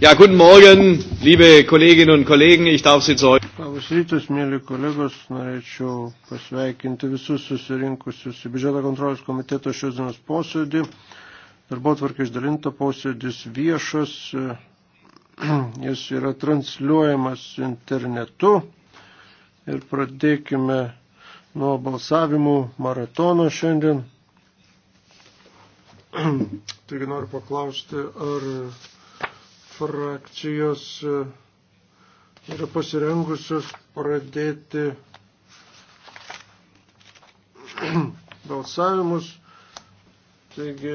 Ja, guten Morgen, liebe Kolleginnen und Kollegen, ich darf Sie zu heute. Labas rytas, mėly kolegos, norėčiau pasveikinti visus susirinkusius į biudžeto kontrolės komiteto šios dienos posėdį. Darbo tvarka išdalinta posėdis viešas, jis yra transliuojamas internetu ir pradėkime nuo balsavimų maratono šiandien. Taigi noriu paklausti, ar frakcijos e, yra pasirengusios pradėti balsavimus. Taigi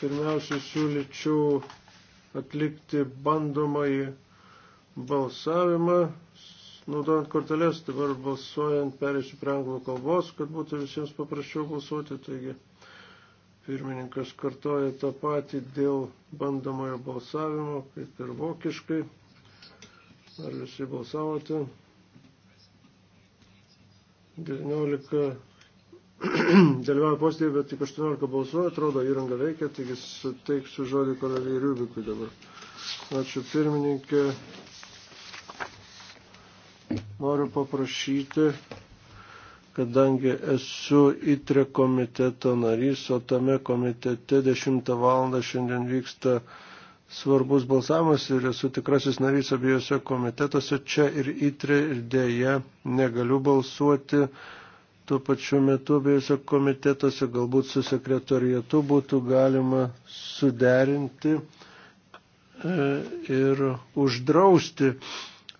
pirmiausia siūlyčiau atlikti bandomąjį balsavimą, naudojant korteles, dabar balsuojant perėsiu prie anglų kalbos, kad būtų visiems paprasčiau balsuoti. Taigi. Pirmininkas kartoja tą patį dėl bandomojo balsavimo, kaip ir vokiškai. Ar visi balsavote? 19 dalyvauja postėje, bet tik 18 balsuoja, atrodo, įranga veikia, taigi suteiksiu žodį kolegai Riubikui dabar. Ačiū pirmininkė. Noriu paprašyti kadangi esu įtre komiteto narys, o tame komitete 10 val. šiandien vyksta svarbus balsavimas ir esu tikrasis narys abiejose komitetuose, čia ir įtre ir dėje negaliu balsuoti. Tuo pačiu metu abiejose komitetuose galbūt su sekretorijatu būtų galima suderinti e, ir uždrausti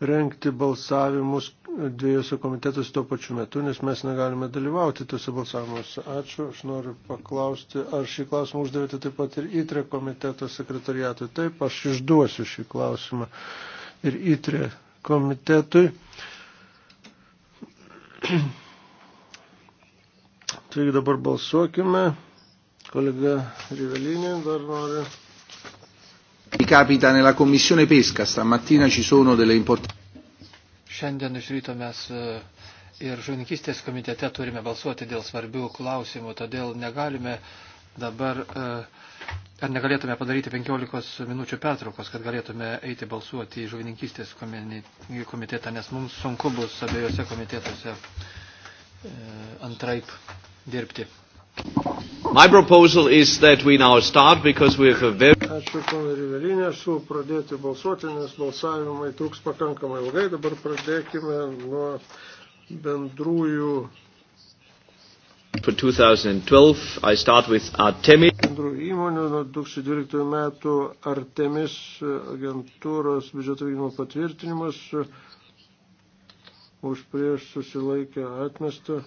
rengti balsavimus dviejose komitetuose tuo pačiu metu, nes mes negalime dalyvauti tuose balsavimuose. Ačiū, aš noriu paklausti, ar šį klausimą uždavėte taip pat ir įtrė komiteto sekretariatui. Taip, aš išduosiu šį klausimą ir įtrė komitetui. Taigi dabar balsuokime. Kolega Rivelinė dar nori Mi capita nella commissione pesca, stamattina ci sono delle importanti. Šiandien iš ryto mes e, ir žuvininkystės komitete turime balsuoti dėl svarbių klausimų, todėl negalime dabar, e, ar negalėtume padaryti 15 minučių pertraukos, kad galėtume eiti balsuoti į žuvininkystės komitetą, nes mums sunku bus abiejose komitetuose e, antraip dirbti. My proposal is that we now start because we have a very... Ačiū, ponai Riverinė, su pradėti balsuoti, nes balsavimai truks pakankamai ilgai. Dabar pradėkime nuo bendrųjų... For 2012, I start with Artemis. Bendrų įmonių nuo 2012 metų Artemis agentūros biudžeto vykdymo patvirtinimas už prieš susilaikę atmestą.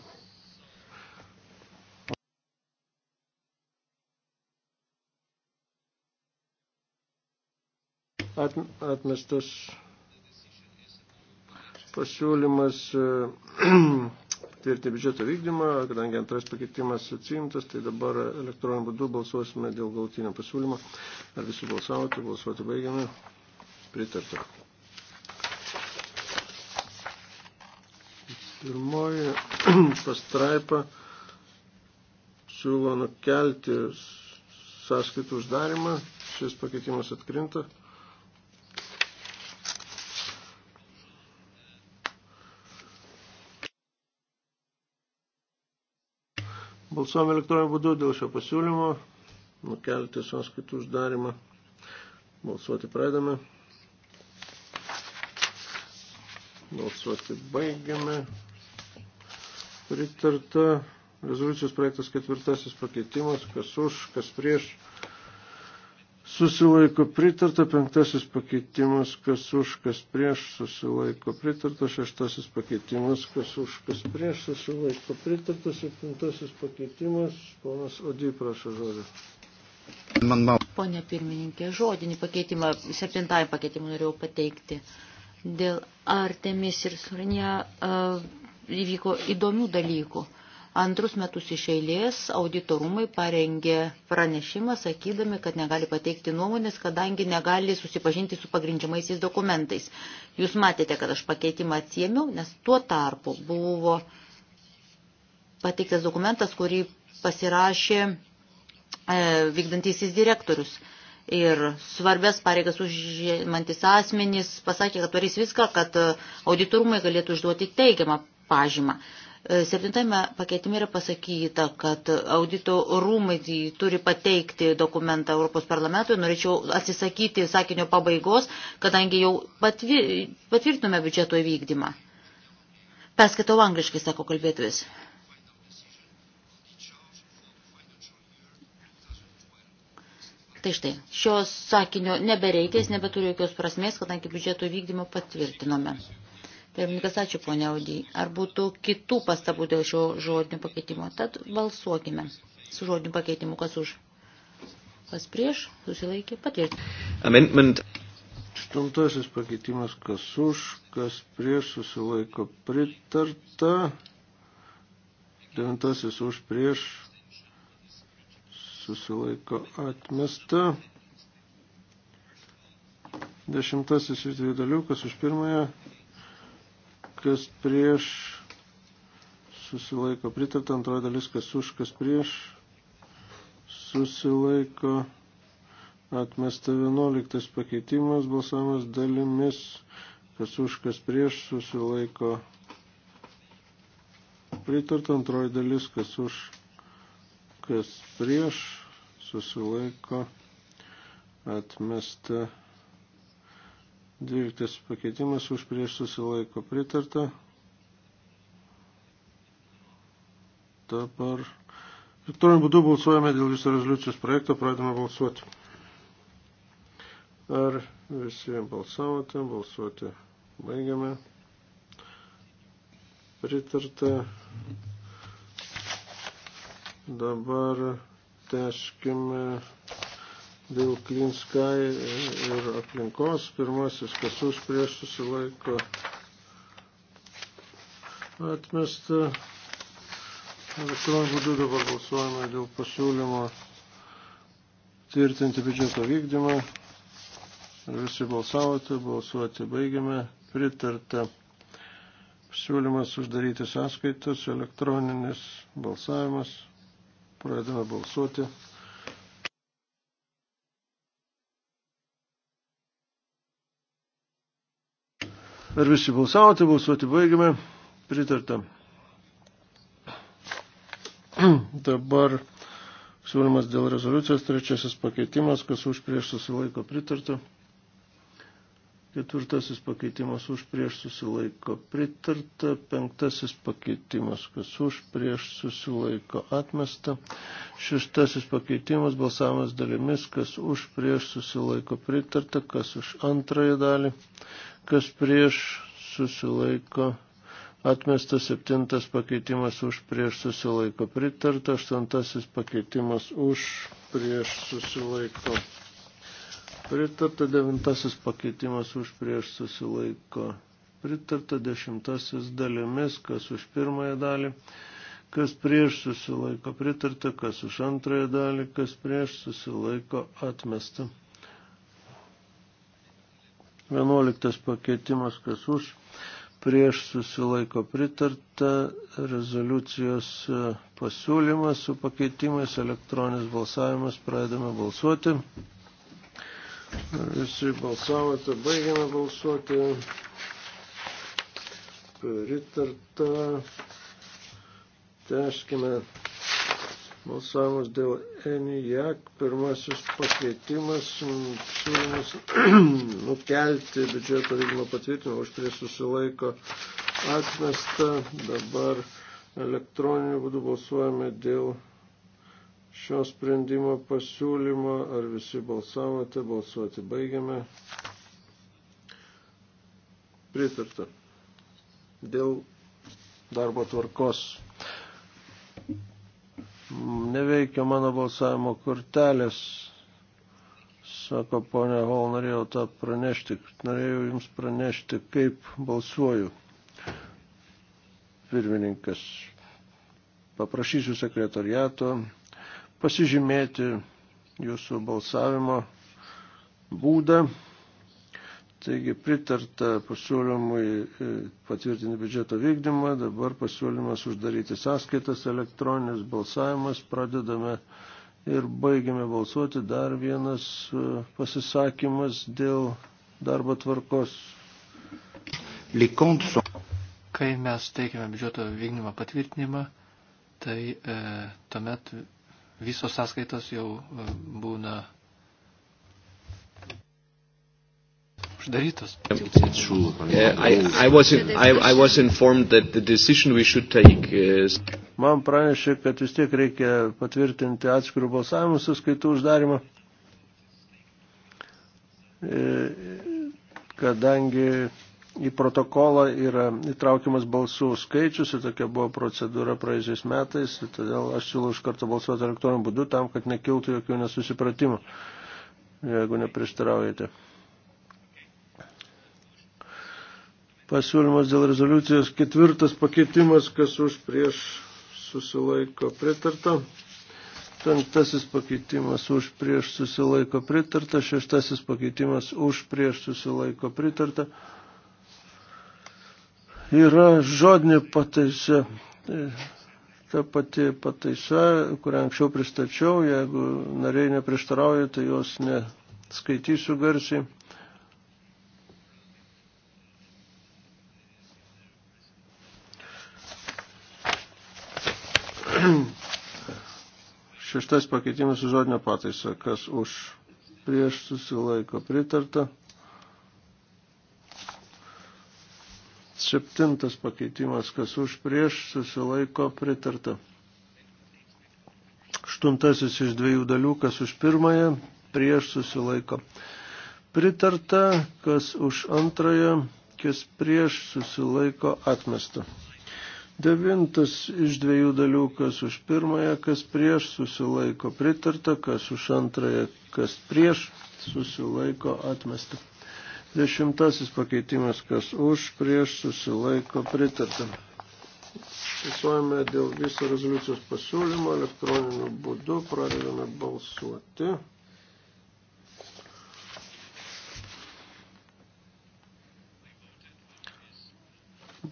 atmestas pasiūlymas e, tvirti biudžeto vykdymą, kadangi antras pakeitimas atsiimtas, tai dabar elektroniniu būdu balsuosime dėl galutinio pasiūlymo. Ar visi balsavote, balsuoti baigiame. Pritarta. Pirmoji pastraipa siūlo nukelti sąskaitų uždarimą. Šis pakeitimas atkrinta. Balsuojame elektroniniu būdu dėl šio pasiūlymo. Nukelti sąskaitų uždarimą. Balsuoti pradame. Balsuoti baigiame. Pritarta rezoliucijos projektas ketvirtasis pakeitimas. Kas už, kas prieš susilaiko pritarta, penktasis pakeitimas, kas už, kas prieš, susilaiko pritarta, šeštasis pakeitimas, kas už, kas prieš, susilaiko pritarta, septintasis pakeitimas, ponas Odį prašo žodį. Pone pirmininkė, žodinį pakeitimą, septintąjį pakeitimą norėjau pateikti. Dėl Artemis ir Surinė uh, įvyko įdomių dalykų. Antrus metus iš eilės auditorumai parengė pranešimą, sakydami, kad negali pateikti nuomonės, kadangi negali susipažinti su pagrindžiamaisiais dokumentais. Jūs matėte, kad aš pakeitimą atsiemiau, nes tuo tarpu buvo pateiktas dokumentas, kurį pasirašė e, vykdantysis direktorius ir svarbės pareigas užimantis asmenys pasakė, kad varys viską, kad auditorumai galėtų užduoti teigiamą pažymą. E, septintame pakeitime yra pasakyta, kad audito rūmai turi pateikti dokumentą Europos parlamentui. Norėčiau atsisakyti sakinio pabaigos, kadangi jau patvirtume biudžeto įvykdymą. Perskaitau angliškai, sako kalbėtojas. Tai štai, šios sakinio nebereikia, jis nebeturi jokios prasmės, kadangi biudžeto vykdymą patvirtinome. Pirmininkas, ačiū ponia Audy. Ar būtų kitų pastabų dėl šio žodinio pakeitimo? Tad balsuokime su žodiniu pakeitimu, kas už. Kas prieš, susilaikė, patvirtinti. Amendment. Aštuntasis pakeitimas, kas už, kas prieš, susilaiko pritarta. Devintasis už prieš, susilaiko atmesta. Dešimtasis iš dviejų dalių, kas už pirmąją, kas prieš, susilaiko pritarta, antroji dalis, kas už, kas prieš, susilaiko atmesta vienuoliktas pakeitimas, balsavimas dalimis, kas už, kas prieš, susilaiko pritarta, antroji dalis, kas už, kas prieš, susilaiko atmesta vienuoliktas pakeitimas 12 pakeitimas už prieš susilaiko pritarta. Dabar elektroniniu būdu balsuojame dėl viso rezoliucijos projekto, pradame balsuoti. Ar visi balsavote, balsuoti baigiame. Pritarta. Dabar teškime dėl Clean Sky ir aplinkos. Pirmasis, kas už prieš susilaiko atmesta. Elektroniniu būdu dabar balsuojame dėl pasiūlymo tvirtinti biudžeto vykdymą. Visi balsavote, balsuoti baigiame. Pritarta siūlymas uždaryti sąskaitas, elektroninis balsavimas. Pradedame balsuoti. Ar visi balsavote, balsuoti baigime. Pritarta. Dabar siūlymas dėl rezoliucijos, trečiasis pakeitimas, kas už prieš susilaiko pritarta. Ketvirtasis pakeitimas už prieš susilaiko pritarta. Penktasis pakeitimas, kas už prieš susilaiko atmesta. Šeštasis pakeitimas, balsavimas dalimis, kas už prieš susilaiko pritarta, kas už antrąją dalį, kas prieš susilaiko atmestas, septintas pakeitimas už prieš susilaiko pritarta, aštuntasis pakeitimas už prieš susilaiko pritarta, devintasis pakeitimas už prieš susilaiko pritarta, dešimtasis dalimis, kas už pirmąją dalį kas prieš susilaiko pritarta, kas už antrąją dalį, kas prieš susilaiko atmesta. 11 pakeitimas, kas už, prieš susilaiko pritarta, rezoliucijos e, pasiūlymas su pakeitimais, elektroninis balsavimas, pradedame balsuoti. Visi balsavote, baigiame balsuoti. Pritarta. Teškime Balsavimas dėl ENIAC, pirmasis pakeitimas, siūlymas nukelti biudžeto vykdymo patvirtinimą, už prie susilaiko atmesta. Dabar elektroniniu būdu balsuojame dėl šio sprendimo pasiūlymo. Ar visi balsavote? Balsuoti baigiame. Pritarta. Dėl darbo tvarkos neveikia mano balsavimo kortelės, sako ponia Hol, norėjau tą pranešti, norėjau jums pranešti, kaip balsuoju. Pirmininkas, paprašysiu sekretariato pasižymėti jūsų balsavimo būdą. Taigi pritarta pasiūlymui e, patvirtinti biudžeto vykdymą, dabar pasiūlymas uždaryti sąskaitas, elektroninis balsavimas, pradedame ir baigiame balsuoti. Dar vienas e, pasisakymas dėl darbo tvarkos. Kai mes teikiame biudžeto vykdymą patvirtinimą, tai e, tuomet visos sąskaitos jau e, būna uždarytos. Uh, Man pranešė, kad vis tiek reikia patvirtinti atskirų balsavimų suskaitų uždarimą, e, kadangi į protokolą yra įtraukiamas balsų skaičius ir tai tokia buvo procedūra praėjusiais metais, todėl aš siūlau iš karto balsuoti elektroniniu būdu tam, kad nekiltų jokių nesusipratimų, jeigu neprieštaraujate. Pasiūlymas dėl rezoliucijos ketvirtas pakeitimas, kas už prieš susilaiko pritarta. Penktasis pakeitimas už prieš susilaiko pritarta. Šeštasis pakeitimas už prieš susilaiko pritarta. Yra žodinė pataisa. E, ta pati pataisa, kurią anksčiau pristačiau, jeigu nariai neprieštarauja, tai jos neskaitysiu garsiai. Šeštas pakeitimas su žodinio pataisa. Kas už? Prieš susilaiko pritarta. Septintas pakeitimas. Kas už? Prieš susilaiko pritarta. Aštuntasis iš dviejų dalių. Kas už pirmąją? Prieš susilaiko. Pritarta. Kas už antrąją? Kas prieš susilaiko atmesta. Devintas iš dviejų dalių, kas už pirmąją, kas prieš, susilaiko pritarta, kas už antrąją, kas prieš, susilaiko atmesta. Dešimtasis pakeitimas, kas už, prieš, susilaiko pritarta. Visuojame dėl viso rezoliucijos pasiūlymo elektroniniu būdu, pradedame balsuoti.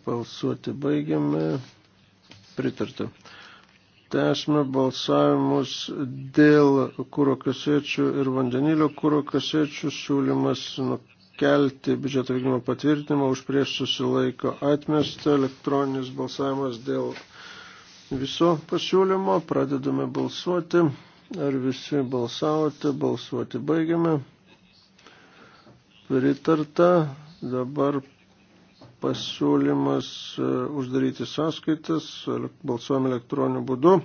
Balsuoti baigiame. Pritarta. Tęsime balsavimus dėl kūro kasečių ir vandenilio kūro kasečių siūlymas nukelti biudžeto vykdymo patvirtinimą už prieš susilaiko atmestą elektroninis balsavimas dėl viso pasiūlymo. Pradedame balsuoti. Ar visi balsavote? Balsuoti baigiame. Pritarta. Dabar pasiūlymas e, uždaryti sąskaitas, balsuojame elektroniniu būdu.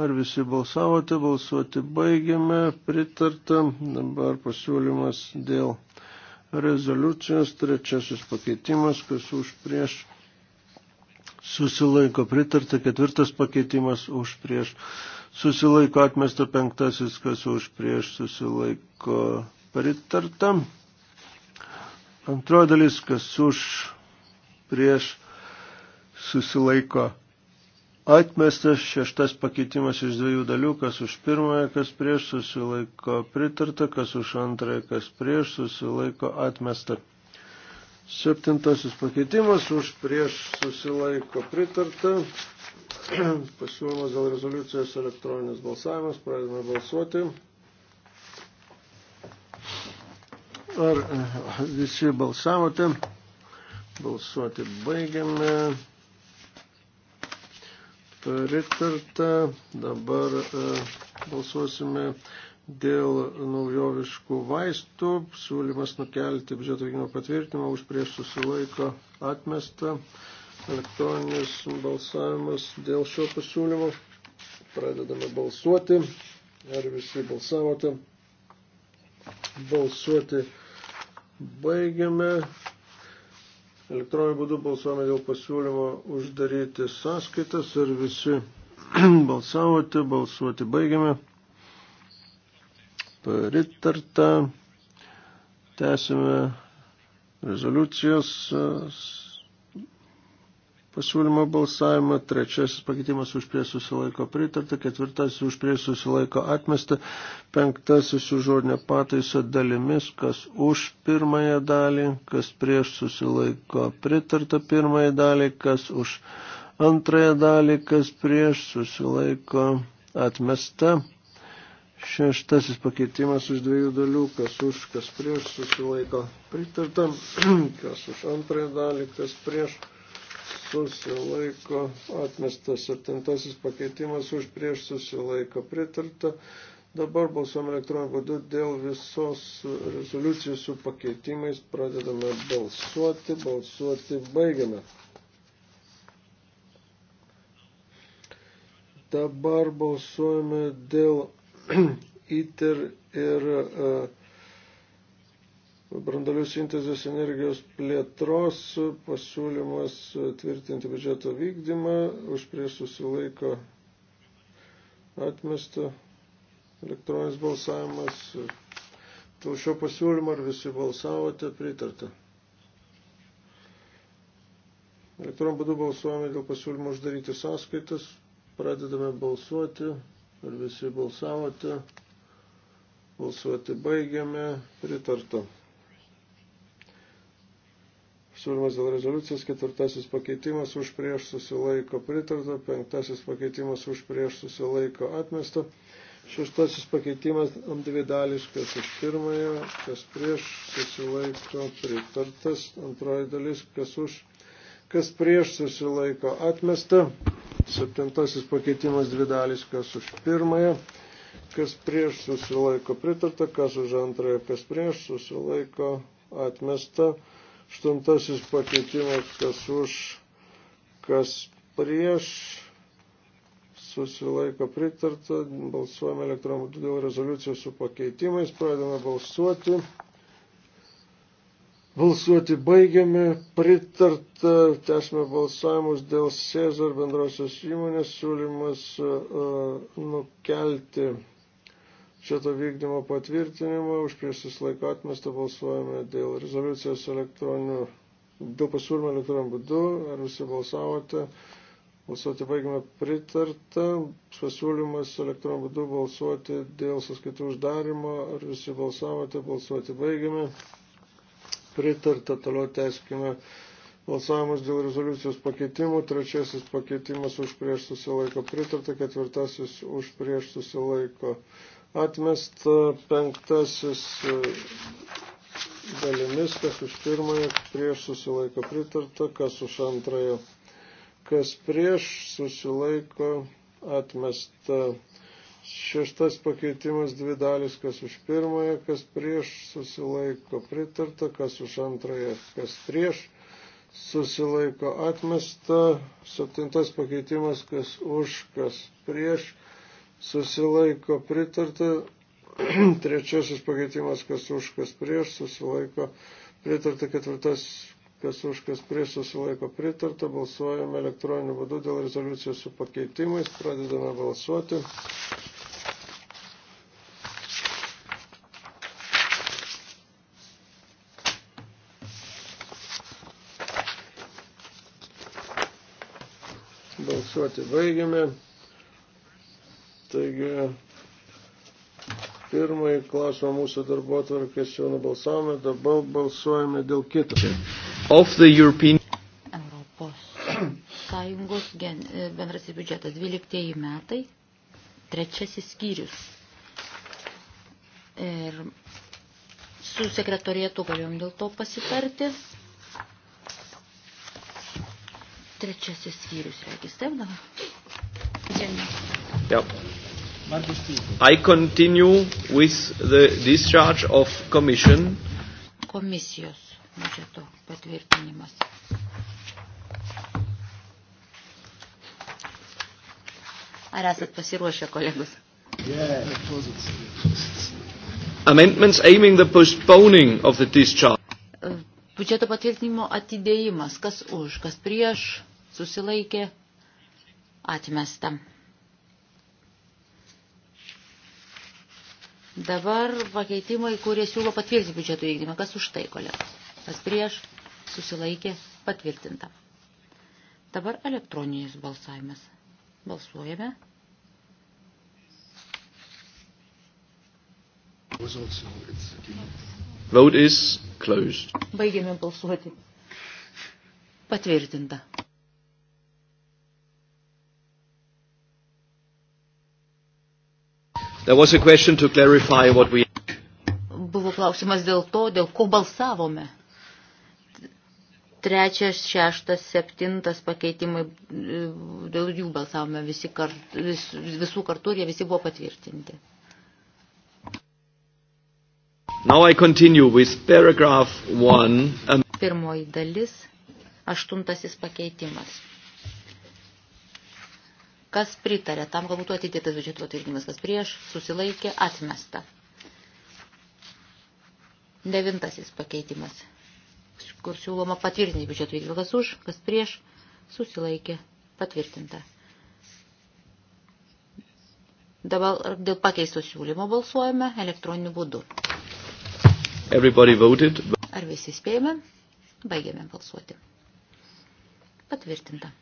Ar visi balsavote, balsuoti baigiame, pritarta. Dabar pasiūlymas dėl rezoliucijos, trečiasis pakeitimas, kas už prieš susilaiko pritarta, ketvirtas pakeitimas už prieš susilaiko atmesta, penktasis, kas už prieš susilaiko pritarta. Antroji dalis, kas už prieš susilaiko atmestas šeštas pakeitimas iš dviejų dalių, kas už pirmąją, kas prieš susilaiko pritarta, kas už antrąją, kas prieš susilaiko atmesta. Septintasis pakeitimas už prieš susilaiko pritarta. Pasiūlymas dėl rezoliucijos elektroninis balsavimas, pradedame balsuoti. Ar e, visi balsavote? Balsuoti baigiame. Pritarta. Dabar e, balsuosime dėl naujoviškų vaistų. Siūlymas nukelti biudžeto vykdymo patvirtinimą už prieš susilaiko atmestą. Elektroninis balsavimas dėl šio pasiūlymo. Pradedame balsuoti. Ar visi balsavote? Balsuoti baigiame. Elektroniniu būdu balsuojame dėl pasiūlymo uždaryti sąskaitas ir visi balsavote, balsuoti baigiame. Pritarta. Tęsime rezoliucijos pasiūlymo balsavimą, trečiasis pakeitimas už prie susilaiko pritarta, ketvirtasis už prie susilaiko atmesta, penktasis už žodinę pataisą dalimis, kas už pirmąją dalį, kas prieš susilaiko pritarta pirmąją dalį, kas už antrąją dalį, kas prieš susilaiko atmesta. Šeštasis pakeitimas už dviejų dalių, kas už, kas prieš susilaiko pritarta, kas už antrąją dalį, kas prieš susilaiko pritarta susilaiko atmestas, septintasis pakeitimas už prieš susilaiko pritarta. Dabar balsuom elektroniniu būdu dėl visos rezoliucijos su pakeitimais. Pradedame balsuoti, balsuoti, baigiame. Dabar balsuojame dėl ITER ir uh, brandalių sintezės energijos plėtros pasiūlymas tvirtinti biudžeto vykdymą už prieš susilaiko atmestą elektroninis balsavimas. Dėl šio pasiūlymo ar visi balsavote pritarta? Elektroniniu būdu balsuojame dėl pasiūlymo uždaryti sąskaitas. Pradedame balsuoti. Ar visi balsavote? Balsuoti baigiame. Pritarta. Siūlymas dėl rezoliucijos, ketvirtasis pakeitimas už prieš susilaiko pritarta, penktasis pakeitimas už prieš susilaiko atmesta, šeštasis pakeitimas dvi dališkas už pirmąją, kas prieš susilaiko pritartas, antroji dalis, kas už, kas prieš susilaiko atmesta, septintasis pakeitimas dvi dališkas už pirmąją kas prieš susilaiko pritarta, kas už antrąją, kas prieš susilaiko atmesta. Aštuntasis pakeitimas, kas už, kas prieš, susilaiko pritarta, balsuojame elektroniniu būdu dėl rezoliucijos su pakeitimais, pradedame balsuoti. Balsuoti baigiame, pritarta, tęsime balsavimus dėl Cezar bendrosios įmonės siūlymas uh, nukelti biudžeto vykdymo patvirtinimą, už prieš susilaiko atmestą balsuojame dėl rezoliucijos elektroninių, dėl pasiūlymo elektroniniu būdu, ar visi balsavote, balsuoti baigime pritartą, pasiūlymas elektroniniu būdu balsuoti dėl sąskaitų uždarimo, ar visi balsavote, balsuoti baigime pritarta, toliau teskime balsavimus dėl rezoliucijos pakeitimų, trečiasis pakeitimas už prieš susilaiko pritarta, ketvirtasis už prieš susilaiko pritarta Atmesta penktasis e, dalimis, kas už pirmąją, prieš susilaiko pritarta, kas už antrąją, kas prieš susilaiko atmesta. Šeštas pakeitimas dvi dalis, kas už pirmąją, kas prieš susilaiko pritarta, kas už antrąją, kas prieš susilaiko atmesta. Septintas pakeitimas, kas už, kas prieš susilaiko pritarta. Trečiasis pakeitimas, kas už, kas prieš, susilaiko pritarta. Ketvirtas, kas už, kas prieš, susilaiko pritarta. Balsuojame elektroniniu būdu dėl rezoliucijos su pakeitimais. Pradedame balsuoti. Balsuoti baigiame. Taigi, pirmąjį klausimą mūsų darbo atvarkės jau nubalsavome, dabar balsuojame dėl kito. Of the European... Europos Sąjungos gen... E, bendrasis biudžetas 12 metai, trečiasis skyrius. Ir su sekretorietu galėjom dėl to pasitarti. Trečiasis skyrius, reikis, taip dabar? Yep. I continue with the discharge of commission. Komisijos biudžeto patvirtinimas. Ar esat pasiruošę, kolegos? Yeah, Amendments aiming the postponing of the discharge. E, biudžeto patvirtinimo atidėjimas. Kas už, kas prieš, susilaikė, atmesta. Dabar pakeitimai, kurie siūlo patvirtinti biudžeto vykdymą. Kas už tai, kolegos? Kas prieš? Susilaikė patvirtinta. Dabar elektroninis balsavimas. Balsuojame. Vote is closed. Baigėme balsuoti. Patvirtinta. We... Buvo klausimas dėl to, dėl ko balsavome. Trečias, šeštas, septintas pakeitimai, dėl jų balsavome visi kart, vis, visų kartų ir jie visi buvo patvirtinti. Now I continue with paragraph one. Pirmoji dalis, aštuntasis pakeitimas. Kas pritarė tam, kad būtų atidėtas biudžeto patvirtinimas, kas prieš, susilaikė, atmesta. Devintasis pakeitimas, kur siūloma patvirtinti biudžeto vykdymą, kas už, kas prieš, susilaikė, patvirtinta. Dabar dėl pakeisto siūlymo balsuojame elektroniniu būdu. Everybody voted. Ar visi spėjame? Baigėme balsuoti. Patvirtinta.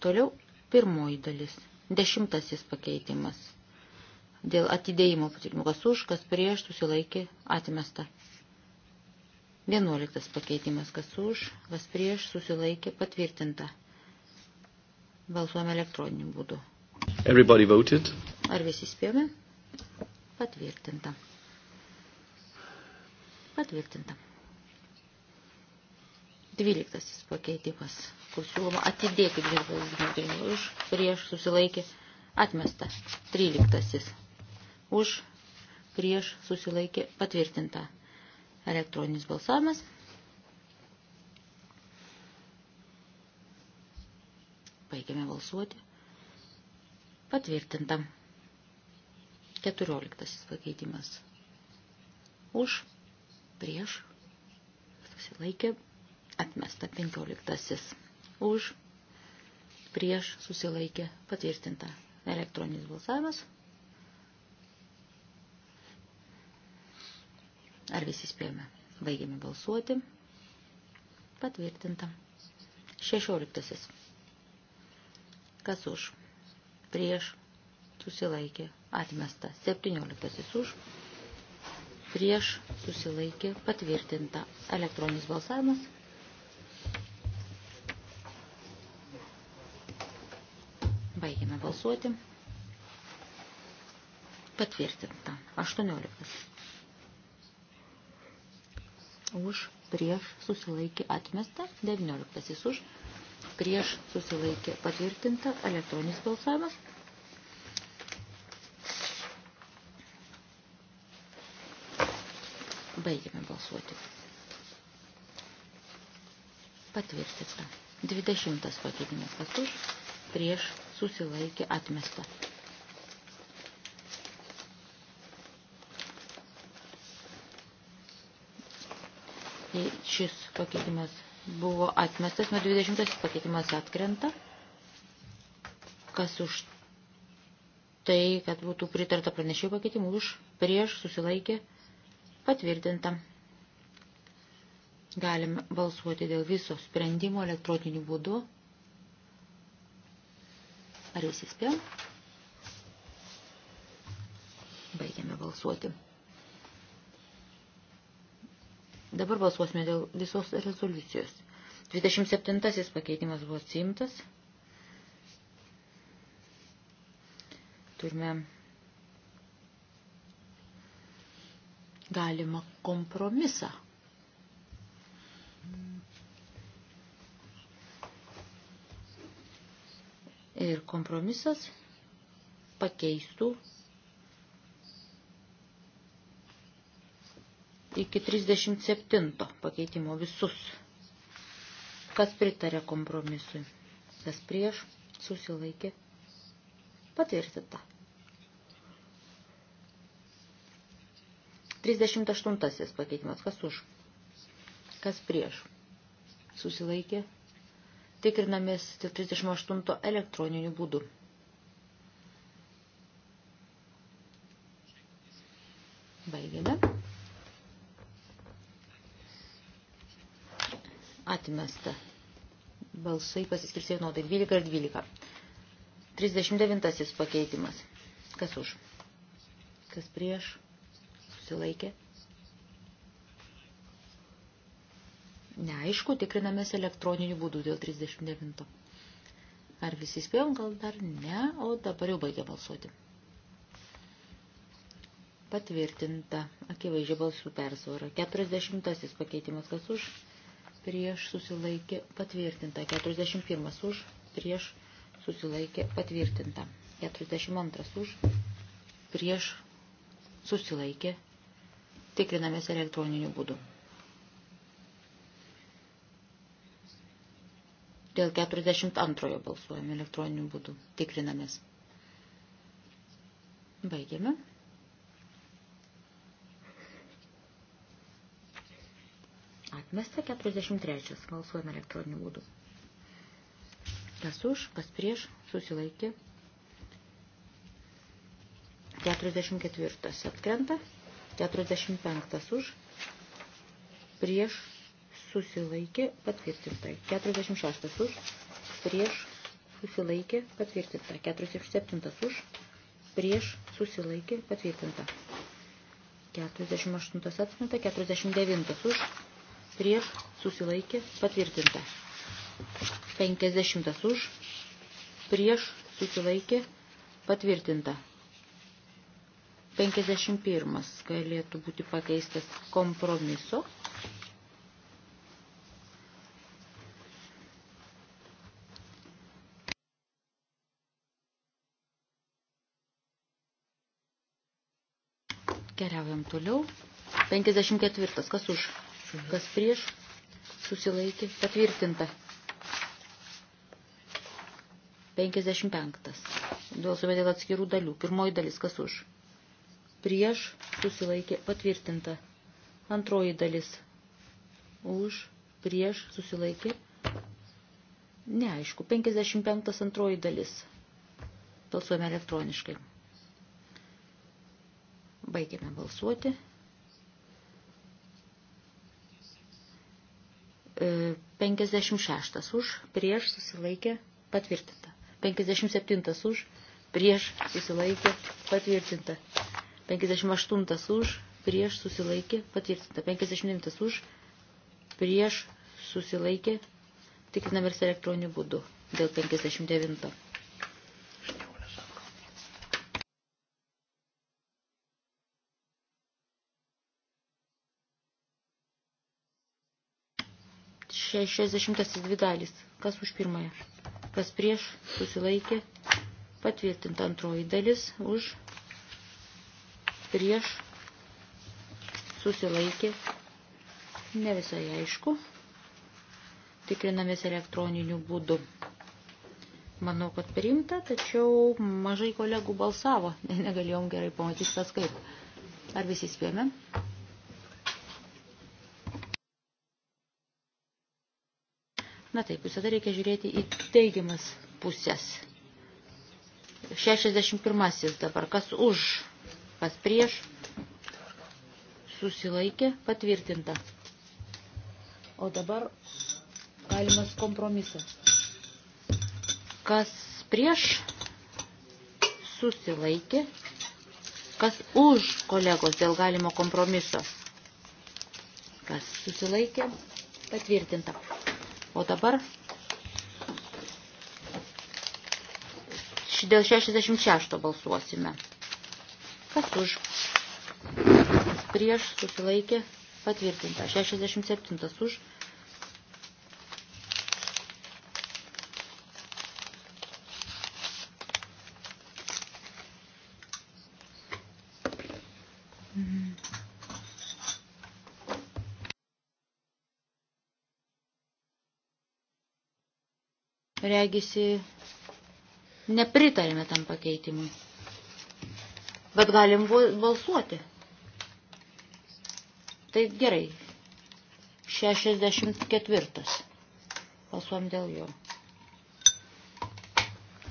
Toliau pirmoji dalis. Dešimtasis pakeitimas. Dėl atidėjimo patikimų kas už, kas prieš, susilaikė, atmesta. Vienuoliktas pakeitimas kas už, kas prieš, susilaikė, patvirtinta. Balsuojame elektroniniu būdu. Everybody voted. Ar visi spėjome? Patvirtinta. Patvirtinta. Dvyliktasis pakeitimas, kur siūloma atidėti biržos nagrinėjimą už prieš susilaikė atmesta. Tryliktasis už prieš susilaikė patvirtinta. Elektroninis balsavimas. Baigiame balsuoti. Patvirtinta. Keturioliktasis pakeitimas. Už prieš susilaikė patvirtinta atmesta 15. Už, prieš, susilaikė, patvirtinta. Elektroninis balsavimas. Ar visi spėjome? Baigėme balsuoti. Patvirtinta. 16. Kas už? Prieš, susilaikė, atmesta. 17. Už, prieš, susilaikė, patvirtinta. Elektroninis balsavimas. Baigime balsuoti. Patvirtinta. 18. Už, prieš, susilaikė, atmesta. 19. Už, prieš, susilaikė, patvirtinta. Elektroninis balsavimas. Baigime balsuoti. Patvirtinta. 20 pakeitimas kas už, prieš susilaikė atmesta. Šis pakeitimas buvo atmestas, nuo 20 pakeitimas atkrenta. Kas už tai, kad būtų pritarta pranešėjų pakeitimų už, prieš, susilaikė, patvirtinta. Galime balsuoti dėl viso sprendimo elektroniniu būdu. Ar jau suspėjom? Baigiame balsuoti. Dabar balsuosime dėl visos rezoliucijos. 27 pakeitimas buvo atsiimtas. Turime galimą kompromisą. Ir kompromisas pakeistų iki 37 pakeitimo visus, kas pritarė kompromisui, kas prieš susilaikė patvirtinta. 38 pakeitimas, kas už, kas prieš susilaikė patvirtinta tikrinamės dėl 38 elektroninių būdų. Baigėme. Atmesta. Balsai pasiskirsiai nuodai 12 ir 12. 39 pakeitimas. Kas už? Kas prieš? Susilaikė. Neaišku, tikrinamės elektroniniu būdu dėl 39. Ar visi spėjom, gal dar ne, o dabar jau baigia balsuoti. Patvirtinta, akivaizdžiai balsų persvara. 40 pakeitimas, kas už, prieš susilaikė, patvirtinta. 41 už, prieš susilaikė, patvirtinta. 42 už, prieš susilaikė, tikrinamės elektroniniu būdu. Dėl 42 balsuojame elektroniniu būdu. Tikrinamės. Baigiame. Atmesta 43. Balsuojame elektroniniu būdu. Kas už, kas prieš, susilaikė. 44. Atkrenta. 45. Už, prieš, susilaikė patvirtinta. 46 už, prieš susilaikė patvirtinta. 47 už, prieš susilaikė patvirtinta. 48 atmeta, 49 už, prieš susilaikė patvirtinta. 50 už, prieš susilaikė patvirtinta. 51 galėtų būti pakeistas kompromiso Einam toliau. 54. Kas už? Kas prieš? Susilaikė. Patvirtinta. 55. Duosime dėl atskirų dalių. Pirmoji dalis. Kas už? Prieš. Susilaikė. Patvirtinta. Antroji dalis. Už. Prieš. Susilaikė. Neaišku. 55. Antroji dalis. Balsuojame elektroniškai. Baigiame balsuoti. E, 56 už, prieš susilaikė patvirtinta. 57 už, prieš susilaikė patvirtinta. 58 už, prieš susilaikė patvirtinta. 59 už, prieš susilaikė tikrinamės elektroniniu būdu dėl 59. 162 dalys. Kas už pirmąją? Kas prieš? Susilaikė. Patvirtinta antroji dalis. Už. Prieš. Susilaikė. Ne visai aišku. Tikrinamės elektroniniu būdu. Manau, kad priimta, tačiau mažai kolegų balsavo. Negalėjom gerai pamatyti tas kaip. Ar visi spėjome? Na taip, visada reikia žiūrėti į teigiamas pusės. 61 dabar, kas už, kas prieš, susilaikė, patvirtinta. O dabar galimas kompromisas. Kas prieš, susilaikė, kas už kolegos dėl galimo kompromiso, kas susilaikė, patvirtinta. O dabar dėl 66 balsuosime. Kas už? Prieš susilaikė patvirtinta. 67 už regisi, nepritarėme tam pakeitimui. Bet galim balsuoti. Tai gerai. 64. Balsuom dėl jo.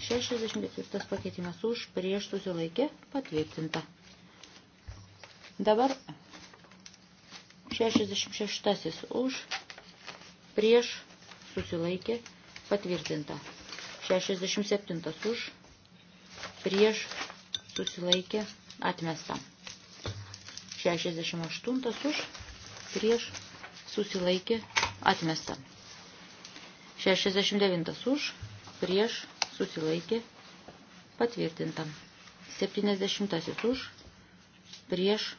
64 pakeitimas už prieš susilaikė patvirtinta. Dabar 66 už prieš susilaikė patvirtinta patvirtinta. 67 už, prieš, susilaikė, atmesta. 68 už, prieš, susilaikė, atmesta. 69 už, prieš, susilaikė, patvirtinta. 70 už, prieš,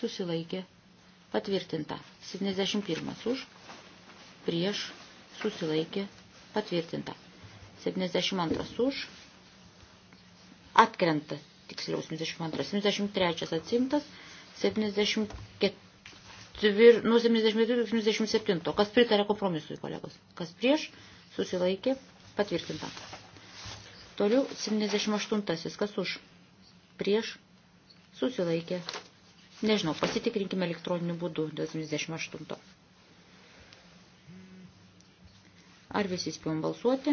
susilaikė, patvirtinta. 71 už, prieš, susilaikė, patvirtinta. 72 už, atkrenta, tiksliau 72, 73 atsimtas, 74, nuo 74 iki 77, kas pritarė kompromisui, kolegos, kas prieš, susilaikė, patvirtinta. Toliau 78, kas už, prieš, susilaikė, nežinau, pasitikrinkime elektroniniu būdu dėl 78. Ar visi spėjom balsuoti?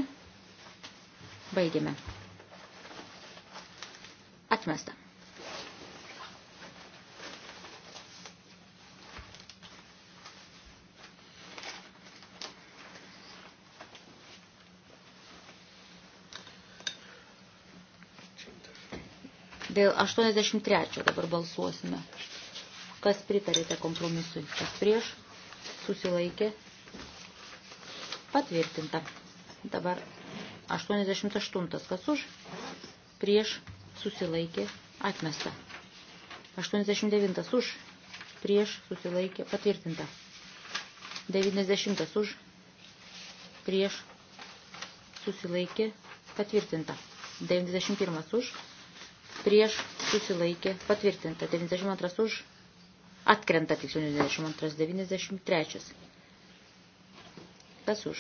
Baigėme. Atmesta. Dėl 83 dabar balsuosime. Kas pritarėte kompromisui? Kas prieš? Susilaikė? Patvirtinta. Dabar 88. Kas už? Prieš susilaikė atmesta. 89. Už? Prieš susilaikė patvirtinta. 90. Už? Prieš susilaikė patvirtinta. 91. Už? Prieš susilaikė patvirtinta. 92. Už? Atkrenta tiksliau 92. 93. Kas už?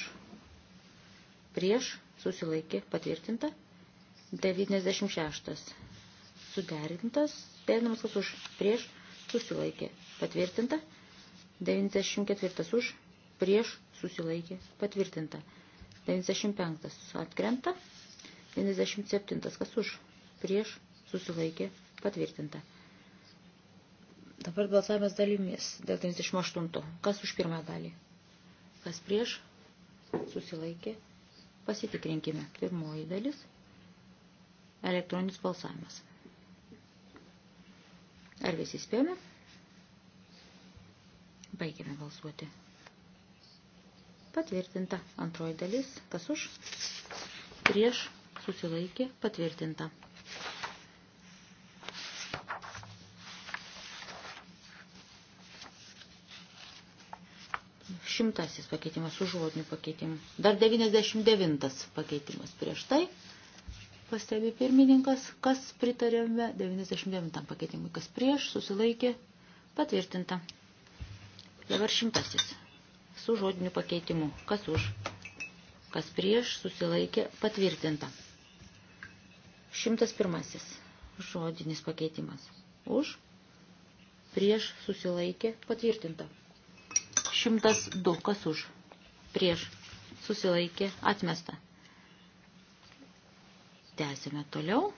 Prieš susilaikė patvirtinta. 96. Suderintas. Derinamas kas už? Prieš susilaikė patvirtinta. 94 už. Prieš susilaikė patvirtinta. 95 atkrenta. 97 kas už. Prieš susilaikė patvirtinta. Dabar balsavimas dalimis dėl 38. Kas už pirmą dalį? Kas prieš? susilaikė, pasitikrinkime. Pirmoji dalis – elektroninis balsavimas. Ar visi spėjome? Baigėme balsuoti. Patvirtinta antroji dalis. Kas už? Prieš susilaikė patvirtinta. 100 pakeitimas su žodiniu pakeitimu. Dar 99 pakeitimas prieš tai. Pastebi pirmininkas, kas pritarėme 99 pakeitimui, kas prieš, susilaikė, patvirtinta. Dabar šimtasis su žodiniu pakeitimu, kas už, kas prieš, susilaikė, patvirtinta. Šimtas pirmasis žodinis pakeitimas, už, prieš, susilaikė, patvirtinta. 102. Kas už? Prieš. Susilaikė. Atmesta. Tęsime toliau.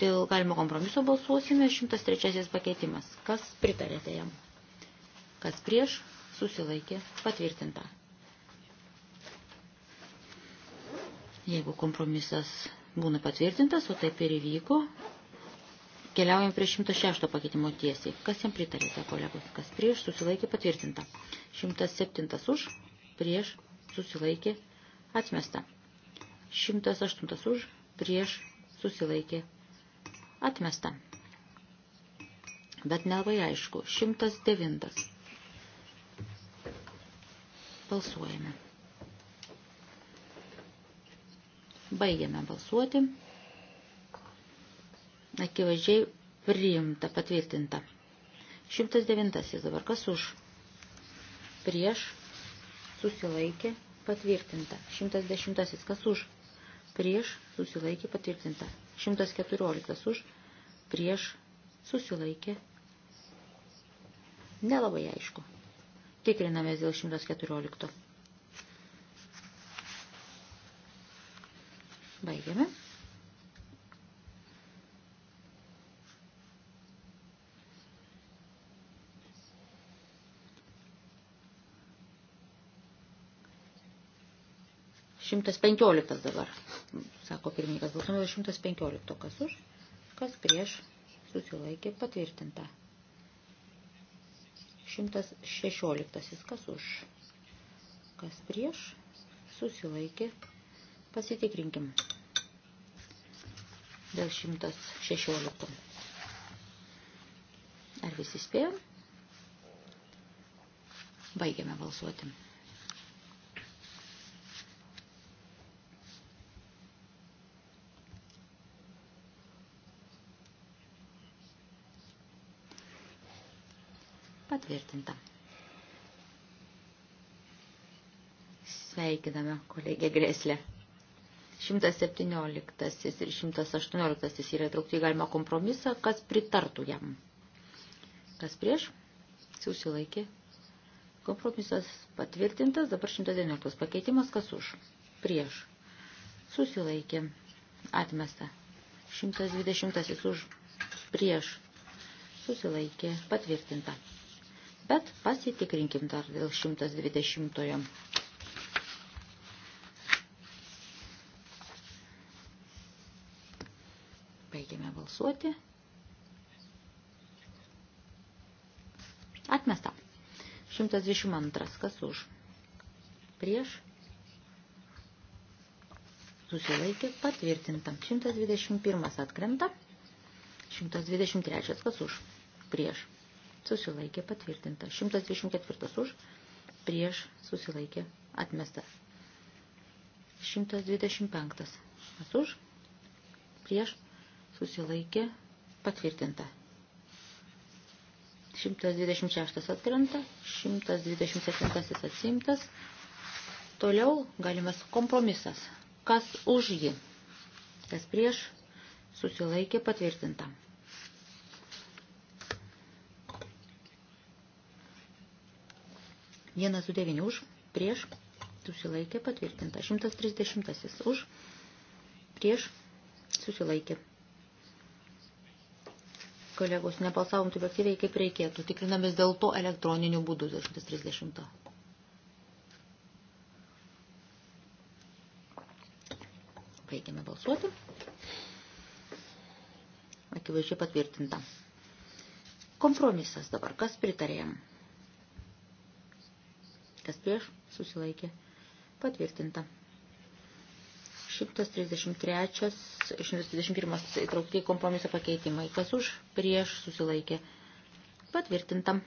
Dėl galimo kompromiso balsuosime. 103 pakeitimas. Kas pritarėte jam? Kas prieš? Susilaikė. Patvirtinta. Jeigu kompromisas būna patvirtintas, o taip ir įvyko, Keliaujam prie 106 pakeitimo tiesiai. Kas jam pritarėte, kolegos? Kas prieš susilaikė patvirtinta? 107 už, prieš susilaikė atmesta. 108 už, prieš susilaikė atmesta. Bet nelabai aišku. 109. Balsuojame. Baigiame balsuoti akivaizdžiai priimta, patvirtinta. 109 dabar kas už? Prieš susilaikė patvirtinta. 110 kas už? Prieš susilaikė patvirtinta. 114 už? Prieš susilaikė. Nelabai aišku. Tikrinamės dėl 114. Baigiame. 115 dabar, sako pirmininkas, balsuojame 115, kas už, kas prieš, susilaikė patvirtinta. 116, kas už, kas prieš, susilaikė, pasitikrinkim dėl 116. Ar visi spėjo? Baigiame balsuoti. patvirtinta. Sveikiname kolegė Greslė. 117 ir 118 yra įtraukti į galimą kompromisą, kas pritartų jam. Kas prieš? Susilaikė. Kompromisas patvirtintas, dabar 119 pakeitimas, kas už? Prieš. Susilaikė. Atmesta. 120 už. Prieš. Susilaikė. Patvirtinta bet pasitikrinkim dar dėl 120. Baigėme balsuoti. Atmesta. 122. Kas už? Prieš. Susilaikė patvirtinta. 121 atkrenta. 123. Kas už? Prieš susilaikė patvirtinta. 124 už, prieš susilaikė atmesta. 125 As už, prieš susilaikė patvirtinta. 126 atkrenta, 127 atsimtas. Toliau galimas kompromisas. Kas už jį, kas prieš, susilaikė patvirtinta. 1 su 9 už, prieš, susilaikė patvirtinta. 130 už, prieš, susilaikė. Kolegos, nepalsavom taip aktyviai, kaip reikėtų. Tikrinamės dėl to elektroniniu būdu 130. Baigiame balsuoti. Akivaizdžiai patvirtinta. Kompromisas dabar. Kas pritarėjom? Kas prieš? Susilaikė. Patvirtinta. 133, 131 įtraukti kompromiso pakeitimai. Kas už? Prieš? Susilaikė. Patvirtinta.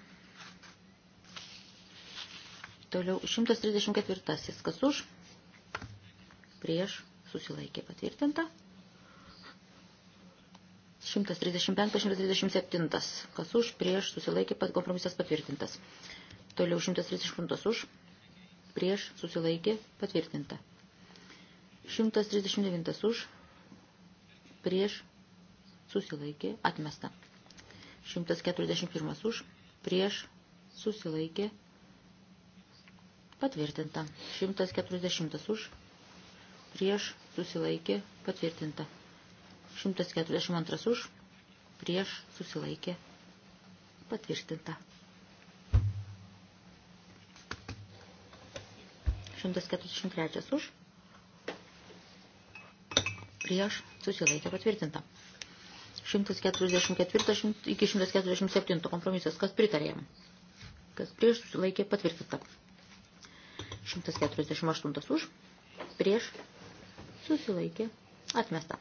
Toliau 134. Kas už? Prieš? Susilaikė. Patvirtinta. 135-137. Kas už? Prieš? Susilaikė. Kompromisas patvirtintas. Toliau 138 už, prieš susilaikė patvirtinta. 139 už, prieš susilaikė atmesta. 141 už, prieš susilaikė patvirtinta. 140 už, prieš susilaikė patvirtinta. 142 už, prieš susilaikė patvirtinta. 143 už. Prieš susilaikė patvirtinta. 144 iki 147 kompromisas. Kas pritarė jam? Kas prieš susilaikė patvirtinta. 148 už. Prieš susilaikė atmesta.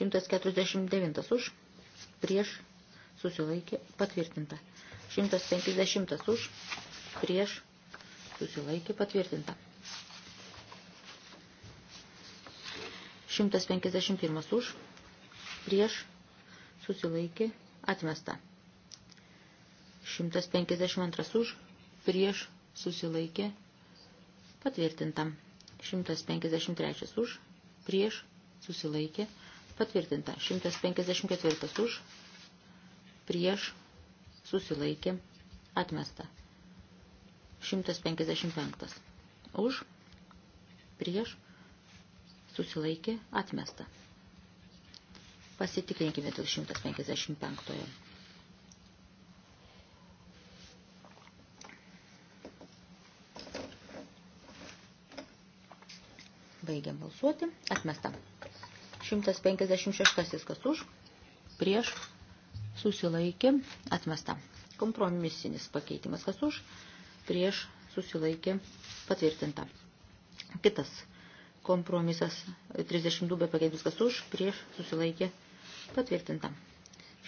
149 už. Prieš susilaikė patvirtinta. 150 už. Prieš susilaikė patvirtinta. 151 už, prieš, susilaikė, atmesta. 152 už, prieš, susilaikė, patvirtinta. 153 už, prieš, susilaikė, patvirtinta. 154 už, prieš, susilaikė, atmesta. 155. Už, prieš, susilaikė, atmesta. Pasitikrinkime dėl 155. Baigiam balsuoti. Atmesta. 156. Kas už, prieš, susilaikė, atmesta. Kompromisinis pakeitimas. Kas už, prieš prieš susilaikė patvirtinta. Kitas kompromisas 32 be pakeitimas kas už, prieš susilaikė patvirtinta.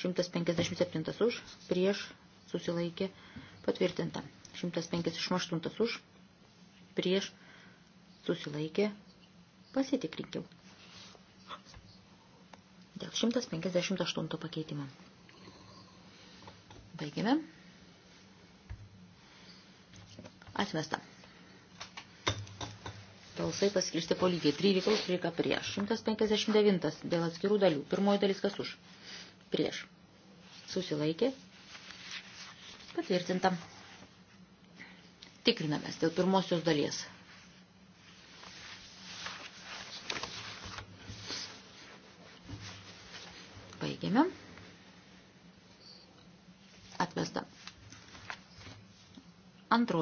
157 už, prieš susilaikė patvirtinta. 158 už, prieš susilaikė pasitikrinkiau. Dėl 158 pakeitimo. Baigime. Atmesta. Balsai paskirsti po lygiai. 13 už 13 prieš. 159 dėl atskirų dalių. Pirmoji dalis kas už? Prieš. Susilaikė. Patvirtinta. Tikrinamės dėl pirmosios dalies.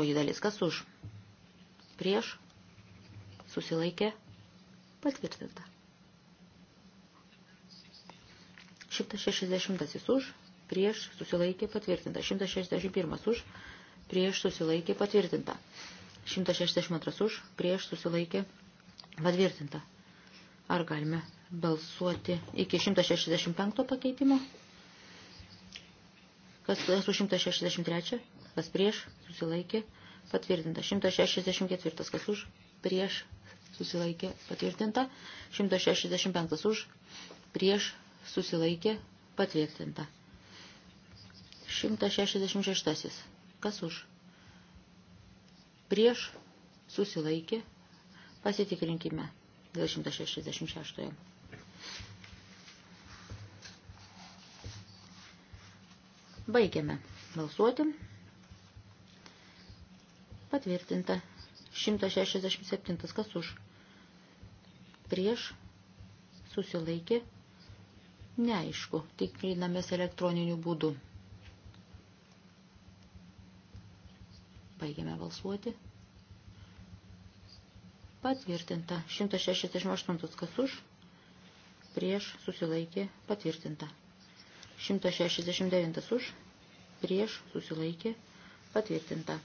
Pirmoji dalis, kas už? Prieš? Susilaikė? Patvirtinta. 160 už, prieš susilaikė patvirtinta. 161 už, prieš susilaikė patvirtinta. 162 už, prieš susilaikė patvirtinta. Ar galime balsuoti iki 165 pakeitimo? Kas su 163? kas prieš, susilaikė, patvirtinta. 164, kas už, prieš, susilaikė, patvirtinta. 165 už, prieš, susilaikė, patvirtinta. 166, kas už, prieš, susilaikė, pasitikrinkime dėl 166. Baigiame balsuoti. Patvirtinta. 167. Kas už? Prieš. Susilaikė. Neaišku. Tikrinamės elektroniniu būdu. Baigiame balsuoti. Patvirtinta. 168 kas už. Prieš susilaikė. Patvirtinta. 169 už. Prieš susilaikė. Patvirtinta.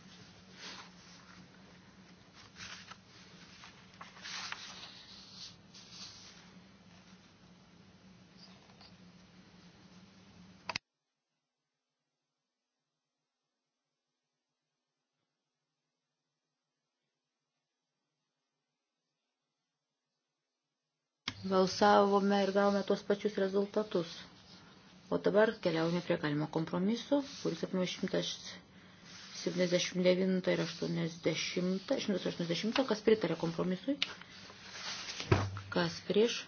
balsavome ir gavome tuos pačius rezultatus. O dabar keliaujame prie galimo kompromiso, kuris apima 179 ir 80, 180, kas pritarė kompromisui, kas prieš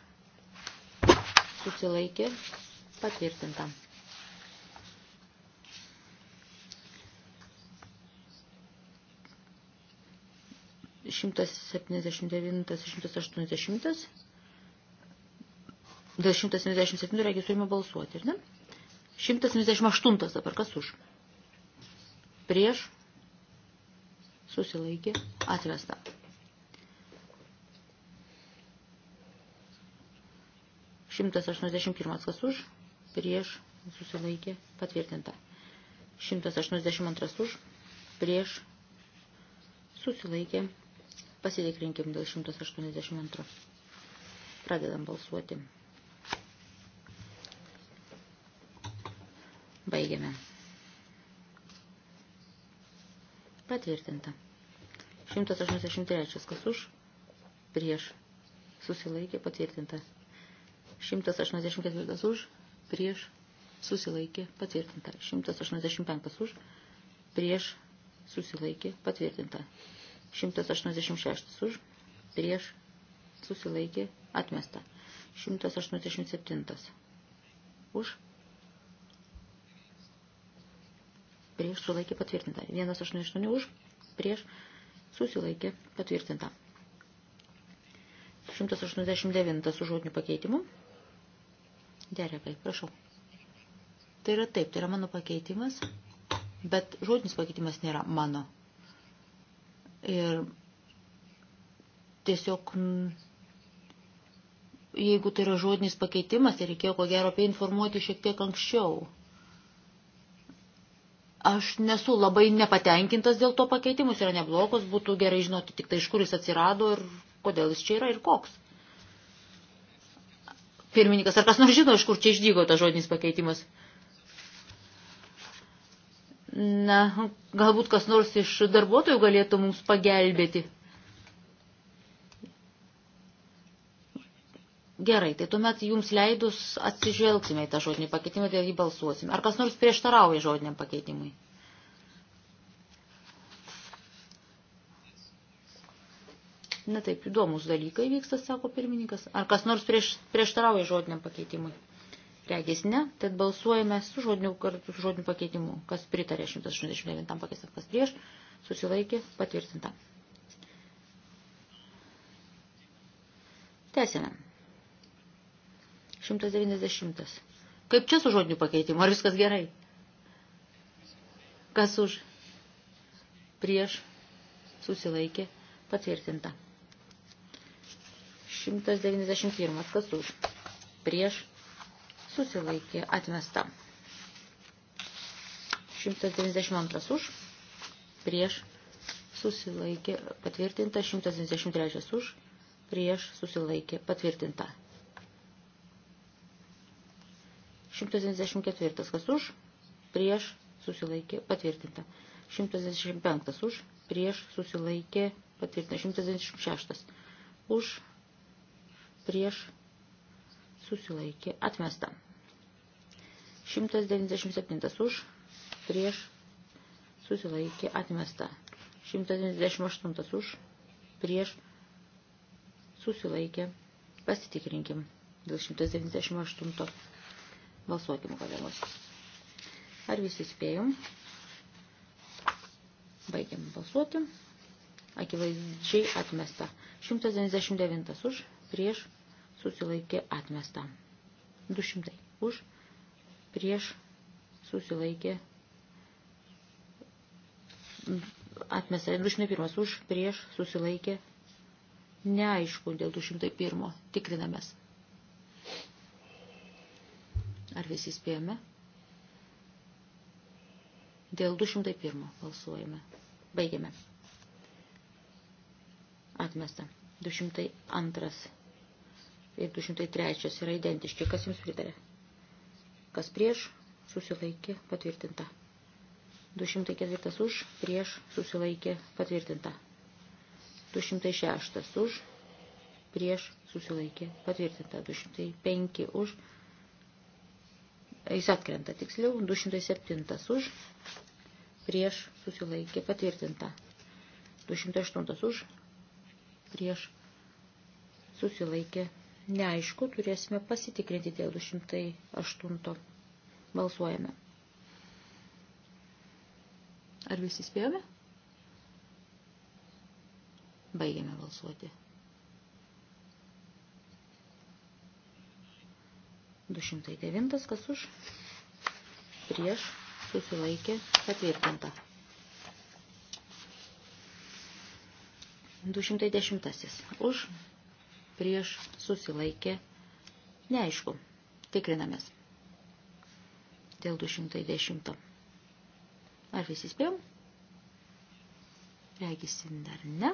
susilaikė patvirtinta. Šimtas septyniasdešimt devintas, šimtas aštuoniasdešimtas. Dėl 177 registruojame balsuoti, ar ne? 178 dabar kas už? Prieš susilaikė atvesta. Šimtas aštuoniasdešimt pirmas kas už, prieš susilaikė patvirtinta. Šimtas aštuoniasdešimt antras už, prieš susilaikė. Pasitikrinkim dėl 182. Pradedam balsuoti. Baigiame. Patvirtinta. 183. Kas už? Prieš. Susilaikė. Patvirtinta. 184. Už. Prieš. Susilaikė. Patvirtinta. 185. Už. Prieš. Susilaikė. Patvirtinta. 186. Už. Prieš. Susilaikė. Atmesta. 187. Už prieš sulaikė patvirtinta. 188 už, prieš susilaikė patvirtinta. 189 su žodiniu pakeitimu. Derekai, prašau. Tai yra taip, tai yra mano pakeitimas, bet žodinis pakeitimas nėra mano. Ir tiesiog, jeigu tai yra žodinis pakeitimas, tai reikėjo ko gero apie informuoti šiek tiek anksčiau. Aš nesu labai nepatenkintas dėl to pakeitimus, yra neblogos, būtų gerai žinoti tik tai iš kur jis atsirado ir kodėl jis čia yra ir koks. Pirmininkas, ar kas nors žino, iš kur čia išdygo tas žodinis pakeitimas? Na, galbūt kas nors iš darbuotojų galėtų mums pagelbėti. Gerai, tai tuomet jums leidus atsižvelgsime į tą žodinį pakeitimą ir tai jį balsuosime. Ar kas nors prieštarauja žodiniam pakeitimui? Na taip, įdomus dalykai vyksta, sako pirmininkas. Ar kas nors prieš, prieštarauja žodiniam pakeitimui? Regis ne, tad balsuojame su žodiniu, su žodiniu pakeitimu. Kas pritarė 189 pakeitimui, kas prieš, susilaikė, patvirtinta. Tęsime. 190. Kaip čia su žodiniu pakeitimu? Ar viskas gerai? Kas už? Prieš susilaikė patvirtinta. 191. Kas už? Prieš susilaikė atmesta. 192 už, prieš susilaikė patvirtinta, 193 už, prieš susilaikė patvirtinta. 174 kas už, prieš susilaikė patvirtinta. 175 už, prieš susilaikė patvirtinta. 176 už, prieš susilaikė atmesta. 197 už, prieš susilaikė atmesta. 198 už, prieš susilaikė. Pasitikrinkim dėl 198. Balsuokim, kolegos. Ar visi spėjom? Baigiam balsuoti. Akivaizdžiai atmesta. 199 už, prieš, susilaikė atmesta. 200 už, prieš, susilaikė atmesta. 201 už, prieš, susilaikė neaišku dėl 201. Tikrinamės. Ar visi spėjome? Dėl 201 balsuojame. Baigiame. Atmesta. 202 ir 203 yra identiški. Kas jums pritarė? Kas prieš? Susilaikė. Patvirtinta. 204 už. Prieš. Susilaikė. Patvirtinta. 206 už. Prieš. Susilaikė. Patvirtinta. 205 už jis atkrenta tiksliau, 207 už, prieš susilaikė patvirtinta, 208 už, prieš susilaikė neaišku, turėsime pasitikrinti dėl 208 balsuojame. Ar visi spėjome? Baigėme balsuoti. 209 kas už prieš susilaikė patvirtinta. 210 už prieš susilaikė neaišku. Tikrinamės. Dėl 210. Ar visi spėjom? Regisim dar ne.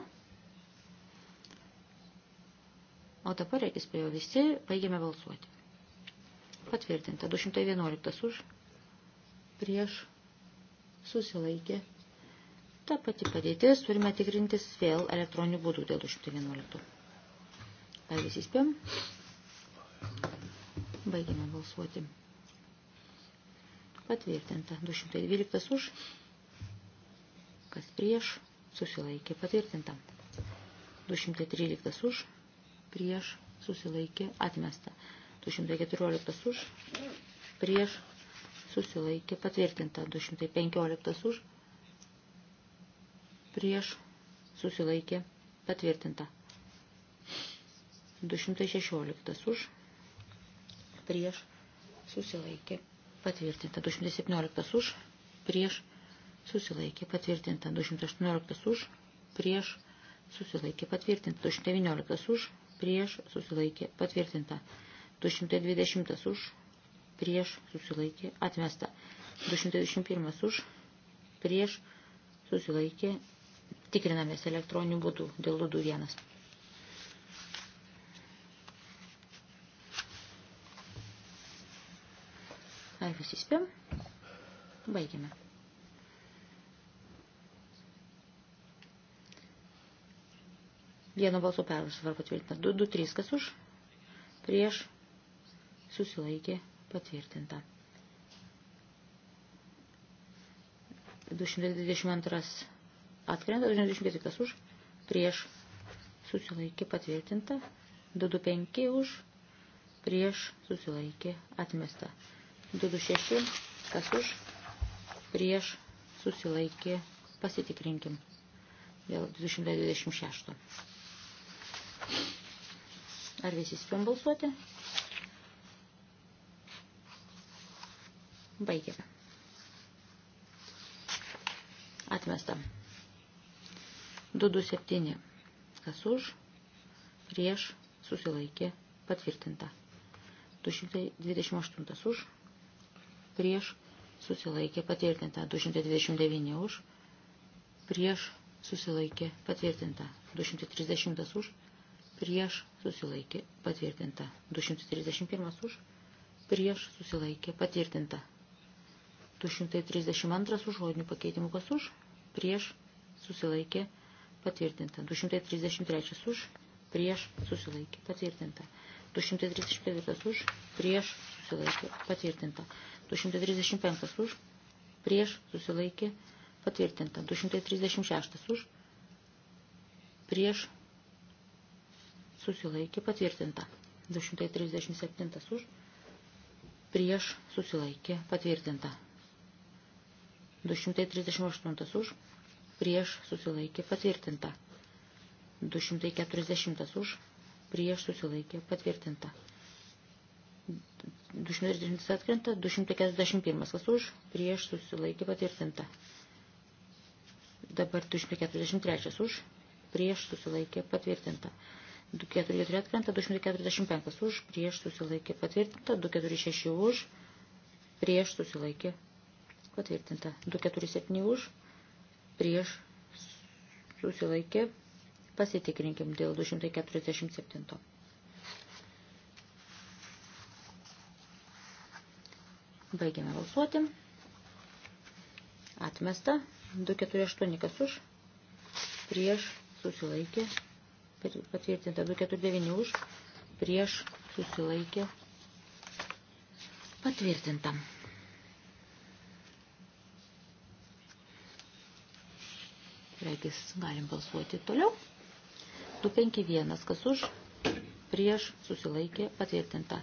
O dabar regis prie visi, baigėme balsuoti. Patvirtinta. 211 už. Prieš. Susilaikė. Ta pati padėtis. Turime tikrintis vėl elektroniniu būdu dėl 211. Ar visi spėjom? Baigime balsuoti. Patvirtinta. 212 už. Kas prieš. Susilaikė. Patvirtinta. 213 už. Prieš. Susilaikė. Atmesta. 214 už, prieš, susilaikė, patvirtinta, 215 už, prieš, susilaikė, patvirtinta, 216 už, prieš, susilaikė, patvirtinta, 217 už, prieš, susilaikė, patvirtinta, 218 už, prieš, susilaikė, patvirtinta, 219 už, prieš, susilaikė, patvirtinta, 219 už, prieš, susilaikė, patvirtinta, 220 už, prieš susilaikė atmesta. 221 už, prieš susilaikė tikrinamės elektroniniu būdu dėl ludų 1. Ar visi spėm? Baigime. Vieno balso pervarsvarą patvirtina 2, 2, 3, kas už, prieš, susilaikė patvirtinta. 222 atkrenta, 224 kas už, prieš susilaikė patvirtinta, 225 už, prieš susilaikė atmesta, 226 kas už, prieš susilaikė pasitikrinkim dėl 226. Ar visi spėjom balsuoti? Baigėme. Atmesta. 227. Kas už, prieš, susilaikė, patvirtinta. 228 už, prieš, susilaikė, patvirtinta. 229 už, prieš, susilaikė, patvirtinta. 230 už, prieš, susilaikė, patvirtinta. 231 už, prieš, susilaikė, patvirtinta. 232 už žodinių pakeitimų kas už, prieš susilaikė patvirtinta. 233 už, prieš susilaikė patvirtinta. 234 už, prieš susilaikė patvirtinta. 235 už, prieš susilaikė patvirtinta. 236 už, prieš susilaikė patvirtinta. 237 už, prieš susilaikė patvirtinta. 238 už, prieš susilaikė patvirtinta. 240 už, prieš susilaikė patvirtinta. 230 atkrenta, 241 kas už, prieš susilaikė patvirtinta. Dabar 243 už, prieš susilaikė patvirtinta. 244 atkrenta, 245 už, prieš susilaikė patvirtinta, 246 už, prieš susilaikė Patvirtinta. 247 už. Prieš susilaikė. Pasitikrinkim dėl 247. Baigiame balsuoti. Atmesta. 248 kas už. Prieš susilaikė. Patvirtinta. 249 už. Prieš susilaikė. Patvirtinta. Reikis galim balsuoti toliau. 251, kas už, prieš, susilaikė, patvirtinta.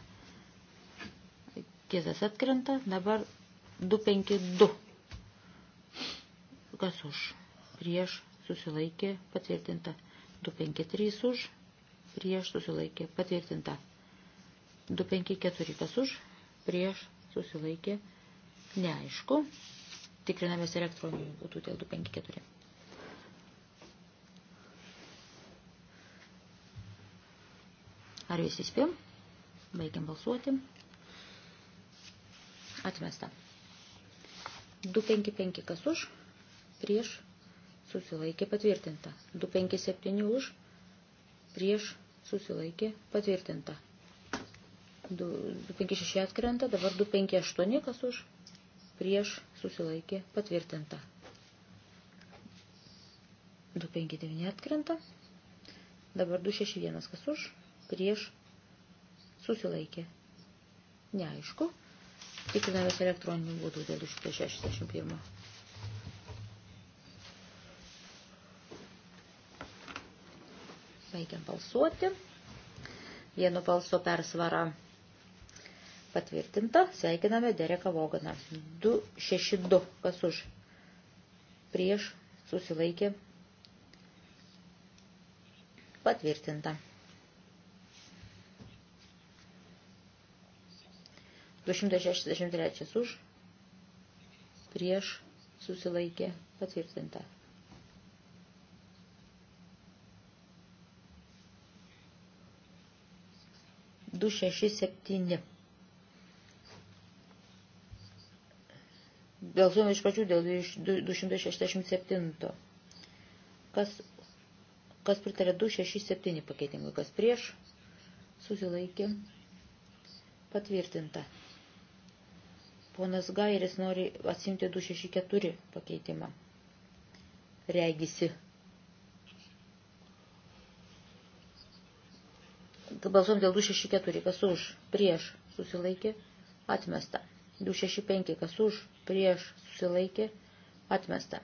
Kiesas atkrenta, dabar 252, kas už, prieš, susilaikė, patvirtinta. 253 už, prieš, susilaikė, patvirtinta. 254, kas už, prieš, susilaikė, neaišku. Tikrinamės elektroniniu būtų dėl 254. Ar visi spėjom? Baigiam balsuoti. Atmesta. 255 kas už, prieš, susilaikė patvirtinta. 257 už, prieš, susilaikė patvirtinta. 256 atkrenta, dabar 258 kas už, prieš, susilaikė patvirtinta. 259 atkrenta, dabar 261 kas už, prieš, susilaikė, neaišku. Tikrinamės elektroniniu būdu dėl 261. Baigiam balsuoti. Vieno balso persvara patvirtinta. Sveikiname Dereką Voganą. 262. Kas už? Prieš susilaikė patvirtinta. 263 už, prieš susilaikė patvirtinta. Du šeši septyni. Balsuojame iš pačių dėl 267. Kas, kas pritarė 267 pakeitimui, kas prieš susilaikė patvirtinta. Ponas Gairis nori atsimti 264 pakeitimą. Regisi. Balsuom dėl 264, kas už, prieš, susilaikė, atmesta. 265, kas už, prieš, susilaikė, atmesta.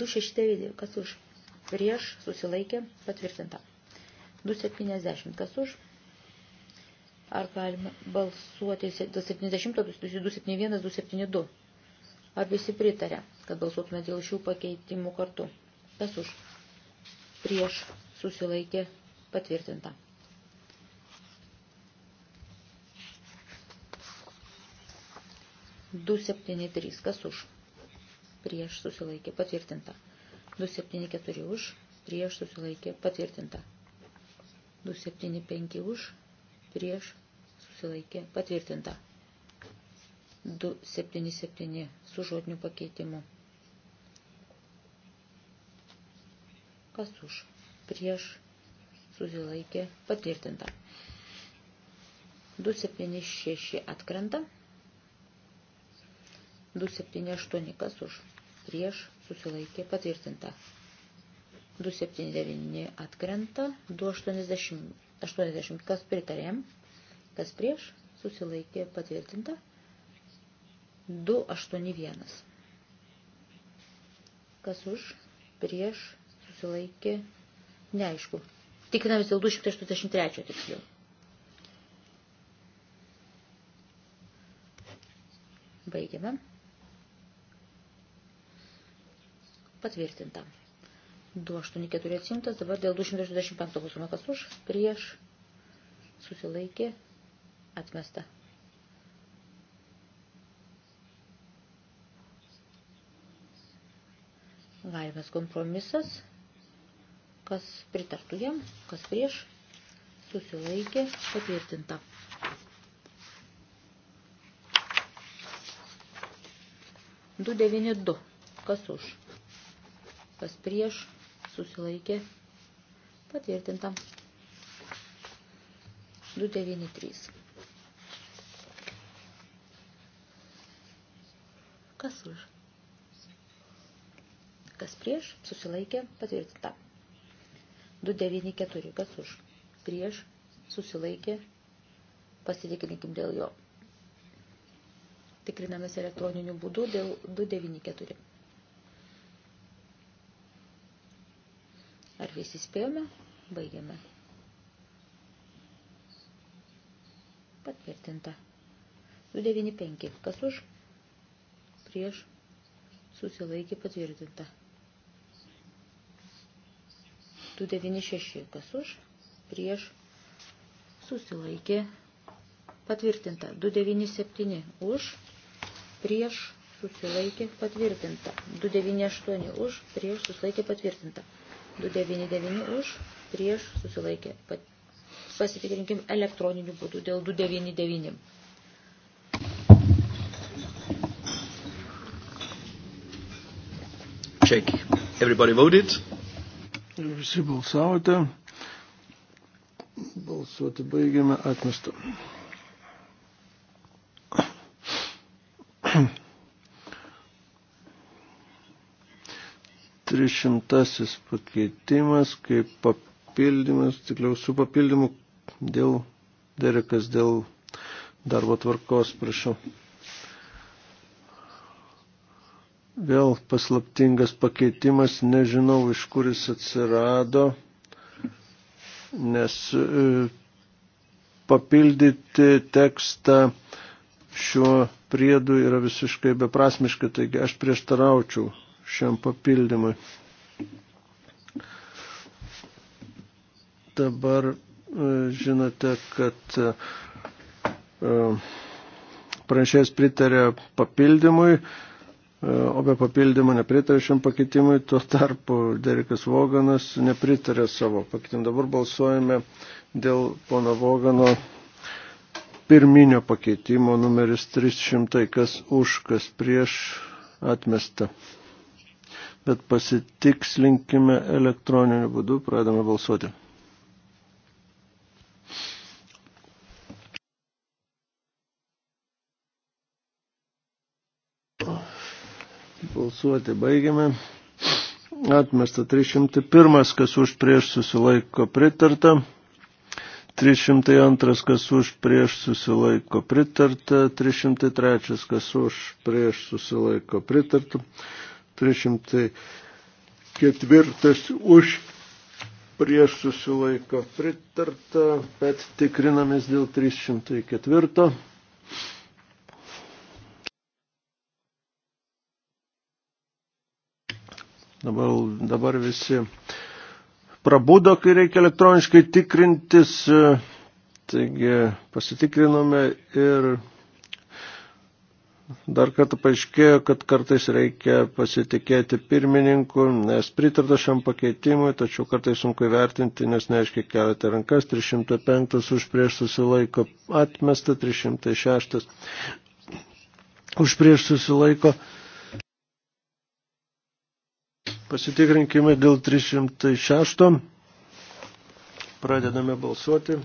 Du šešti kas už, prieš, susilaikė, patvirtinta. 270 kas už. Ar galime balsuoti 270, 271, 272. Ar visi pritarė, kad balsuotume dėl šių pakeitimų kartu. Kas už. Prieš susilaikė patvirtinta. Du septyni trys. Kas už? Prieš susilaikė patvirtinta. Du septyni keturi už. Prieš susilaikė patvirtinta. 275 už, prieš, susilaikė, patvirtinta. 277 su žodiniu pakeitimu. Kas už, prieš, susilaikė, patvirtinta. 276 atkrenta. 278 kas už, prieš, susilaikė, patvirtinta. 279 atkrenta, 280, 80, kas pritarėm, kas prieš, susilaikė patvirtinta, 281. Kas už, prieš, susilaikė, neaišku. Tikinamės dėl 283 tiksliau. Baigiame. Patvirtintam. 284 atsimtas, dabar dėl 265 bus sumakas už, prieš, susilaikė, atmesta. Galimas kompromisas, kas pritartų jam, kas prieš, susilaikė, patvirtinta. Du devini du, kas už, kas prieš, susilaikė patvirtinta. 293. Kas už? Kas prieš? Susilaikė patvirtinta. 294. Kas už? Prieš susilaikė. Pasitikinkim dėl jo. Tikrinamės elektroniniu būdu dėl 294. Visi spėjome, baigiame. Patvirtinta. 295. Kas už? Prieš. Susilaikė patvirtinta. 296. Kas už? Prieš. Susilaikė patvirtinta. 297. Už. Prieš. Susilaikė patvirtinta. 298. Už. Prieš. Susilaikė patvirtinta. 299 299 už, prieš susilaikė. Pasitikrinkim elektroniniu būdu dėl 299. Check. Everybody voted. Visi balsavote. Balsuoti baigiame atmestą. 300 pakeitimas kaip papildymas, tikliau su papildymu dėl Derekas dėl darbo tvarkos, prašau. Vėl paslaptingas pakeitimas, nežinau iš kur jis atsirado, nes e, papildyti tekstą šiuo priedu yra visiškai beprasmiška, taigi aš prieštaraučiau šiam papildymui. Dabar e, žinote, kad e, e, pranešėjas pritarė papildymui, o be papildymo nepritarė šiam pakeitimui, tuo tarpu Derikas Voganas nepritarė savo pakeitimui. Dabar balsuojame dėl pono Vogano pirminio pakeitimo numeris 300, kas už, kas prieš atmesta bet pasitikslinkime elektroniniu būdu, pradame balsuoti. Balsuoti baigiame. Atmesta 301, kas už prieš susilaiko pritarta. 302, kas už prieš susilaiko pritarta, 303, kas už prieš susilaiko pritarta, 304 už prieš susilaiko pritarta, bet tikrinamės dėl 304. Dabar, dabar visi prabudo, kai reikia elektroniškai tikrintis, taigi pasitikrinome ir Dar kartą paaiškėjo, kad kartais reikia pasitikėti pirmininku, nes pritarta šiam pakeitimui, tačiau kartais sunku įvertinti, nes neaiškiai keliate rankas. 305 už prieš susilaiko atmesta, 306 už prieš susilaiko. Pasitikrinkime dėl 306. Pradedame balsuoti.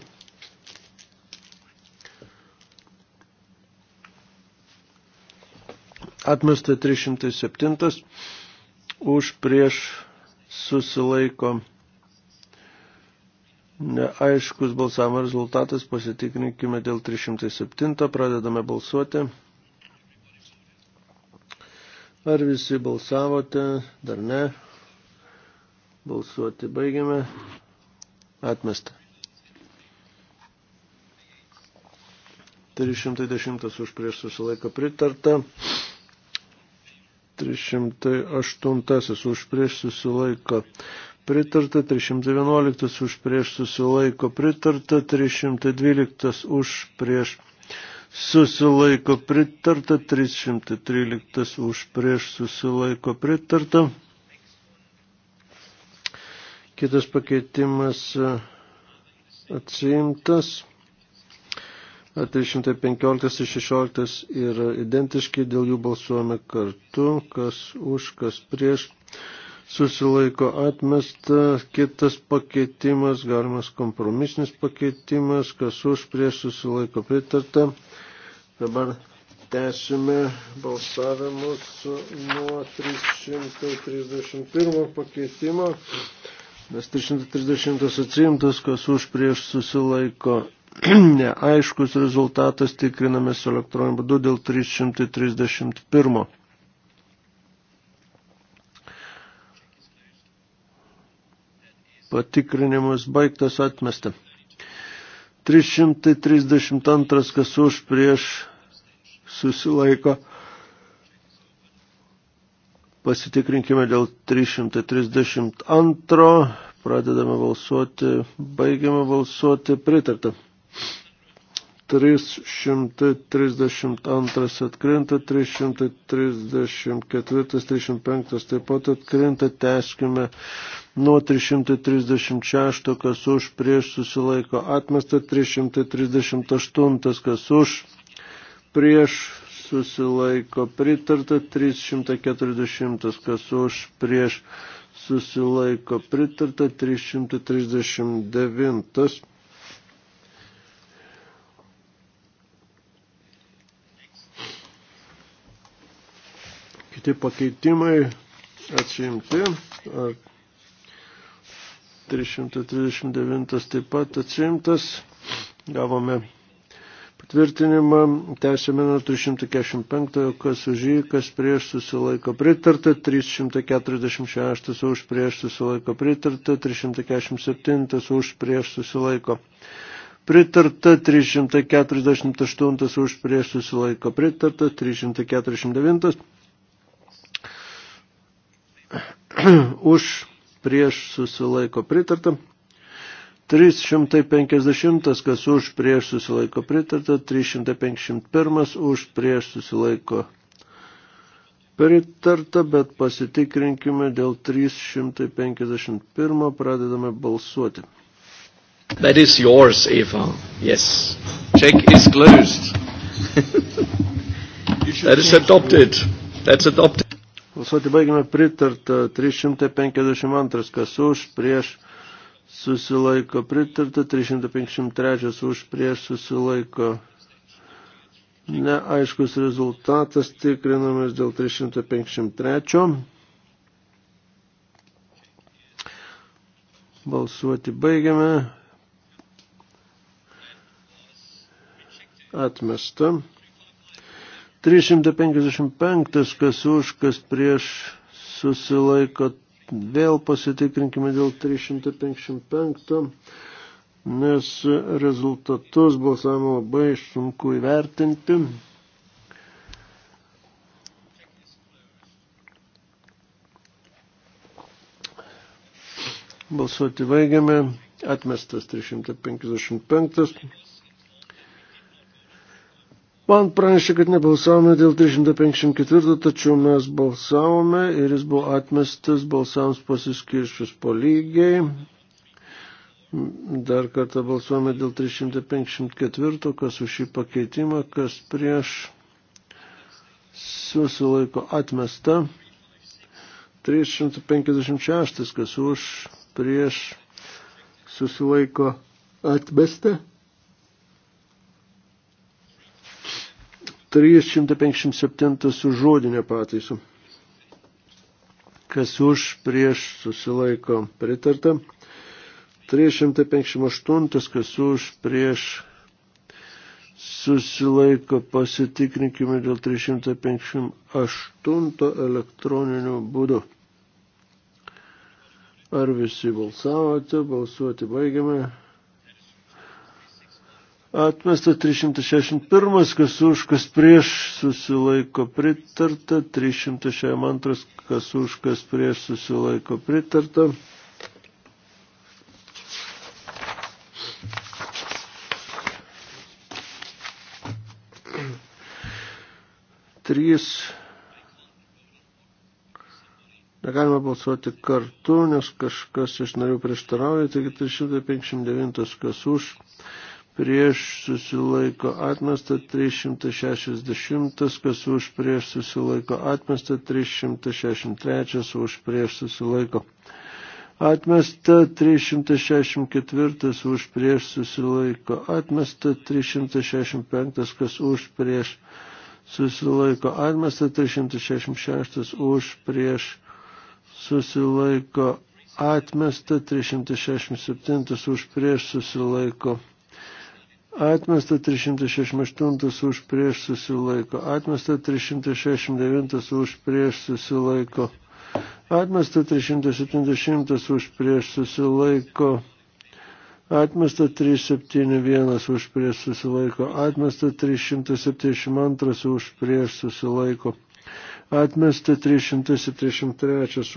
Atmesta 307 už prieš susilaiko neaiškus balsavimo rezultatas, pasitikrinkime dėl 307, pradedame balsuoti. Ar visi balsavote, dar ne? Balsuoti baigiame. Atmesta. 310 už prieš susilaiko pritarta. 308 už prieš susilaiko pritarta, 311 už prieš susilaiko pritarta, 312 už prieš susilaiko pritarta, 313 už prieš susilaiko pritarta. Kitas pakeitimas e, atsiimtas. 315 ir 16 yra identiški, dėl jų balsuojame kartu, kas už, kas prieš. Susilaiko atmesta, kitas pakeitimas, galimas kompromisinis pakeitimas, kas už, prieš susilaiko pritarta. Dabar tęsime balsavimus nuo 331 pakeitimo, nes 330 atsimtas, kas už, prieš susilaiko neaiškus rezultatas tikrinamės elektroniniu būdu dėl 331. Patikrinimas baigtas atmesta. 332 kas už prieš susilaiko. Pasitikrinkime dėl 332. Pradedame balsuoti, baigiame balsuoti, pritarta. 332 atkrinta, 334, 335 taip pat atkrinta, teskime nuo 336, kas už prieš susilaiko atmesta, 338, kas už prieš susilaiko pritarta, 340, kas už prieš susilaiko pritarta, 339 pateikti pakeitimai atsimti. 339 taip pat atsimtas. Gavome patvirtinimą. Tęsėme nuo 345, kas už jį, kas prieš susilaiko pritarta. 346 už prieš susilaiko pritarta. 347 už prieš susilaiko pritarta. Pritarta 348 už prieš susilaiko. Pritarta 349 už prieš susilaiko pritarta. 350, kas už prieš susilaiko pritarta. 351, už prieš susilaiko pritarta, bet pasitikrinkime dėl 351, pradedame balsuoti. That is yours, Eva. Yes. Check is closed. That is adopted. That's adopted. Balsuoti baigiame pritarta 352, kas už, prieš susilaiko pritarta, 353 už, prieš susilaiko neaiškus rezultatas, tikrinamės dėl 353. Balsuoti baigiame. Atmesta. 355, kas už, kas prieš susilaiko. Vėl pasitikrinkime dėl 355, nes rezultatus balsavimo labai sunku įvertinti. Balsuoti vaigiame. Atmestas 355. Man pranešė, kad nebalsavome dėl 354, tačiau mes balsavome ir jis buvo atmestas balsams pasiskiršus po lygiai. Dar kartą balsuojame dėl 354, kas už šį pakeitimą, kas prieš susilaiko atmesta. 356, kas už prieš susilaiko atmesta. 357 žodinė pataisa. Kas už prieš susilaiko pritarta. 358, kas už prieš susilaiko pasitikrinkime dėl 358 elektroninių būdų. Ar visi balsavote, balsuoti baigiame. Atmesta 361, kas už, kas prieš, susilaiko pritarta. 362, kas už, kas prieš, susilaiko pritarta. Trys. Negalima balsuoti kartu, nes kažkas iš narių prieštarauja, taigi 359, kas už prieš susilaiko atmesta 360, kas už prieš susilaiko atmesta 363, už prieš susilaiko. Atmesta 364, už prieš susilaiko. Atmesta 365, kas už prieš susilaiko. Atmesta 366, už prieš susilaiko. Atmesta 367, už prieš susilaiko Atmesta 368 už prieš susilaiko. Atmesta 369 už prieš susilaiko. Atmesta 370 už prieš susilaiko. Atmesta 371 už prieš susilaiko. Atmesta 372 už prieš susilaiko. Atmesta 373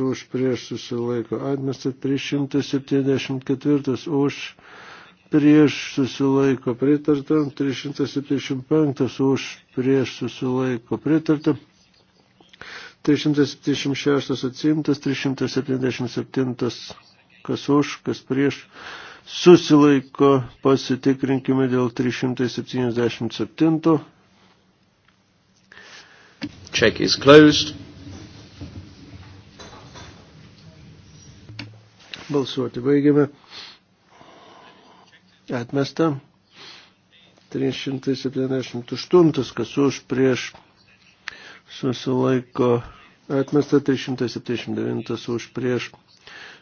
už prieš susilaiko. Atmesta 374 už prieš susilaiko prieš susilaiko pritarta, 375 už prieš susilaiko pritarta, 376 atsimtas, 377 kas už, kas prieš susilaiko, pasitikrinkime dėl 377. Check is closed. Balsuoti baigiame atmesta. 378, kas už prieš susilaiko atmesta, 379 už prieš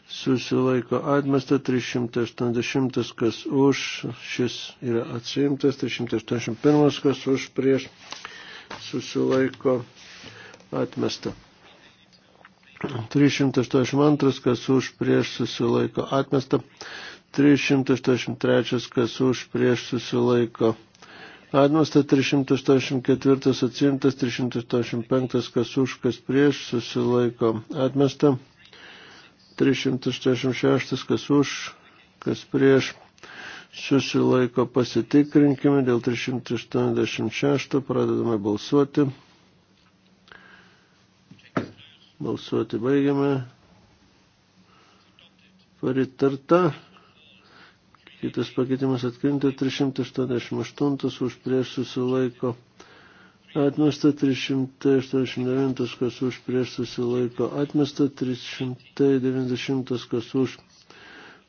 susilaiko atmesta, 380 kas už, šis yra atsiimtas, 381 kas už prieš susilaiko atmesta. 382 kas už prieš susilaiko atmesta. 383, kas už prieš susilaiko. Atmestas 384 atsimtas, 385 kas už, kas prieš susilaiko. Atmesta 386 kas už, kas prieš susilaiko. Pasitikrinkime dėl 386, pradedame balsuoti. Balsuoti baigiame. Pritarta. Kitas pakeitimas atkrinta 388 už prieš susilaiko. Atmesta 389, kas už prieš susilaiko. Atmesta 390, kas už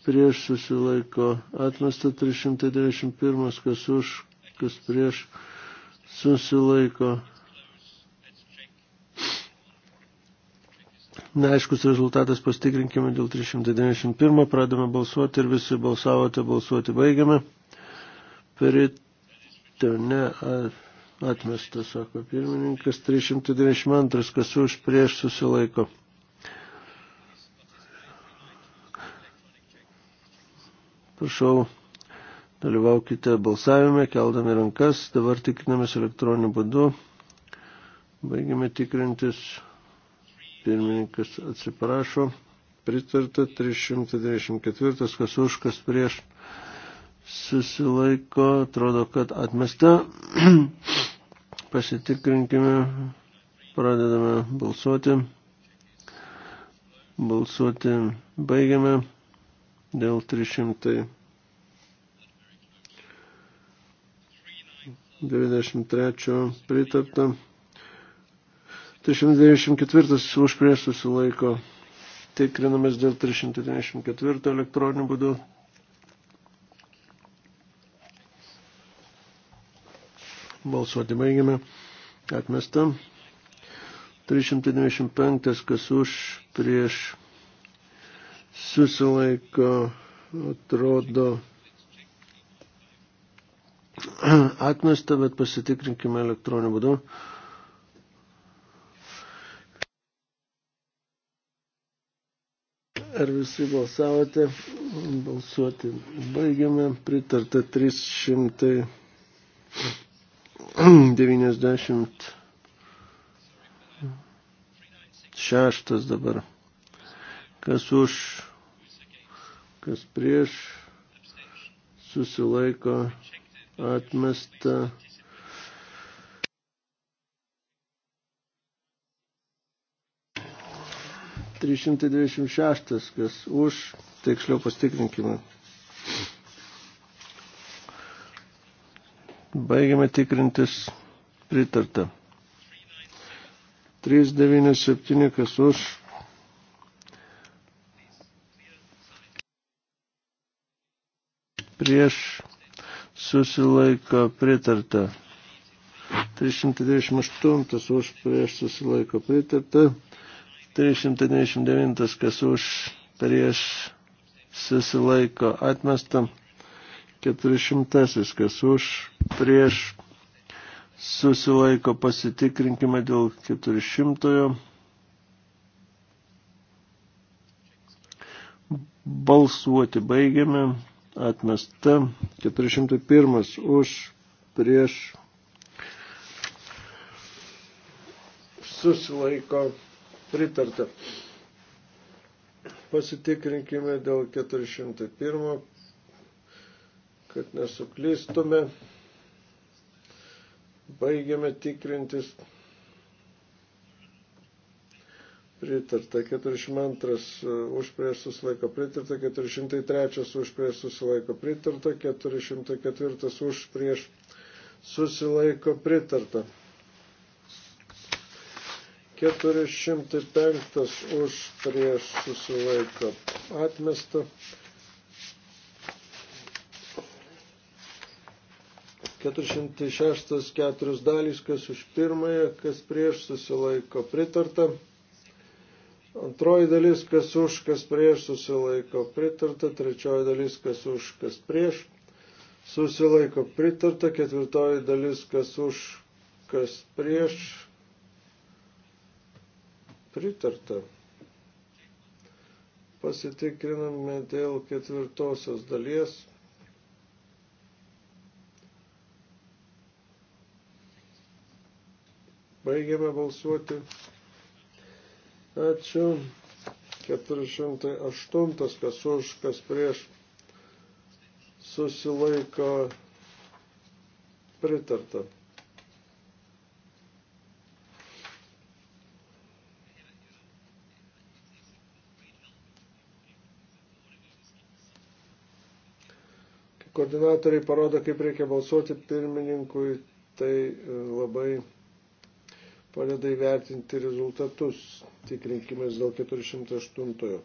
prieš susilaiko. Atmesta 391, kas už, kas prieš susilaiko. Neaiškus rezultatas pastikrinkime dėl 391. Pradame balsuoti ir visi balsavote, balsuoti baigiame. Perite, ne, atmestas, sako pirmininkas, 392, kas už prieš susilaiko. Prašau, dalyvaukite balsavime, keldami rankas, dabar tikrinamės elektroniniu būdu. Baigiame tikrintis. Pirmininkas atsiprašo. Pritarta 394, kas už, kas prieš susilaiko, atrodo, kad atmesta. Pasitikrinkime, pradedame balsuoti. Balsuoti baigiame dėl 300. 93 pritarta. 394 už prieš susilaiko. Tikrinamės dėl 394 elektroninių būdų. Balsuoti baigiame. Atmesta. 395, kas už prieš susilaiko, atrodo atmesta, bet pasitikrinkime elektroniniu būdu. Ar visi balsavote? Balsuoti. Baigiame. Pritarta 396 dabar. Kas už, kas prieš, susilaiko atmesta 326, kas už, tiksliau pastikrinkime. Baigiame tikrintis pritarta. 397, kas už. Prieš susilaiko pritarta. 328 už prieš susilaiko pritarta. 399, kas už prieš susilaiko atmesta. 400, kas už prieš susilaiko pasitikrinkime dėl 400. Balsuoti baigiame. Atmesta 401 už prieš susilaiko atmesta pritarta. Pasitikrinkime dėl 401, kad nesuklystume. Baigiame tikrintis. Pritarta 402 e, už prieš susilaiko pritarta, 403 už prieš susilaiko pritarta, 404 už prieš susilaiko pritarta. 405 už prieš susilaiko atmestą. 406 keturios dalys, kas už pirmąją, kas prieš susilaiko pritarta. Antroji dalis, kas už, kas prieš susilaiko pritarta. Trečioji dalis, kas už, kas prieš susilaiko pritarta. Ketvirtoji dalis, kas už, kas prieš pritarta. Pasitikriname dėl ketvirtosios dalies. Baigiame balsuoti. Ačiū. 408, kas už, kas prieš susilaiko pritarta. Koordinatoriai parodo, kaip reikia balsuoti pirmininkui, tai e, labai padeda įvertinti rezultatus, tik rinkimės dėl 408.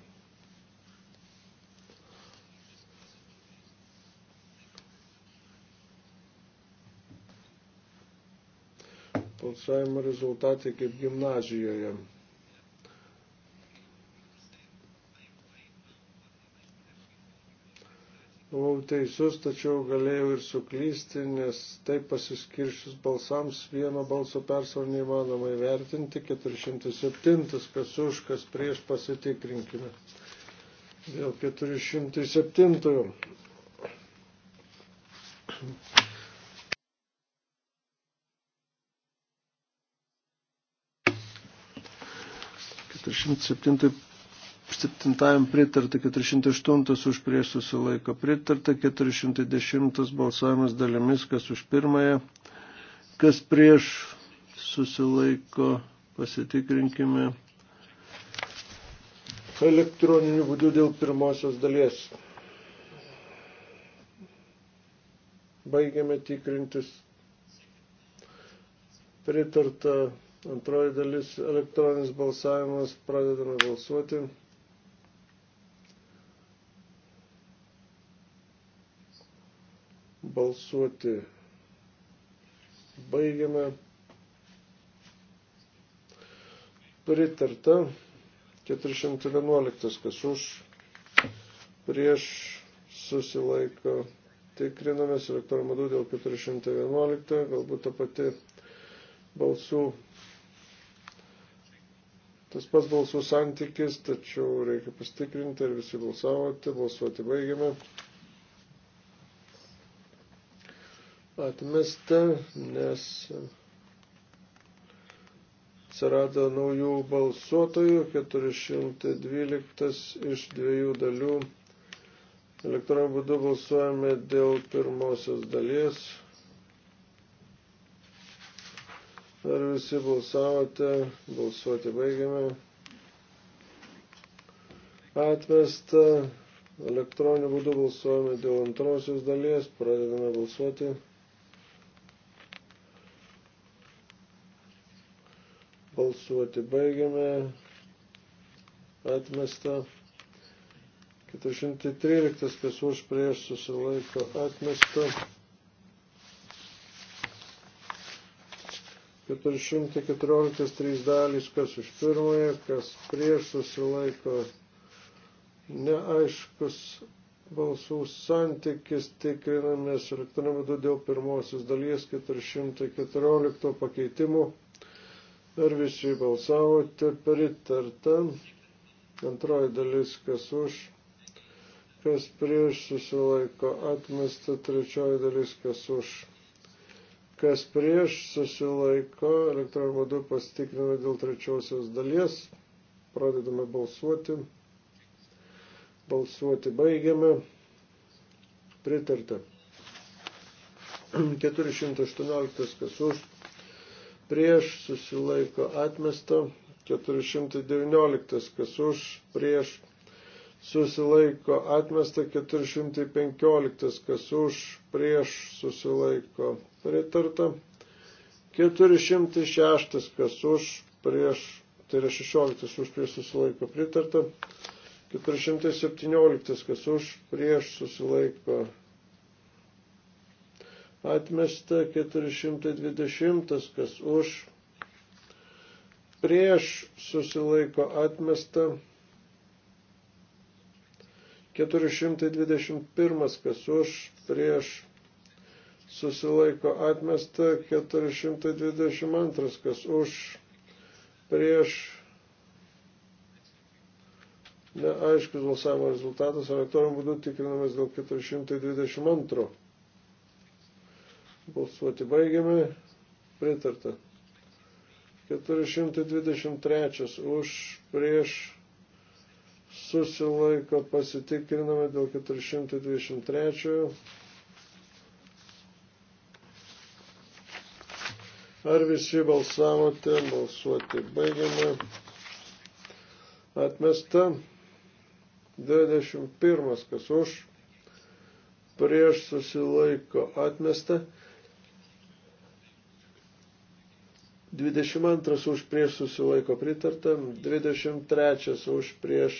Balsavimo rezultatai kaip gimnazijoje. buvau teisus, tačiau galėjau ir suklysti, nes taip pasiskiršius balsams vieno balso persvarą neįmanoma įvertinti. 407, kas už, kas prieš pasitikrinkime. Dėl 407. Šimtas septintai 7 pritarta 408 už prieš susilaiko pritarta, 410 balsavimas dalimis, kas už pirmąją, kas prieš susilaiko, pasitikrinkime elektroniniu būdu dėl pirmosios dalies. Baigiame tikrintis. Pritarta antroji dalis elektroninis balsavimas, pradedame balsuoti. Balsuoti baigiame. Pritarta 411, kas už prieš susilaiko. Tikrinamės elektroniniu būdu dėl 411, galbūt ta pati balsų, tas pats balsų santykis, tačiau reikia pastikrinti, ar visi balsavote, balsuoti baigiame. atmesta, nes atsirado naujų balsuotojų, 412 iš dviejų dalių. Elektroniniu būdu balsuojame dėl pirmosios dalies. Ar visi balsavote? Balsuoti baigiame. Atmesta. Elektroniniu būdu balsuojame dėl antrosios dalies. Pradedame balsuoti. Balsuoti baigiame. Atmesta. 413 kas už prieš susilaiko atmesta. 414 trys dalys, kas už pirmąją, kas prieš susilaiko neaiškus balsų santykis, tikrinamės elektroniniu būdu dėl pirmosios dalies 414 pakeitimų. Ar visi balsavote pritarta? Antroji dalis, kas už, kas prieš susilaiko atmesta. Trečioji dalis, kas už, kas prieš susilaiko. Elektroniniu būdu pasitikriname dėl trečiosios dalies. Pradedame balsuoti. Balsuoti baigiame. Pritarta. 418 kas už prieš susilaiko atmesta, 419 kas už prieš susilaiko atmesta, 415 kas už prieš susilaiko pritarta, 406 kas už prieš, tai yra 16 už prieš susilaiko pritarta, 417 kas už prieš susilaiko pritarta atmesta 420, kas už, prieš susilaiko atmesta 421, kas už, prieš susilaiko atmesta 422, kas už, prieš neaiškus balsavimo rezultatas, elektroniniu būdu tikrinamas dėl 422. Balsuoti baigiame. Pritarta. 423 už prieš susilaiko pasitikriname dėl 423. Ar visi balsavote? Balsuoti baigiame. Atmesta 21, kas už prieš susilaiko atmesta 22 už prieš susilaiko pritarta, 23 už prieš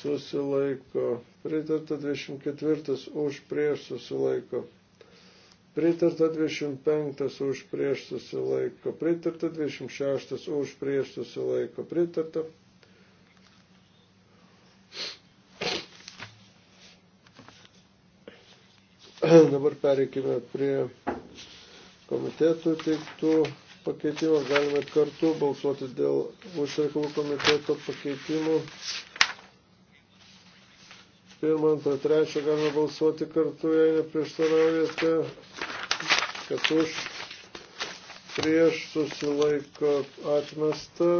susilaiko pritarta, 24 už prieš susilaiko pritarta, 25 už prieš susilaiko pritarta, 26 už prieš susilaiko pritarta. Dabar pereikime prie komitetų teiktų pakeitimo, galime kartu balsuoti dėl užsienio komiteto pakeitimų. Pirmą, antrą, trečią galime balsuoti kartu, jei neprieštaraujate, kad už prieš susilaiko atmesta.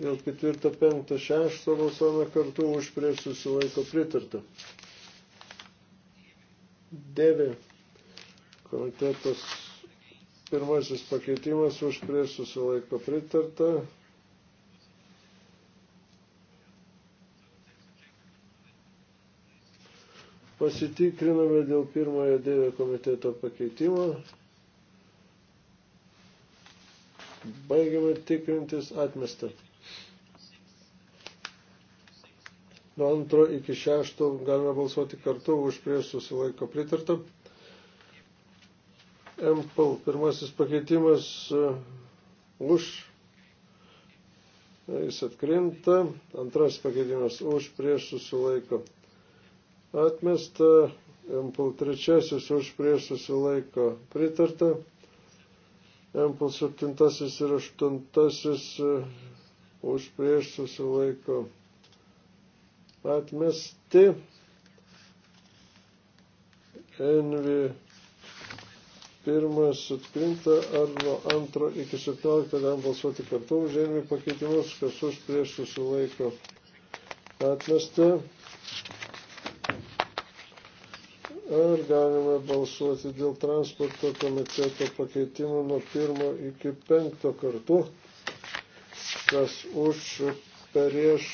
Dėl ketvirto, penkto, šešto balsuojame kartu už prieš susilaiko pritarta. Dėvi komitetas pirmasis pakeitimas už prieš susilaiko pritarta. Pasitikriname dėl pirmojo dėvio komiteto pakeitimo. Baigiame tikrintis atmestą. Nuo antro iki šešto galime balsuoti kartu už prieš susilaiko pritartą. MPL pirmasis pakeitimas e, už. E, jis atkrinta. Antrasis pakeitimas už prieš susilaiko. Atmesta. MPL trečiasis už prieš susilaiko pritarta. MPL septintasis ir aštuntasis e, už prieš susilaiko pritarta atmesti. Envi pirmas atkrinta ar nuo antro iki 17 galim balsuoti kartu už Envi pakeitimus, kas už prieš susilaiko atmesti. Ar galime balsuoti dėl transporto komiteto pakeitimų nuo pirmo iki penkto kartu, kas už prieš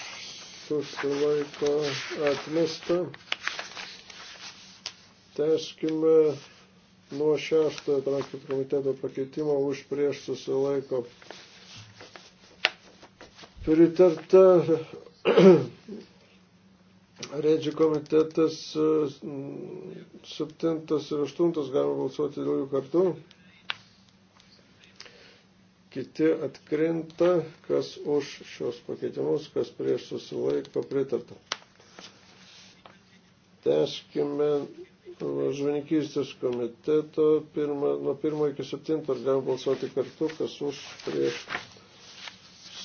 susilaiko atmesta. Teskime nuo šeštojo transporto komiteto pakeitimo už prieš susilaiko pritarta. Redžių komitetas 7 ir 8 galima balsuoti dėl jų kartu kiti atkrinta, kas už šios pakeitimus, kas prieš susilaiko pritarta. Teškime žvanikystės komiteto pirma, nuo 1 iki 7 ar galime balsuoti kartu, kas už prieš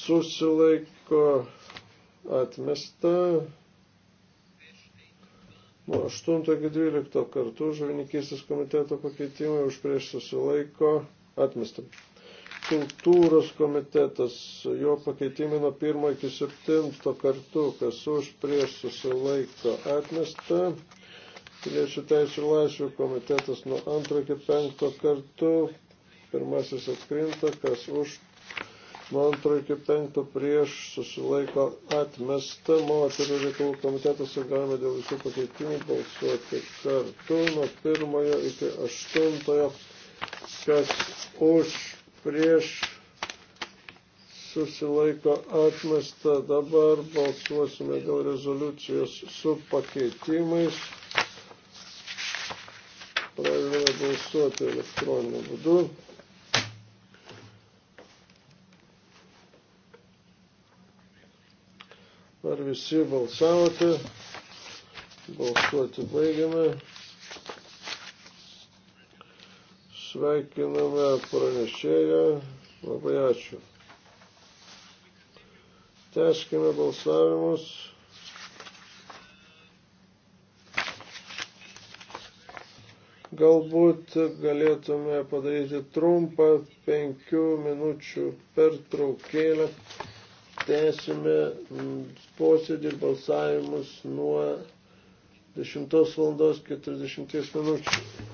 susilaiko atmesta. Nuo 8 iki 12 kartų žvanikystės komiteto pakeitimai už prieš susilaiko atmesta kultūros komitetas, jo pakeitimai nuo pirmo iki septinto kartu, kas už prieš susilaiko atmesta. Piliečių teisų laisvių komitetas nuo antro iki penkto kartu, pirmasis atkrinta, kas už nuo antro iki penkto prieš susilaiko atmesta. Moterų reikalų komitetas galime dėl visų pakeitimų balsuoti kartu nuo pirmojo iki aštuntojo, kas už prieš susilaiko atmesta. Dabar balsuosime dėl rezoliucijos su pakeitimais. Pradedame balsuoti elektroniniu būdu. Ar visi balsavote? Balsuoti baigiame. Sveikiname pranešėją. Labai ačiū. Teskime balsavimus. Galbūt galėtume padaryti trumpą penkių minučių pertraukėlę. Tęsime posėdį ir balsavimus nuo 10 val. 40 minučių.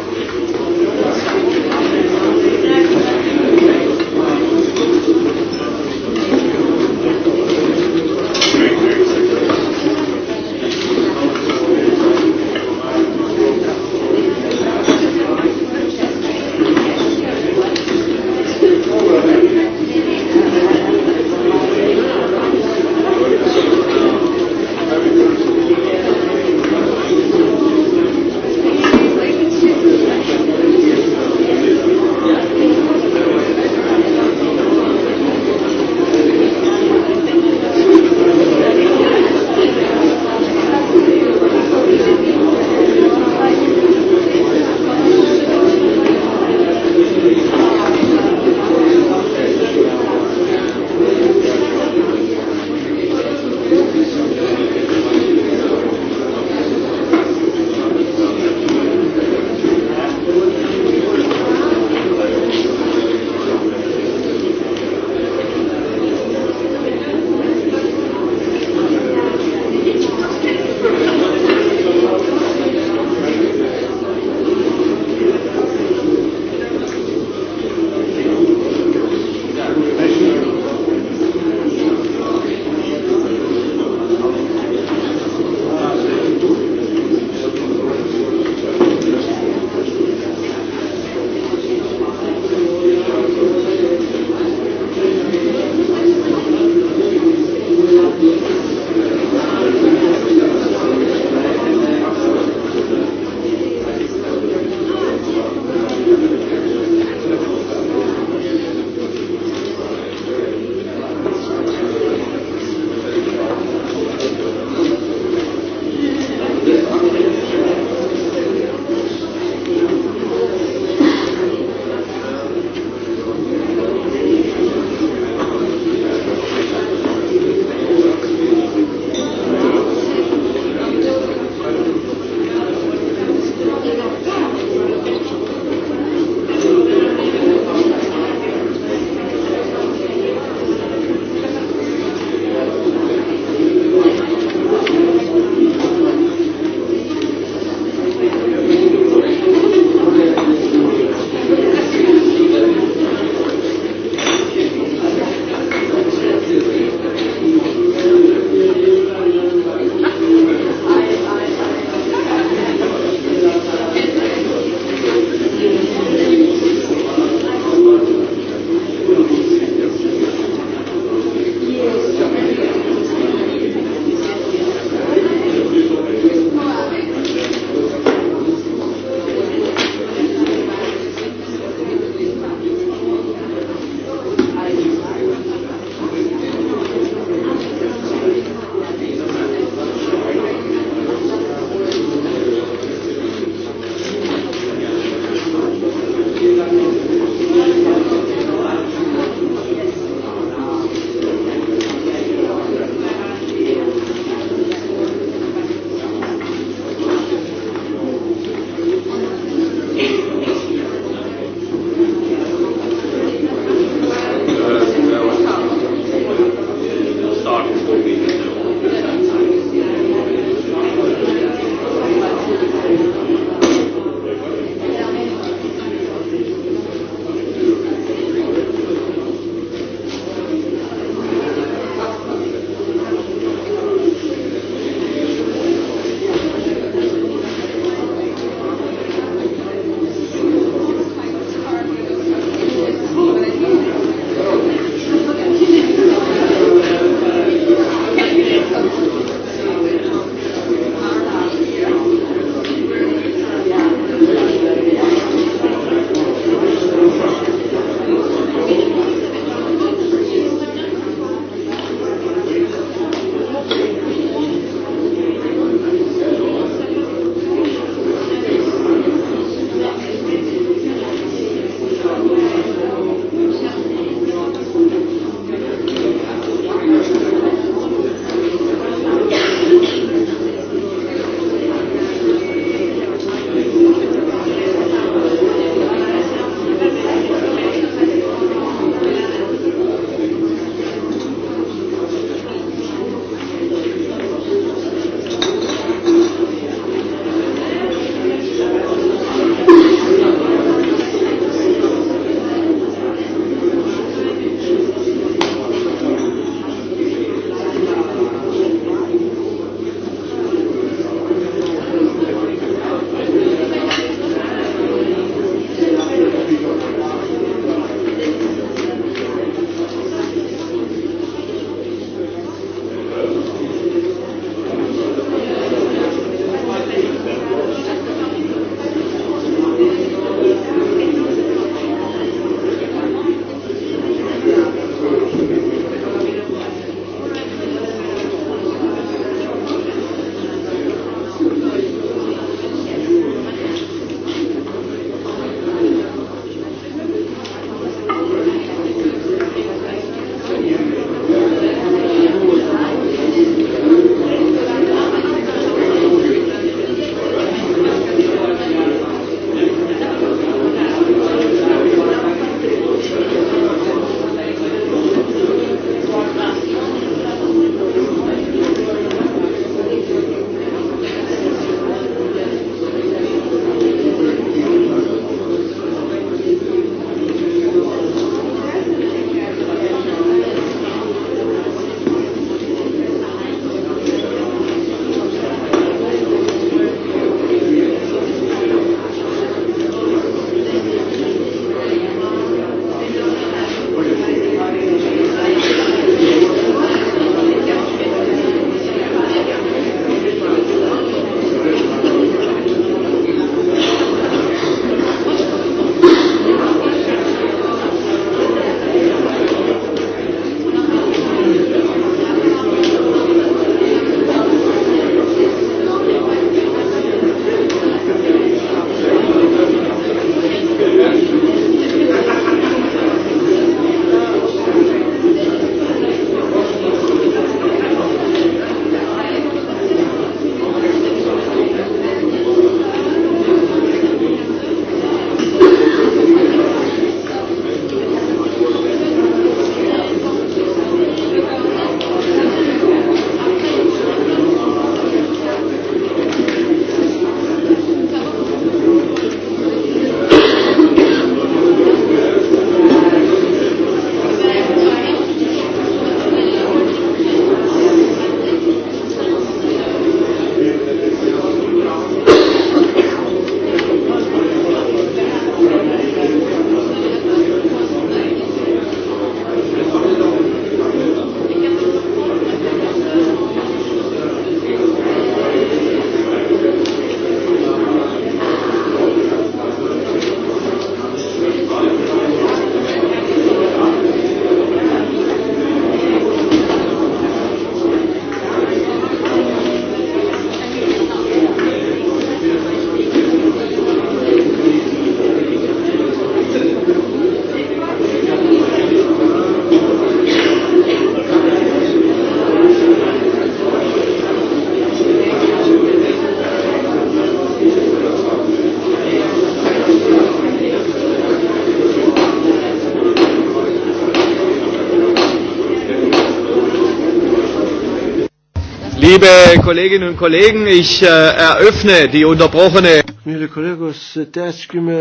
Liebe Kolleginnen und Kollegen, ich äh, eröffne die unterbrochene. Mėly kolegos, tęskime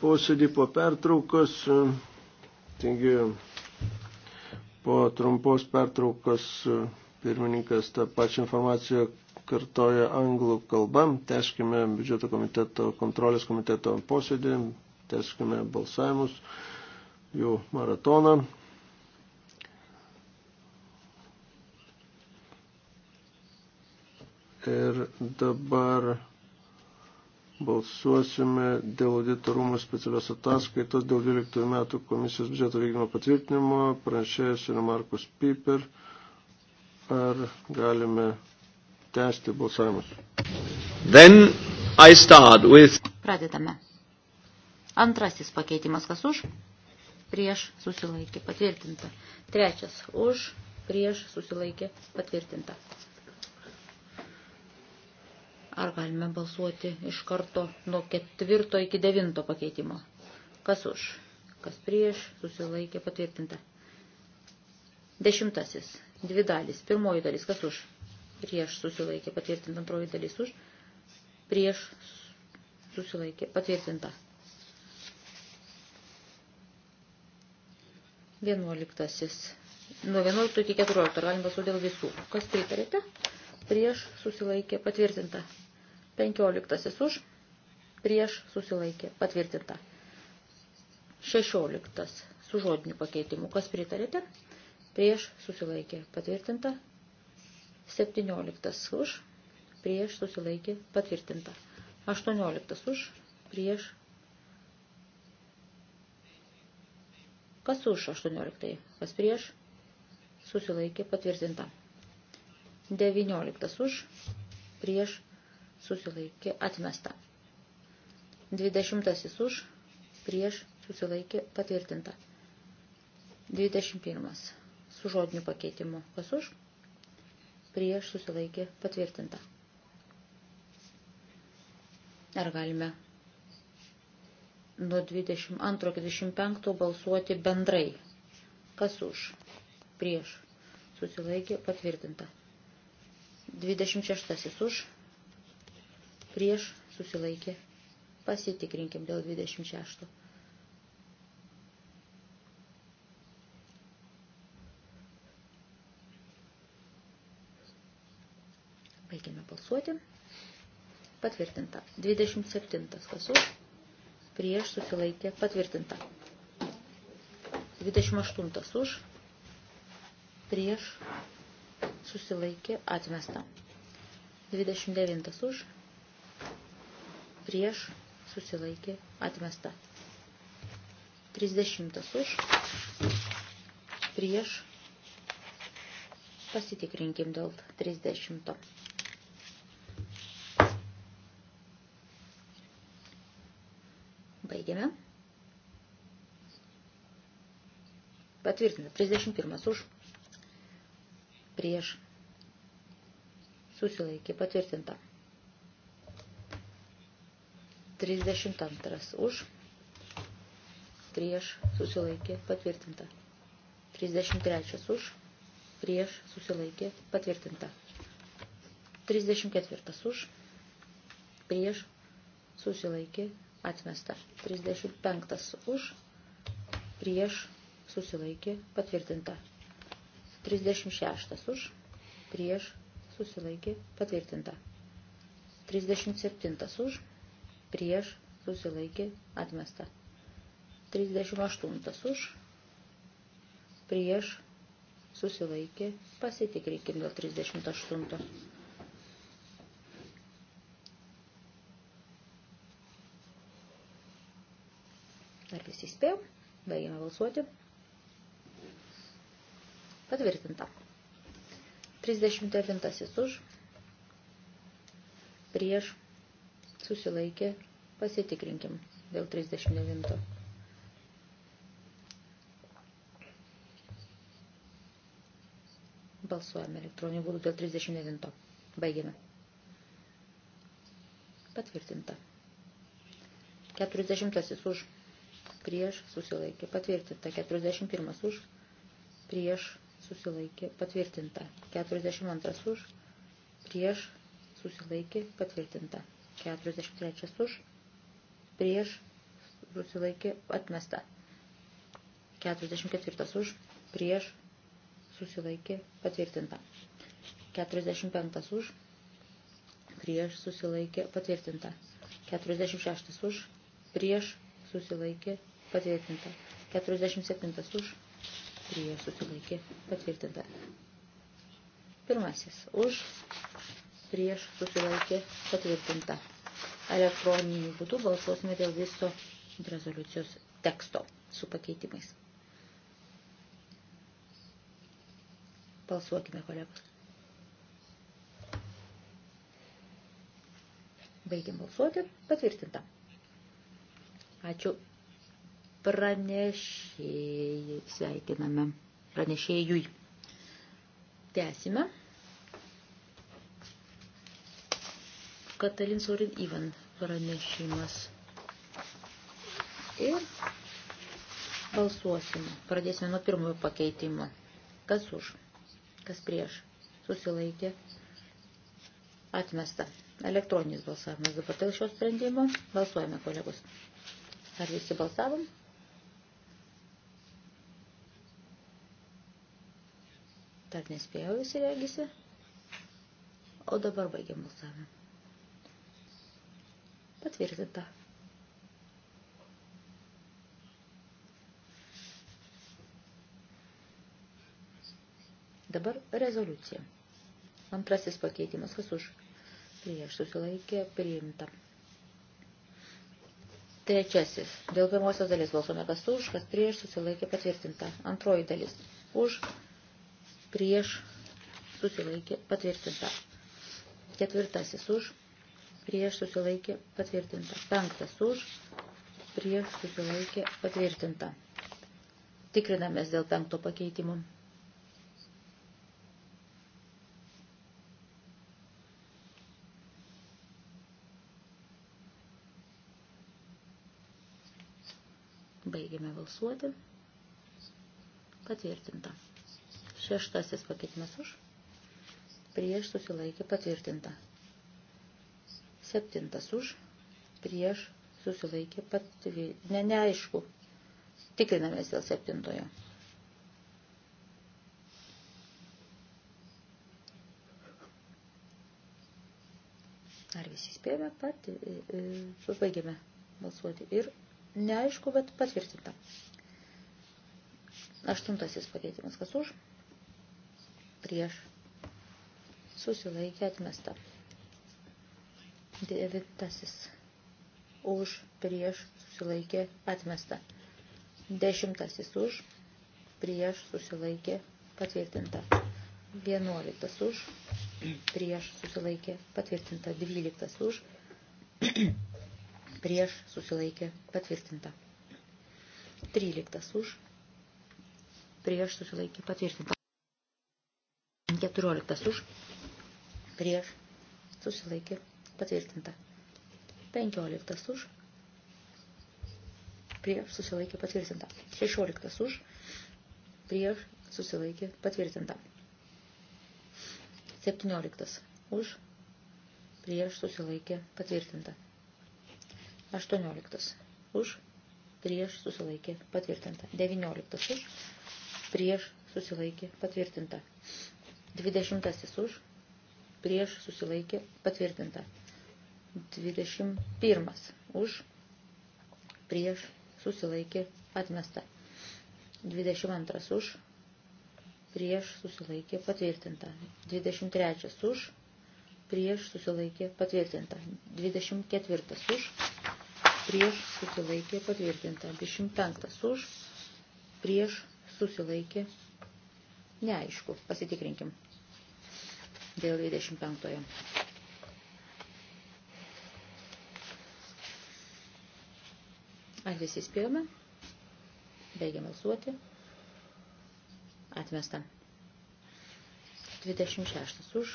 posėdį po pertraukos. Taigi, po trumpos pertraukos pirmininkas tą pačią informaciją kartoja anglų kalba. Tęskime biudžeto komiteto, kontrolės komiteto posėdį, tęskime balsavimus, jų maratoną. ir dabar balsuosime dėl auditorumo specialios ataskaitos dėl 12 metų komisijos biudžeto vykdymo patvirtinimo, pranešėjas yra Markus Piper. Ar galime tęsti balsavimus? Then I start with... Pradedame. Antrasis pakeitimas kas už? Prieš susilaikė patvirtinta. Trečias už, prieš susilaikė patvirtinta. Ar galime balsuoti iš karto nuo ketvirto iki devinto pakeitimo? Kas už? Kas prieš? Susilaikė patvirtinta. Dešimtasis. Dvi dalis. Pirmoji dalis. Kas už? Prieš susilaikė patvirtinta. Antroji dalis už. Prieš susilaikė patvirtinta. Vienuoliktasis. Nuo 11 iki 14 galima su dėl visų. Kas pritarėte? Prieš susilaikė patvirtinta. 15 už, prieš susilaikė, patvirtinta. 16 su žodiniu pakeitimu, kas pritarėte, prieš susilaikė, patvirtinta. 17 už, prieš susilaikė, patvirtinta. 18 už, prieš. Kas už 18, kas prieš, susilaikė, patvirtinta. 19 už, prieš susilaikė atmesta. 20 už, prieš susilaikė patvirtinta. 21 su žodiniu pakeitimu, kas už, prieš susilaikė patvirtinta. Ar galime nuo 22-25 balsuoti bendrai. Kas už? Prieš. Susilaikė patvirtinta. 26 už prieš susilaikė. Pasitikrinkim dėl 26. Baigėme balsuoti. Patvirtinta. 27. Kas už? Prieš susilaikė. Patvirtinta. 28. Už. Prieš susilaikė. Atmesta. 29. Už prieš susilaikė atmesta. 30 už prieš pasitikrinkim dėl 30. Baigiame. Patvirtina. 31 už. Prieš. Susilaikė. Patvirtinta. 32 už, prieš susilaikė patvirtinta. 33 už, prieš susilaikė patvirtinta. 34 už, prieš susilaikė atmesta. 35 už, prieš susilaikė patvirtinta. 36 už, prieš susilaikė patvirtinta. 37 už, prieš susilaikė atmesta. 38 už prieš susilaikė pasitikrinkim dėl 38. Ar visi spėjo? Baigėme balsuoti. Patvirtinta. 39 už prieš susilaikė, pasitikrinkim dėl 39. Balsuojame elektroniniu būdu dėl 39. Baigiame. Patvirtinta. 40 už prieš susilaikė patvirtinta. 41 už prieš susilaikė patvirtinta. 42 už prieš susilaikė patvirtinta. 43 už, prieš, susilaikė, atmesta. 44 už, prieš, susilaikė, patvirtinta. 45 už, prieš, susilaikė, patvirtinta. 46 už, prieš, susilaikė, patvirtinta. 47 už, prieš, susilaikė, patvirtinta. Pirmasis už, prieš, susilaikė, patvirtinta elektroniniu būdu balsuosime dėl viso rezoliucijos teksto su pakeitimais. Balsuokime, kolegos. Baigiam balsuoti. Patvirtinta. Ačiū pranešėjai. Sveikiname pranešėjui. Tęsime. Katalin Sorin Ivan pranešimas. Ir balsuosim. Pradėsime nuo pirmojo pakeitimo. Kas už? Kas prieš? Susilaikė. Atmesta. Elektroninis balsavimas. Dabar dėl šio sprendimo balsuojame, kolegos. Ar visi balsavom? Dar nespėjau visi regisi. O dabar baigiam balsavimą. Patvirtinta. Dabar rezoliucija. Antrasis pakeitimas, kas už prieš susilaikė priimta. Trečiasis. Dėl pirmosios dalies balsuome, kas už, kas prieš susilaikė patvirtinta. Antroji dalis. Už, prieš susilaikė patvirtinta. Ketvirtasis. Už, prieš susilaikė patvirtinta. Penktas už, prieš susilaikė patvirtinta. Tikrinamės dėl penkto pakeitimo. Baigėme balsuoti. Patvirtinta. Šeštasis pakeitimas už. Prieš susilaikė patvirtinta. Septintas už, prieš, susilaikė patvirtinta. Ne, neaišku. Tikrinamės dėl septintojo. Ar visi spėjome pati, e, e užbaigėme balsuoti ir neaišku, bet patvirtinta. Aštuntasis pakeitimas, kas už, prieš, susilaikė atmesta. Devintasis už prieš susilaikė atmesta. Dešimtasis už prieš susilaikė patvirtinta. Vienuoliktas už prieš susilaikė patvirtinta. Dvyliktas už prieš susilaikė patvirtinta. Tryliktas už prieš susilaikė patvirtinta. Keturioliktas už prieš susilaikė patvirtinta. 15 už, prieš susilaikė patvirtinta. 16 už, prieš susilaikė patvirtinta. 17 už, prieš susilaikė patvirtinta. 18 už, prieš susilaikė patvirtinta. 19 už, prieš susilaikė patvirtinta. 20 už, prieš susilaikė patvirtinta. 21 už, prieš, susilaikė, atmesta. 22 už, prieš, susilaikė, patvirtinta. 23 už, prieš, susilaikė, patvirtinta. 24 už, prieš, susilaikė, patvirtinta. 25 už, prieš, susilaikė, neaišku, pasitikrinkim dėl 25. -ojo. Ar visi spėjome? Baigiam balsuoti. Atmesta. 26 už.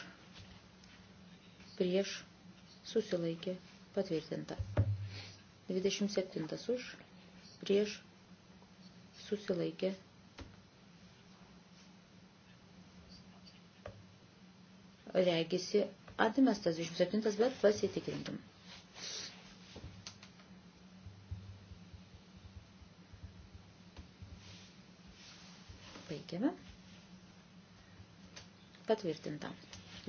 Prieš. Susilaikė. Patvirtinta. 27 už. Prieš. Susilaikė. Regisi atmestas 27, bet pasitikrinkim. Pasitikime. Patvirtinta.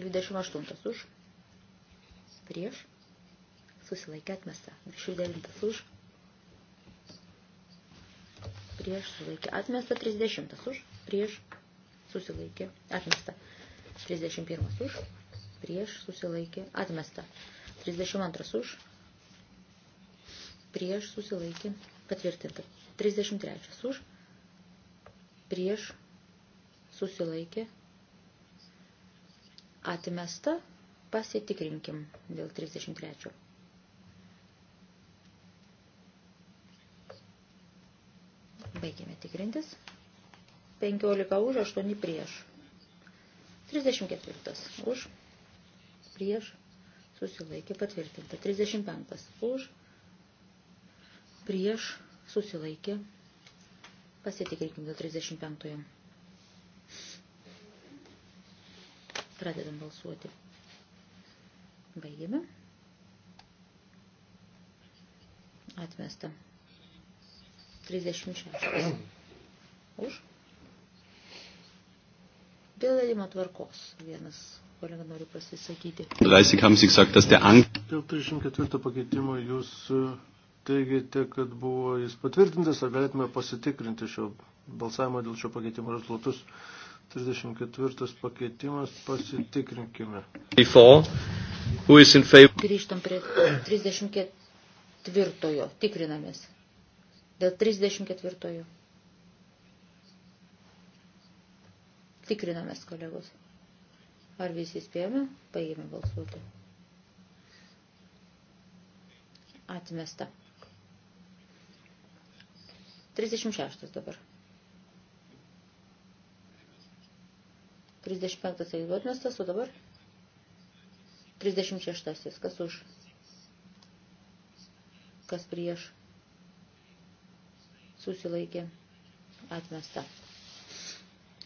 28 už. Prieš. Susilaikė atmesta. 29 už. Prieš susilaikė atmesta. 30 už. Prieš susilaikė atmesta. 31 už. Prieš susilaikė atmesta. 32 už. Prieš susilaikė patvirtinta. 33 už. Prieš susilaikė, atmesta, pasitikrinkim dėl 33. Baigėme tikrintis. 15 už, 8 prieš. 34 už, prieš, susilaikė patvirtinta. 35 už, prieš, susilaikė. Pasitikrinkim dėl 35. Pradedam balsuoti. Baigiame. Atmesta. 36. Už. Dėl dalimo tvarkos vienas kolega nori pasisakyti. Dėl 34 pakeitimo jūs e, teigiate, kad buvo jis patvirtintas, ar galėtume pasitikrinti šio balsavimo dėl šio pakeitimo rezultatus. 34 pakeitimas pasitikrinkime. Grįžtam prie 34. Tikrinamės. Dėl 34. Tikrinamės, kolegos. Ar visi spėjome? Paėmė balsuoti. Atmesta. 36 dabar. 35 atmestas, o dabar 36. Kas už? Kas prieš? Susilaikė atmesta.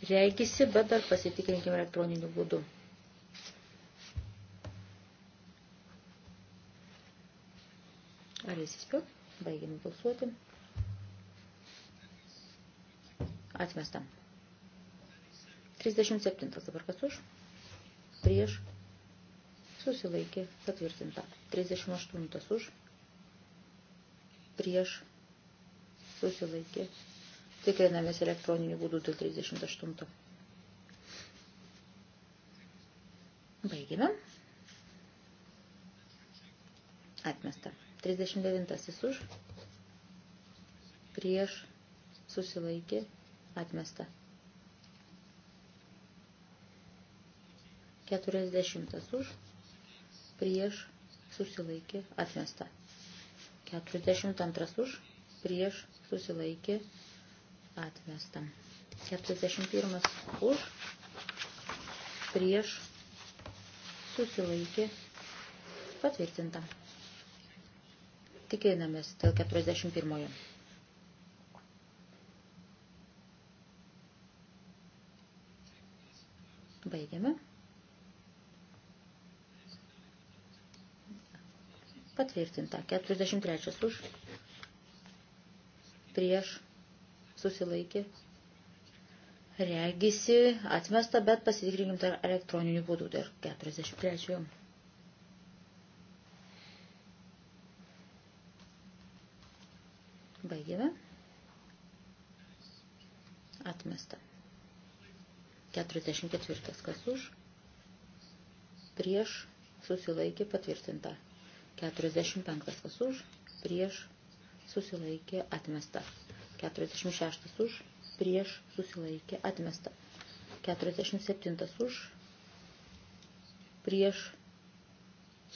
Reikisi, bet dar pasitikrinkime elektroniniu būdu. Ar jis įspėjo? Baigėme balsuoti. Atmestam. 37 dabar kas už, prieš, susilaikė, patvirtinta. 38 už, prieš, susilaikė. Tikrinamės elektroniniu būdu dėl 38. Baigime. Atmesta. 39 už, prieš, susilaikė, atmesta. 40 už, prieš, susilaikė, atmesta. 42 už, prieš, susilaikė, atmesta. 41 už, prieš, susilaikė, patvirtinta. Tikėnamės dėl 41. Baigiame. patvirtinta. 43 už, prieš, susilaikė, regisi, atmesta, bet pasitikrinkim dar elektroniniu būdu, dar 43. Baigėme. Atmesta. 44. Kas už? Prieš susilaikė patvirtinta. 45 kas už, prieš susilaikė atmesta. 46 už, prieš susilaikė atmesta. 47 už, prieš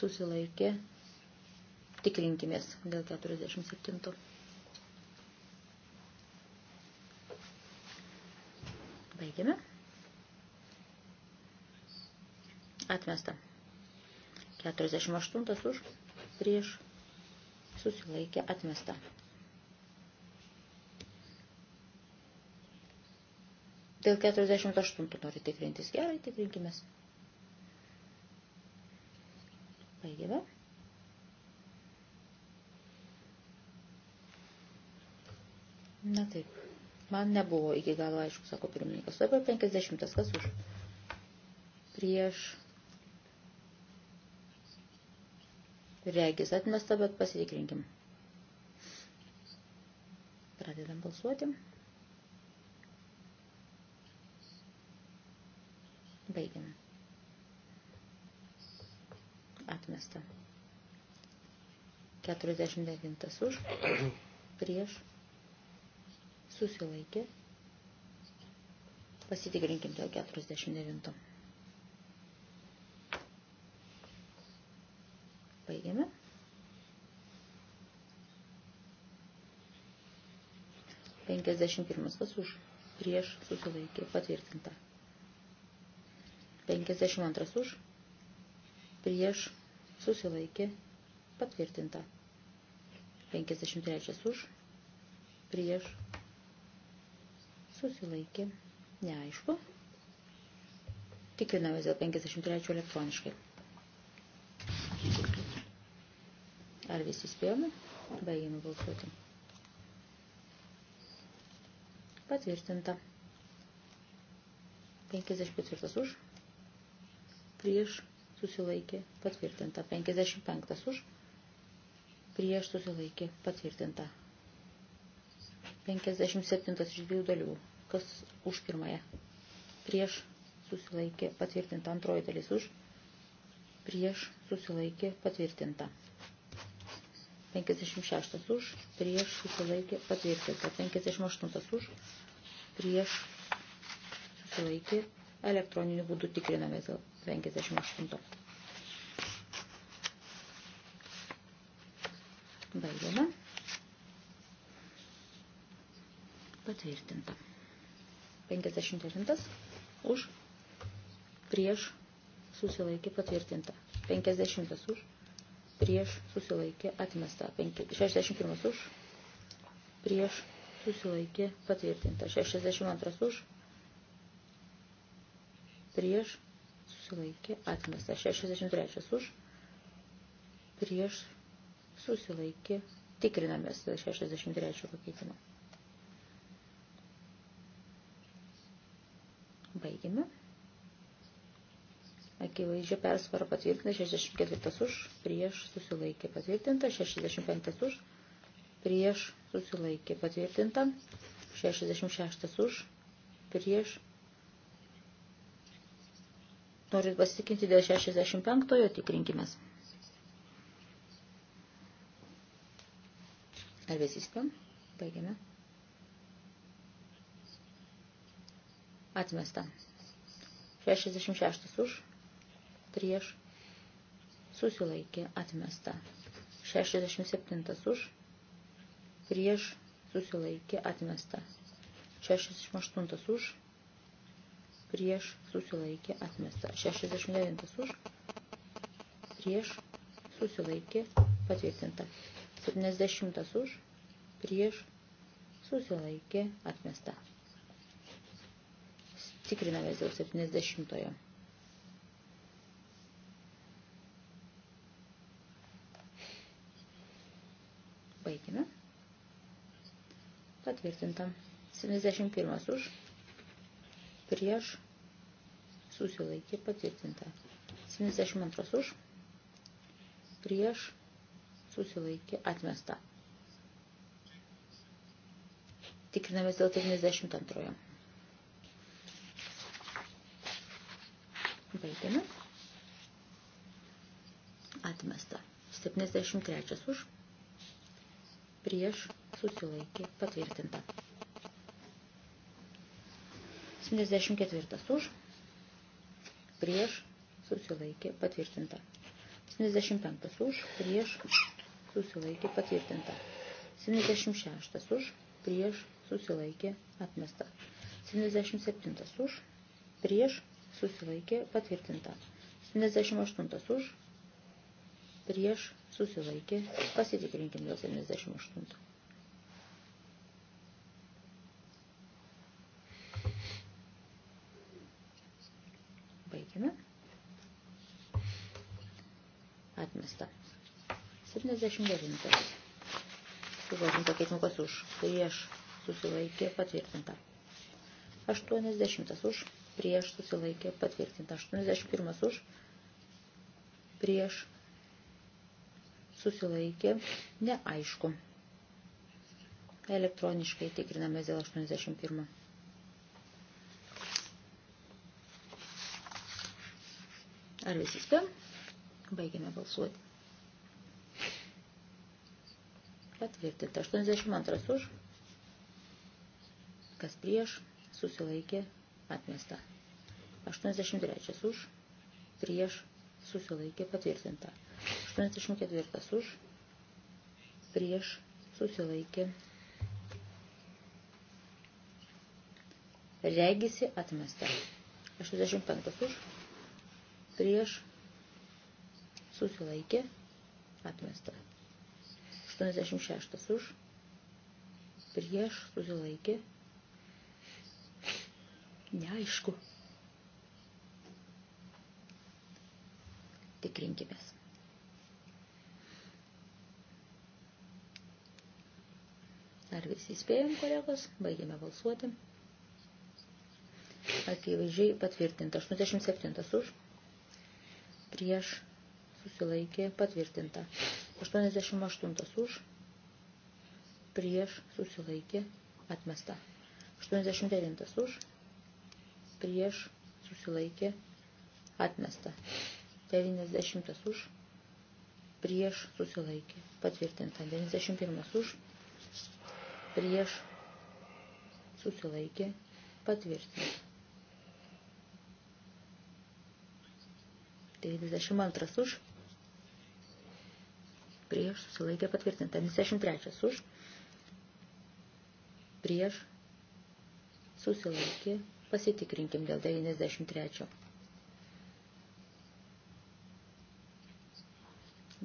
susilaikė tikrinkimės dėl 47. Baigiame. Atmesta. 48 už prieš susilaikė atmesta. Dėl 48 nori tikrintis. Gerai, tikrinkimės. Baigėme. Na taip, man nebuvo iki galo aišku, sako pirmininkas. Dabar 50 kas už. Prieš Regis atmesta, bet pasitikrinkim. Pradedam balsuoti. Baigiam. Atmesta. 49 už. Prieš. Susilaikė. Pasitikrinkim dėl 49. 51. Kas už? Prieš susilaikė patvirtinta. 52. Už? Prieš susilaikė patvirtinta. 53. Už? Prieš susilaikė neaišku. Tikrinamės dėl 53 elektroniškai. Ar visi spėjome? Baigėme balsuoti. Patvirtinta. 54 už. Prieš susilaikė. Patvirtinta. 55 už. Prieš susilaikė. Patvirtinta. 57 iš dviejų dalių. Kas už pirmąją? Prieš susilaikė. Patvirtinta. Antroji dalis už. Prieš susilaikė. Patvirtinta. 56 už, prieš susilaikė patvirtinta. 58 už, prieš susilaikė elektroniniu būdu tikriname dėl 58. Baigiame. Patvirtinta. 59 už, prieš susilaikė patvirtinta. 50 už, prieš susilaikė atmesta. 61 už, prieš susilaikė patvirtinta. 62 už, prieš susilaikė atmesta. 63 už, prieš susilaikė tikrinamės 63 pakeitimą. Baigime akivaizdžia persvara patvirtinta 64 už, prieš susilaikė patvirtinta 65 už, prieš susilaikė patvirtinta 66 už, prieš. Norit pasitikinti dėl 65-ojo, tikrinkimės. Ar visi spėm? Baigiame. Atmesta. 66 už, prieš susilaikė atmesta. 67 už prieš susilaikė atmesta. 68 už prieš susilaikė atmesta. 69 už prieš susilaikė patvirtinta. 70 už prieš susilaikė atmesta. Tikrinamės dėl 70. -ojo. Baigime. Patvirtinta. 71 už. Prieš. Susilaikė. Patvirtinta. 72 už. Prieš. Susilaikė. Atmesta. Tikrinamės dėl 72. Baigime. Atmesta. 73 už prieš susilaikė patvirtinta. 74 už, prieš susilaikė patvirtinta. 75 už, prieš susilaikė patvirtinta. 76 už, prieš susilaikė atmesta. 77 už, prieš susilaikė patvirtinta. 78 už, prieš susilaikė, pasitikrinkim dėl 78. Baigime. Atmesta. 79. Suvažinta keitimukas už, prieš susilaikė, patvirtinta. 80 už, prieš susilaikė, patvirtinta. 81 už, prieš susilaikė, neaišku. Elektroniškai tikrinamės dėl 81. Ar visi spėm? Baigiame balsuoti. Patvirtinta 82 už. Kas prieš susilaikė atmesta. 83 už. Prieš susilaikė patvirtinta. 84 už, prieš, susilaikė. Regisi atmesta. 85 už, prieš, susilaikė, atmesta. 86 už, prieš, susilaikė, neaišku. Tikrinkimės. Ar visi spėjom, kolegos? Baigėme balsuoti. Akivaizdžiai patvirtinta. 87 už. Prieš susilaikė patvirtinta. 88 už. Prieš susilaikė atmesta. 89 už. Prieš susilaikė atmesta. 90 už. Prieš susilaikė patvirtinta. 91 už prieš susilaikė patvirtinta. 92 už prieš susilaikė patvirtinta. 93 už prieš susilaikė pasitikrinkim dėl 93.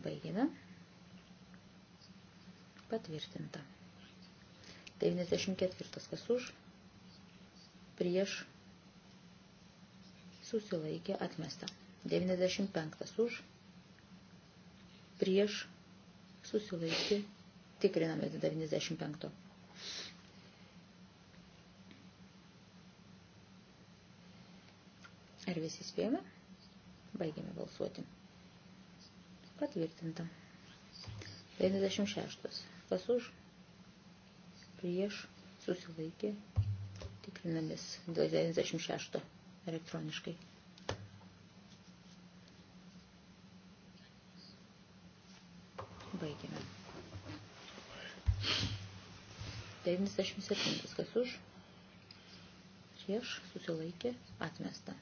Baigėme. Patvirtinta. 94 kas už, prieš, susilaikė, atmesta. 95 už, prieš, susilaikė, tikriname 95. Ar visi spėjome? Baigėme balsuoti. Patvirtinta. 96. Kas už? prieš susilaikė tikrinamės 96 elektroniškai. Baigėme. 97 kas už prieš susilaikė atmesta.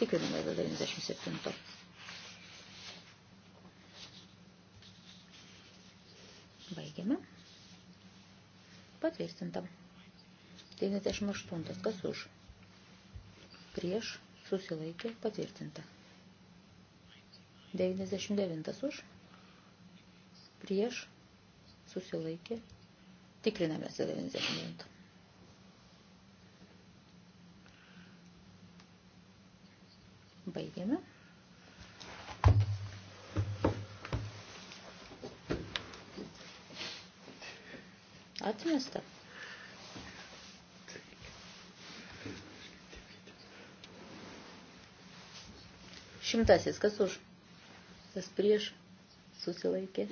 Tikrinamės 97. Baigiame. Patvirtinta. 98. Kas už? Prieš susilaikė patvirtinta. 99 už. Prieš susilaikė. Tikriname 99. Baigiame. Atmesta. Šimtasis, kas už? Kas prieš? Susilaikė.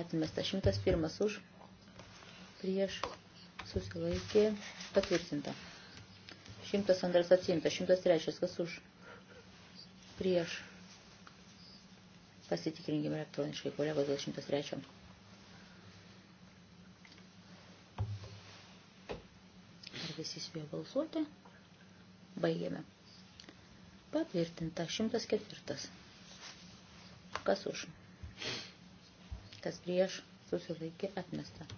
Atmesta. Šimtas pirmas už. Prieš. Susilaikė. Patvirtinta. Šimtas antras atsimta. Šimtas trečias, kas už? Prieš. Pasitikrinkime elektroniškai, kolegos, dėl šimtas trečio. visi spėjo balsuoti. Baigėme. Patvirtinta 104. Kas už? Kas prieš susilaikė atmesta.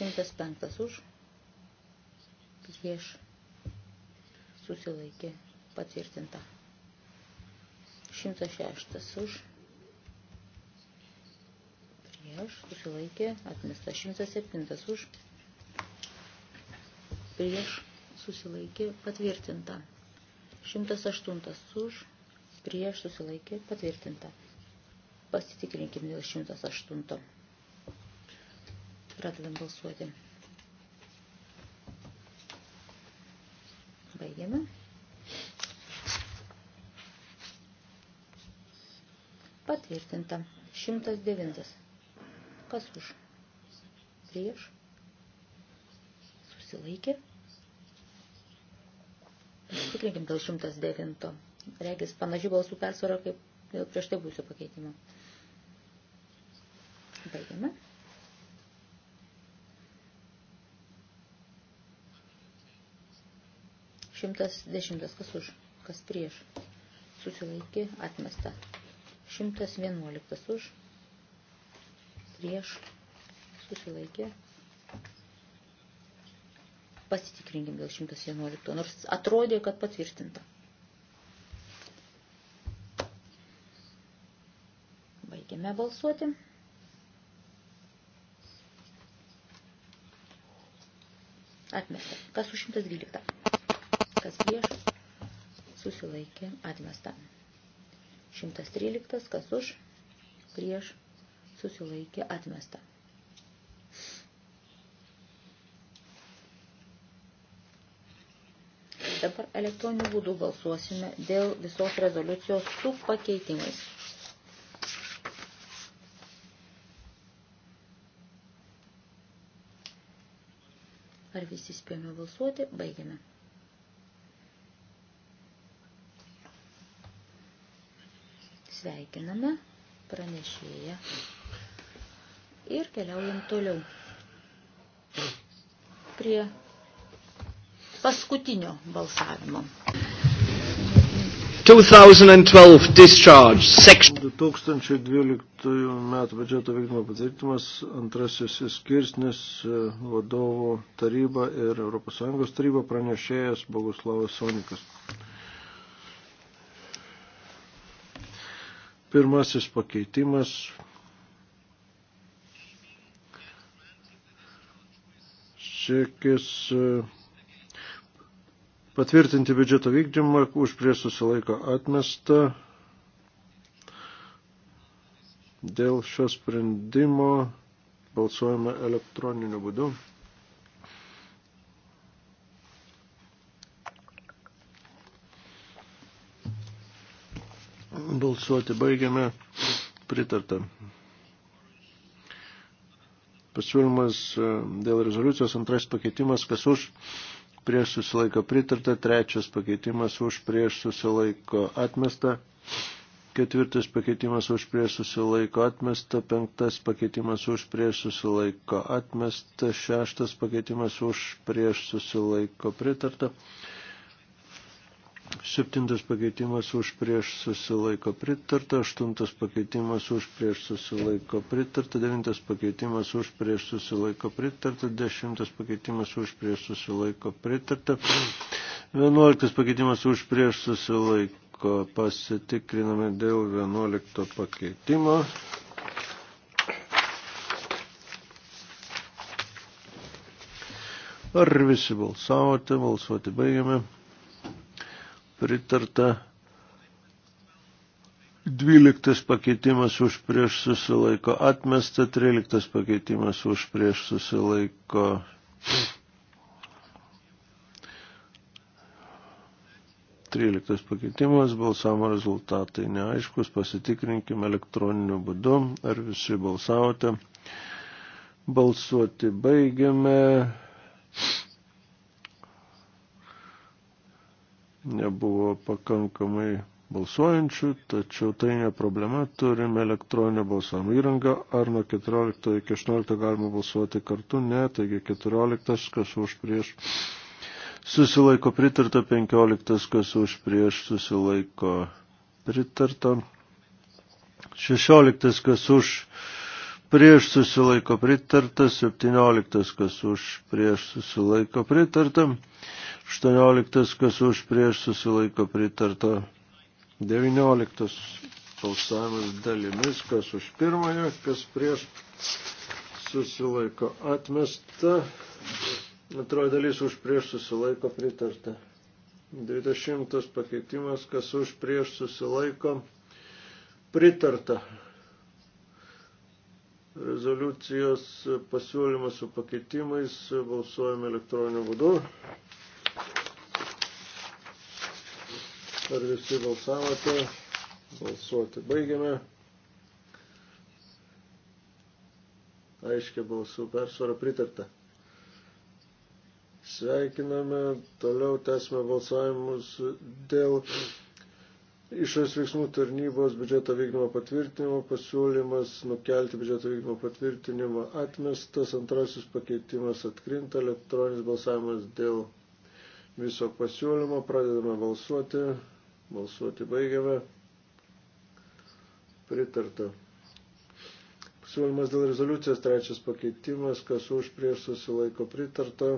105 už. Prieš susilaikė patvirtinta. 106 už. Prieš susilaikė atmesta. 107 už prieš susilaikė patvirtinta. 108 už prieš susilaikė patvirtinta. Pasitikrinkim dėl 108. Pradedam balsuoti. Baigiame. Patvirtinta. 109. Kas už? Prieš susilaikė. Tikrinkim dėl 109. Regis panašių balsų persvara kaip dėl prieš tai būsio pakeitimo. Baigiame. Šimtas dešimtas, kas už, kas prieš. Susilaikė, atmesta. Šimtas vienuoliktas už, prieš, susilaikė, atmesta Pasitikrinkim dėl 111, nors atrodė, kad patvirtinta. Baigiame balsuoti. Atmesta. Kas už 112? Kas prieš? Susilaikė. Atmesta. 113. Kas už? Prieš. Susilaikė. Atmesta. Dabar elektroniniu būdu balsuosime dėl visos rezoliucijos su pakeitimais. Ar visi spėjome balsuoti? Baigiame. Sveikiname pranešėją ir keliaujam toliau prie paskutinio balsavimo. 2012 discharge section 2012 metų biudžeto vykdymo patvirtimas antrasis skirsnis e, vadovų taryba ir ES taryba pranešėjas Boguslavas Sonikas. Pirmasis pakeitimas. Čekis uh, e, Patvirtinti biudžeto vykdymą už prieš susilaiko atmesta. Dėl šio sprendimo balsuojame elektroniniu būdu. Balsuoti baigiame. Pritarta. Pasiūlymas e, dėl rezoliucijos antras pakeitimas, kas už prieš susilaiko pritarta, trečias pakeitimas už prieš susilaiko atmesta, ketvirtas pakeitimas už prieš susilaiko atmesta, penktas pakeitimas už prieš susilaiko atmesta, šeštas pakeitimas už prieš susilaiko pritarta. Septintas pakeitimas už prieš susilaiko pritarta, aštuntas pakeitimas už prieš susilaiko pritarta, devintas pakeitimas už prieš susilaiko pritarta, dešimtas pakeitimas už prieš susilaiko pritarta, vienuoliktas pakeitimas už prieš susilaiko pasitikriname dėl vienuolikto pakeitimo. Ar visi balsavote, balsuoti baigiame pritarta. 12 pakeitimas už prieš susilaiko atmesta, 13 pakeitimas už prieš susilaiko. Tryliktas pakeitimas, balsavimo rezultatai neaiškus, pasitikrinkime elektroniniu būdu, ar visi balsavote. Balsuoti baigiame. nebuvo pakankamai balsuojančių, tačiau tai ne problema, turime elektroninę balsavimo įrangą, ar nuo 14 iki 18 galima balsuoti kartu, ne, taigi 14, kas už prieš susilaiko pritarta, 15, kas už prieš susilaiko pritarta, 16, kas už prieš susilaiko pritarta, 17, kas už prieš susilaiko pritarta. 18, kas už prieš susilaiko pritarta. 19 balsavimas dalimis, kas už pirmąją, kas prieš susilaiko atmesta. Antroji dalis už prieš susilaiko pritarta. 20 pakeitimas, kas už prieš susilaiko pritarta. Rezoliucijos pasiūlymas su pakeitimais balsuojame elektroniniu būdu. Ar visi balsavote? Balsuoti baigiame. Aiškiai balsų persvara pritarta. Sveikiname, toliau tęsime balsavimus dėl išorės veiksmų tarnybos biudžeto vykdymo patvirtinimo, pasiūlymas nukelti biudžeto vykdymo patvirtinimo atmestas, antrasis pakeitimas atkrinta, elektroninis balsavimas dėl viso pasiūlymo, pradedame balsuoti. Balsuoti baigiame. Pritarta. Pasiūlymas dėl rezoliucijos trečias pakeitimas, kas už prieš susilaiko pritarta.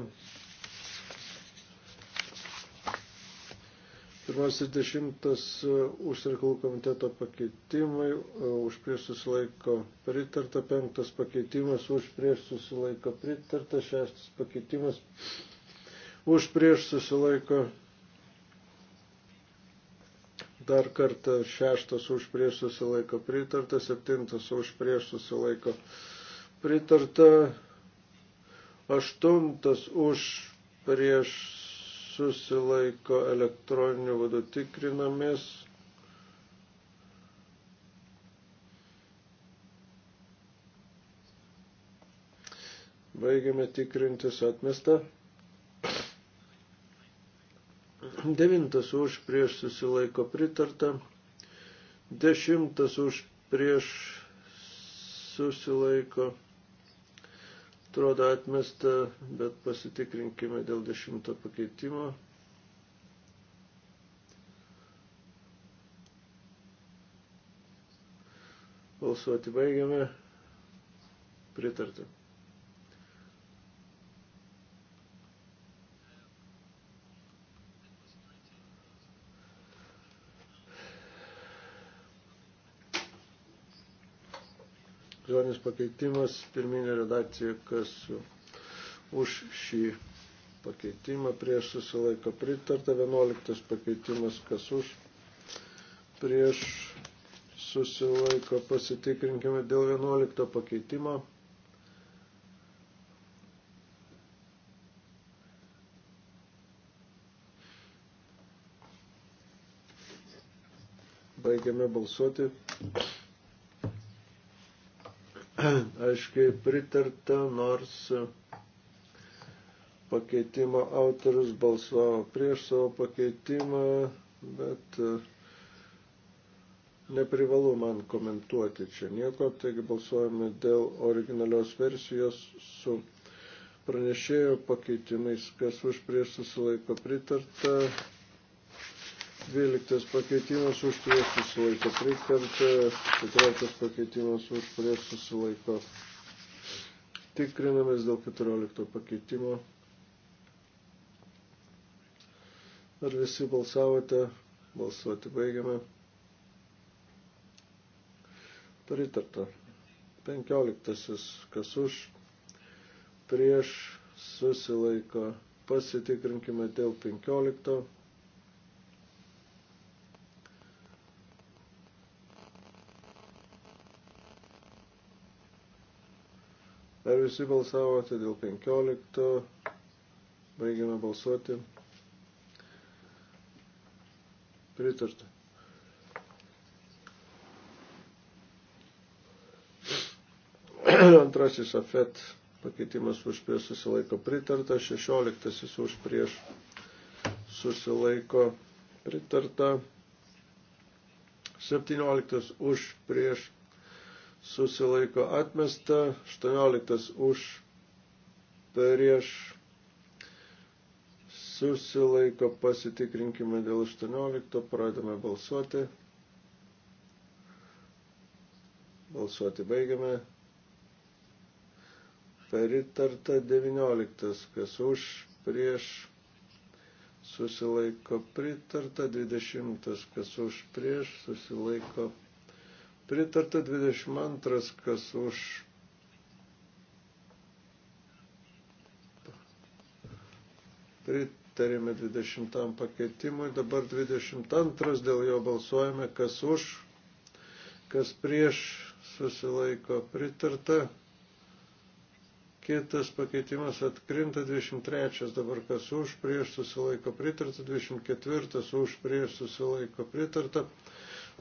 Pirmas ir dešimtas uh, užsireikalų komiteto pakeitimai, uh, už prieš susilaiko pritarta, penktas pakeitimas, už prieš susilaiko pritarta, šeštas pakeitimas, už prieš susilaiko pritarta Dar kartą šeštas už prieš susilaiko pritarta, septintas už prieš susilaiko pritarta, aštuntas už prieš susilaiko elektroniniu vadu tikrinamės. Baigiame tikrintis atmestą. Devintas už prieš susilaiko pritarta. Dešimtas už prieš susilaiko. Atrodo atmesta, bet pasitikrinkime dėl dešimto pakeitimo. Balsuoti baigiame. Pritartą. Žodinis pakeitimas, pirminė redakcija, kas už šį pakeitimą prieš susilaiko pritarta, 11 pakeitimas, kas už prieš susilaiko pasitikrinkime dėl 11 pakeitimo. Baigiame balsuoti aiškiai pritarta, nors pakeitimo autorius balsavo prieš savo pakeitimą, bet e, neprivalu man komentuoti čia nieko, taigi balsuojame dėl originalios versijos su pranešėjo pakeitimais, kas už prieš susilaiko pritarta, 12 pakeitimas už prieš susilaiko pritarta, 14 pakeitimas už prieš susilaiko. Tikrinamės dėl 14 pakeitimo. Ar visi balsavote? Balsuoti baigiame. Pritarta. 15. Kas už? Prieš susilaiko. Pasitikrinkime dėl 15. Ar visi balsavote dėl 15? Baigiame balsuoti. Pritarta. Antrasis afet pakeitimas už prieš susilaiko pritarta, šešioliktasis už prieš susilaiko pritarta, septynioliktas už prieš susilaiko atmesta, 18 už, prieš, susilaiko pasitikrinkime dėl 18, pradame balsuoti, balsuoti baigiame, peritarta 19, kas už, prieš, susilaiko pritarta, 20, kas už, prieš, susilaiko pritarta Pritarta 22, kas už. Pritarėme 20 pakeitimui, dabar 22 dėl jo balsuojame, kas už, kas prieš susilaiko pritarta. Kitas pakeitimas atkrinta 23, dabar kas už, prieš susilaiko pritarta, 24 už, prieš susilaiko pritarta.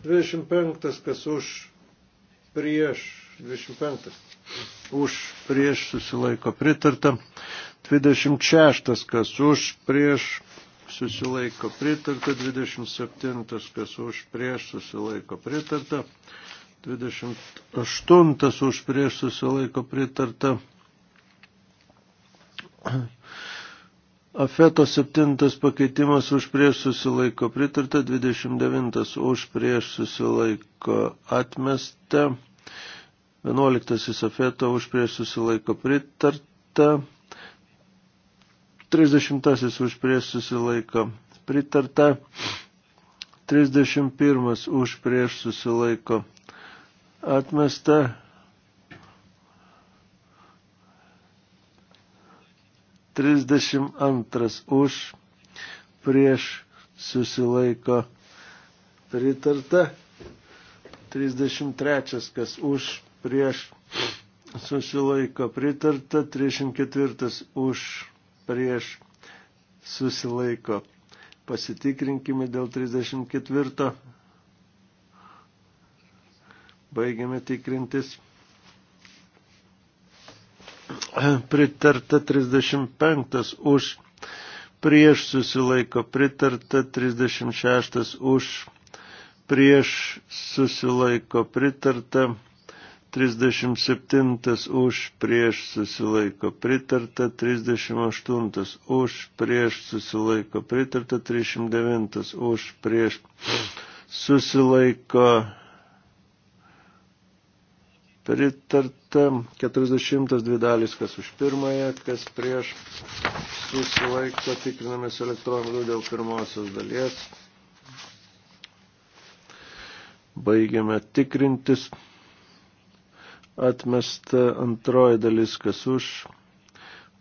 25, kas už, prieš, 25, už, prieš susilaiko pritarta. 26, kas už, prieš susilaiko pritarta. 27, kas už, prieš susilaiko pritarta. 28 už prieš susilaiko pritarta. Afeto 7 pakeitimas už prieš susilaiko pritarta, 29 už prieš susilaiko atmesta, 11 Afeto už prieš susilaiko pritarta, 30 už prieš susilaiko pritarta, 31 už prieš susilaiko atmesta, 32 už, prieš susilaiko pritarta. 33 kas už, prieš susilaiko pritarta. 34 už, prieš susilaiko. Pasitikrinkime dėl 34. Baigiame tikrintis pritarta 35 už, prieš susilaiko pritarta 36 už, prieš susilaiko pritarta 37 už, prieš susilaiko pritarta 38 už, prieš susilaiko pritarta 39 už, prieš susilaiko pritarta Pritarta 42 dalis, kas už pirmąją, kas prieš susilaiko, tikrinamės elektroniniu dėl pirmosios dalies. Baigiame tikrintis. Atmesta antroji dalis, kas už,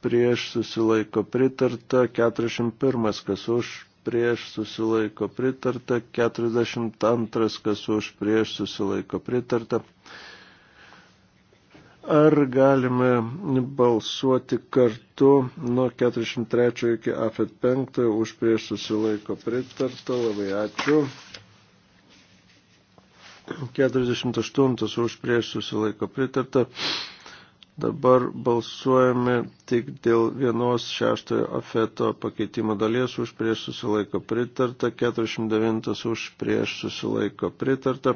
prieš susilaiko pritarta, 41 kas už, prieš susilaiko pritarta, 42 kas už, prieš susilaiko pritarta. Ar galime balsuoti kartu nuo 43 iki AFET 5 už prieš susilaiko pritarta? Labai ačiū. 48 už prieš susilaiko pritarta. Dabar balsuojame tik dėl vienos šeštojo afeto pakeitimo dalies už prieš susilaiko pritarta, 49 už prieš susilaiko pritarta.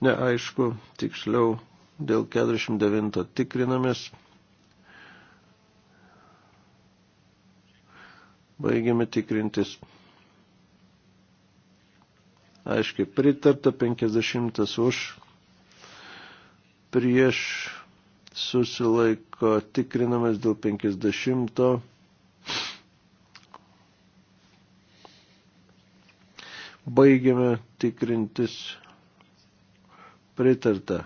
Neaišku, tiksliau dėl 49 tikrinamės. Baigiame tikrintis. Aiškiai, pritarta 50 už, prieš susilaiko tikrinamas dėl 50. Baigiame tikrintis pritarta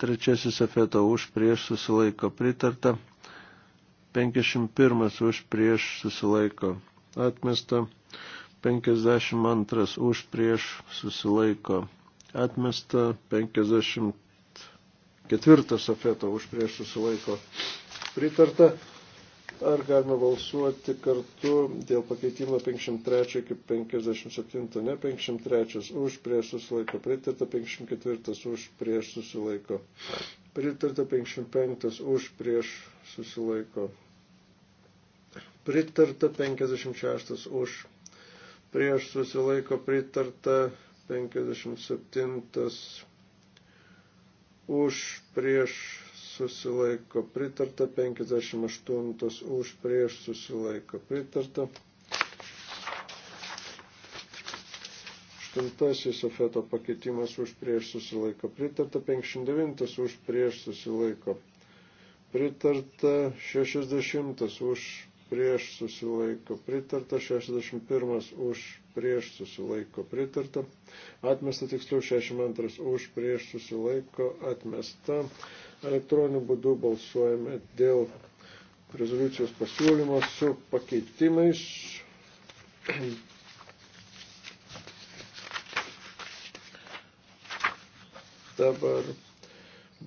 Trečiasis afeto už prieš susilaiko pritarta. 51 už prieš susilaiko atmesta. 52 už prieš susilaiko atmesta. 54 afeto už prieš susilaiko pritarta. Ar galime balsuoti kartu dėl pakeitimo 53 iki 57, ne 53 už prieš susilaiko pritarta, 54 už prieš susilaiko pritarta, 55 už prieš susilaiko pritarta, 56 už prieš susilaiko pritarta, 57 už prieš susilaiko pritarta, 58 už prieš susilaiko pritarta. Aštuntasis afeto pakeitimas už prieš susilaiko pritarta, 59 už prieš susilaiko pritarta, 60 už prieš susilaiko pritarta, 61 už prieš susilaiko pritarta, atmesta tiksliau 62 už prieš susilaiko atmesta, Elektroniniu būdu balsuojame dėl rezoliucijos pasiūlymo su pakeitimais. Dabar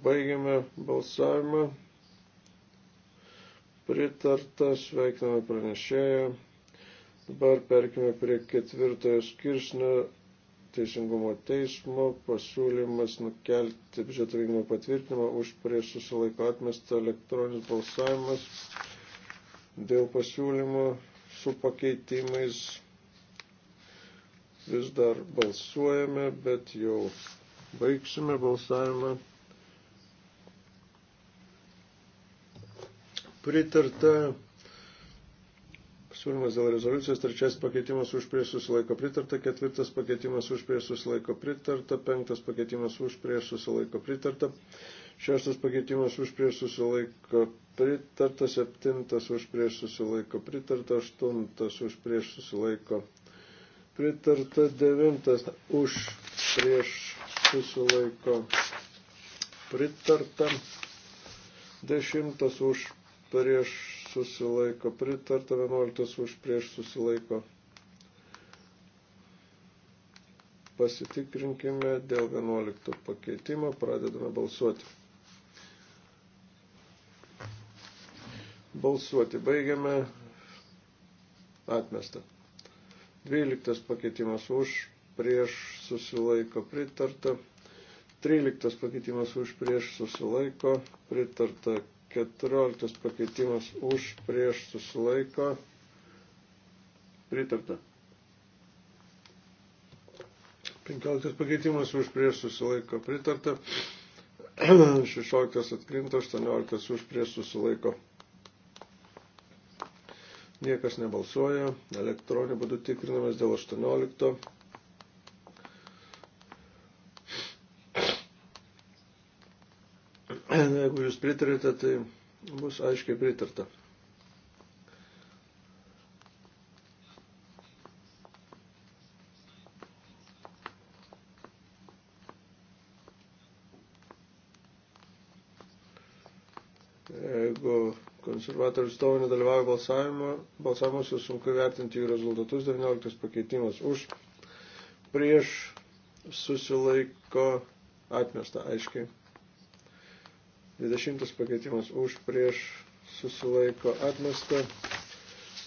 baigiame balsavimą. Pritarta, sveikiname pranešėją. Dabar perkime prie ketvirtojo skirsnio teisingumo teismo pasiūlymas nukelti biudžeto vykdymo patvirtinimą už prieš susilaiko atmestą elektroninis balsavimas dėl pasiūlymo su pakeitimais vis dar balsuojame, bet jau baigsime balsavimą. Pritarta Siūlymas dėl rezoliucijos, trečias pakeitimas už prieš susilaiko pritarta, ketvirtas pakeitimas už prieš susilaiko pritarta, penktas pakeitimas už prieš susilaiko pritarta, šeštas pakeitimas už prieš susilaiko pritarta, septintas už prieš susilaiko pritarta, aštuntas už prieš susilaiko pritarta, devintas už prieš susilaiko pritarta, dešimtas už prieš susilaiko pritarta, 11 už prieš susilaiko. Pasitikrinkime dėl 11 pakeitimo, pradedame balsuoti. Balsuoti baigiame, atmesta. 12 pakeitimas už prieš susilaiko pritarta. 13 pakeitimas už prieš susilaiko, pritarta 14 pakeitimas už prieš susilaiko pritarta. 15 pakeitimas už prieš susilaiko pritarta. 16 atkrinta, 18 už prieš susilaiko. Niekas nebalsuoja. Elektroninė būdu tikrinamas dėl 18. Jeigu jūs pritarėte, tai bus aiškiai pritarta. Jeigu konservatorių atstovai nedalyvavo balsavimo, balsavimuose sunku vertinti jų rezultatus, 19 pakeitimas už, prieš susilaiko atmesta aiškiai. 20 pakeitimas už prieš susilaiko atmesta.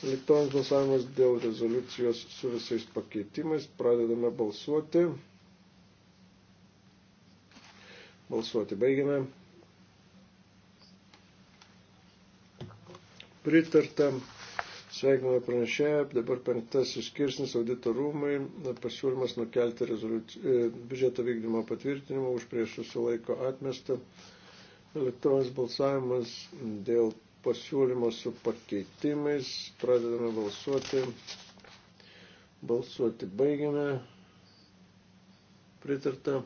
Elektroninis balsavimas dėl rezoliucijos su visais pakeitimais. Pradedame balsuoti. Balsuoti baigiame. Pritarta. Sveikiname pranešėją. Dabar penktasis skirsnis auditorumai. Pasiūlymas nukelti e, biudžeto vykdymo patvirtinimą už prieš susilaiko atmestą. Elektroninis balsavimas dėl pasiūlymo su pakeitimais. Pradedame balsuoti. Balsuoti baigiame. Pritarta.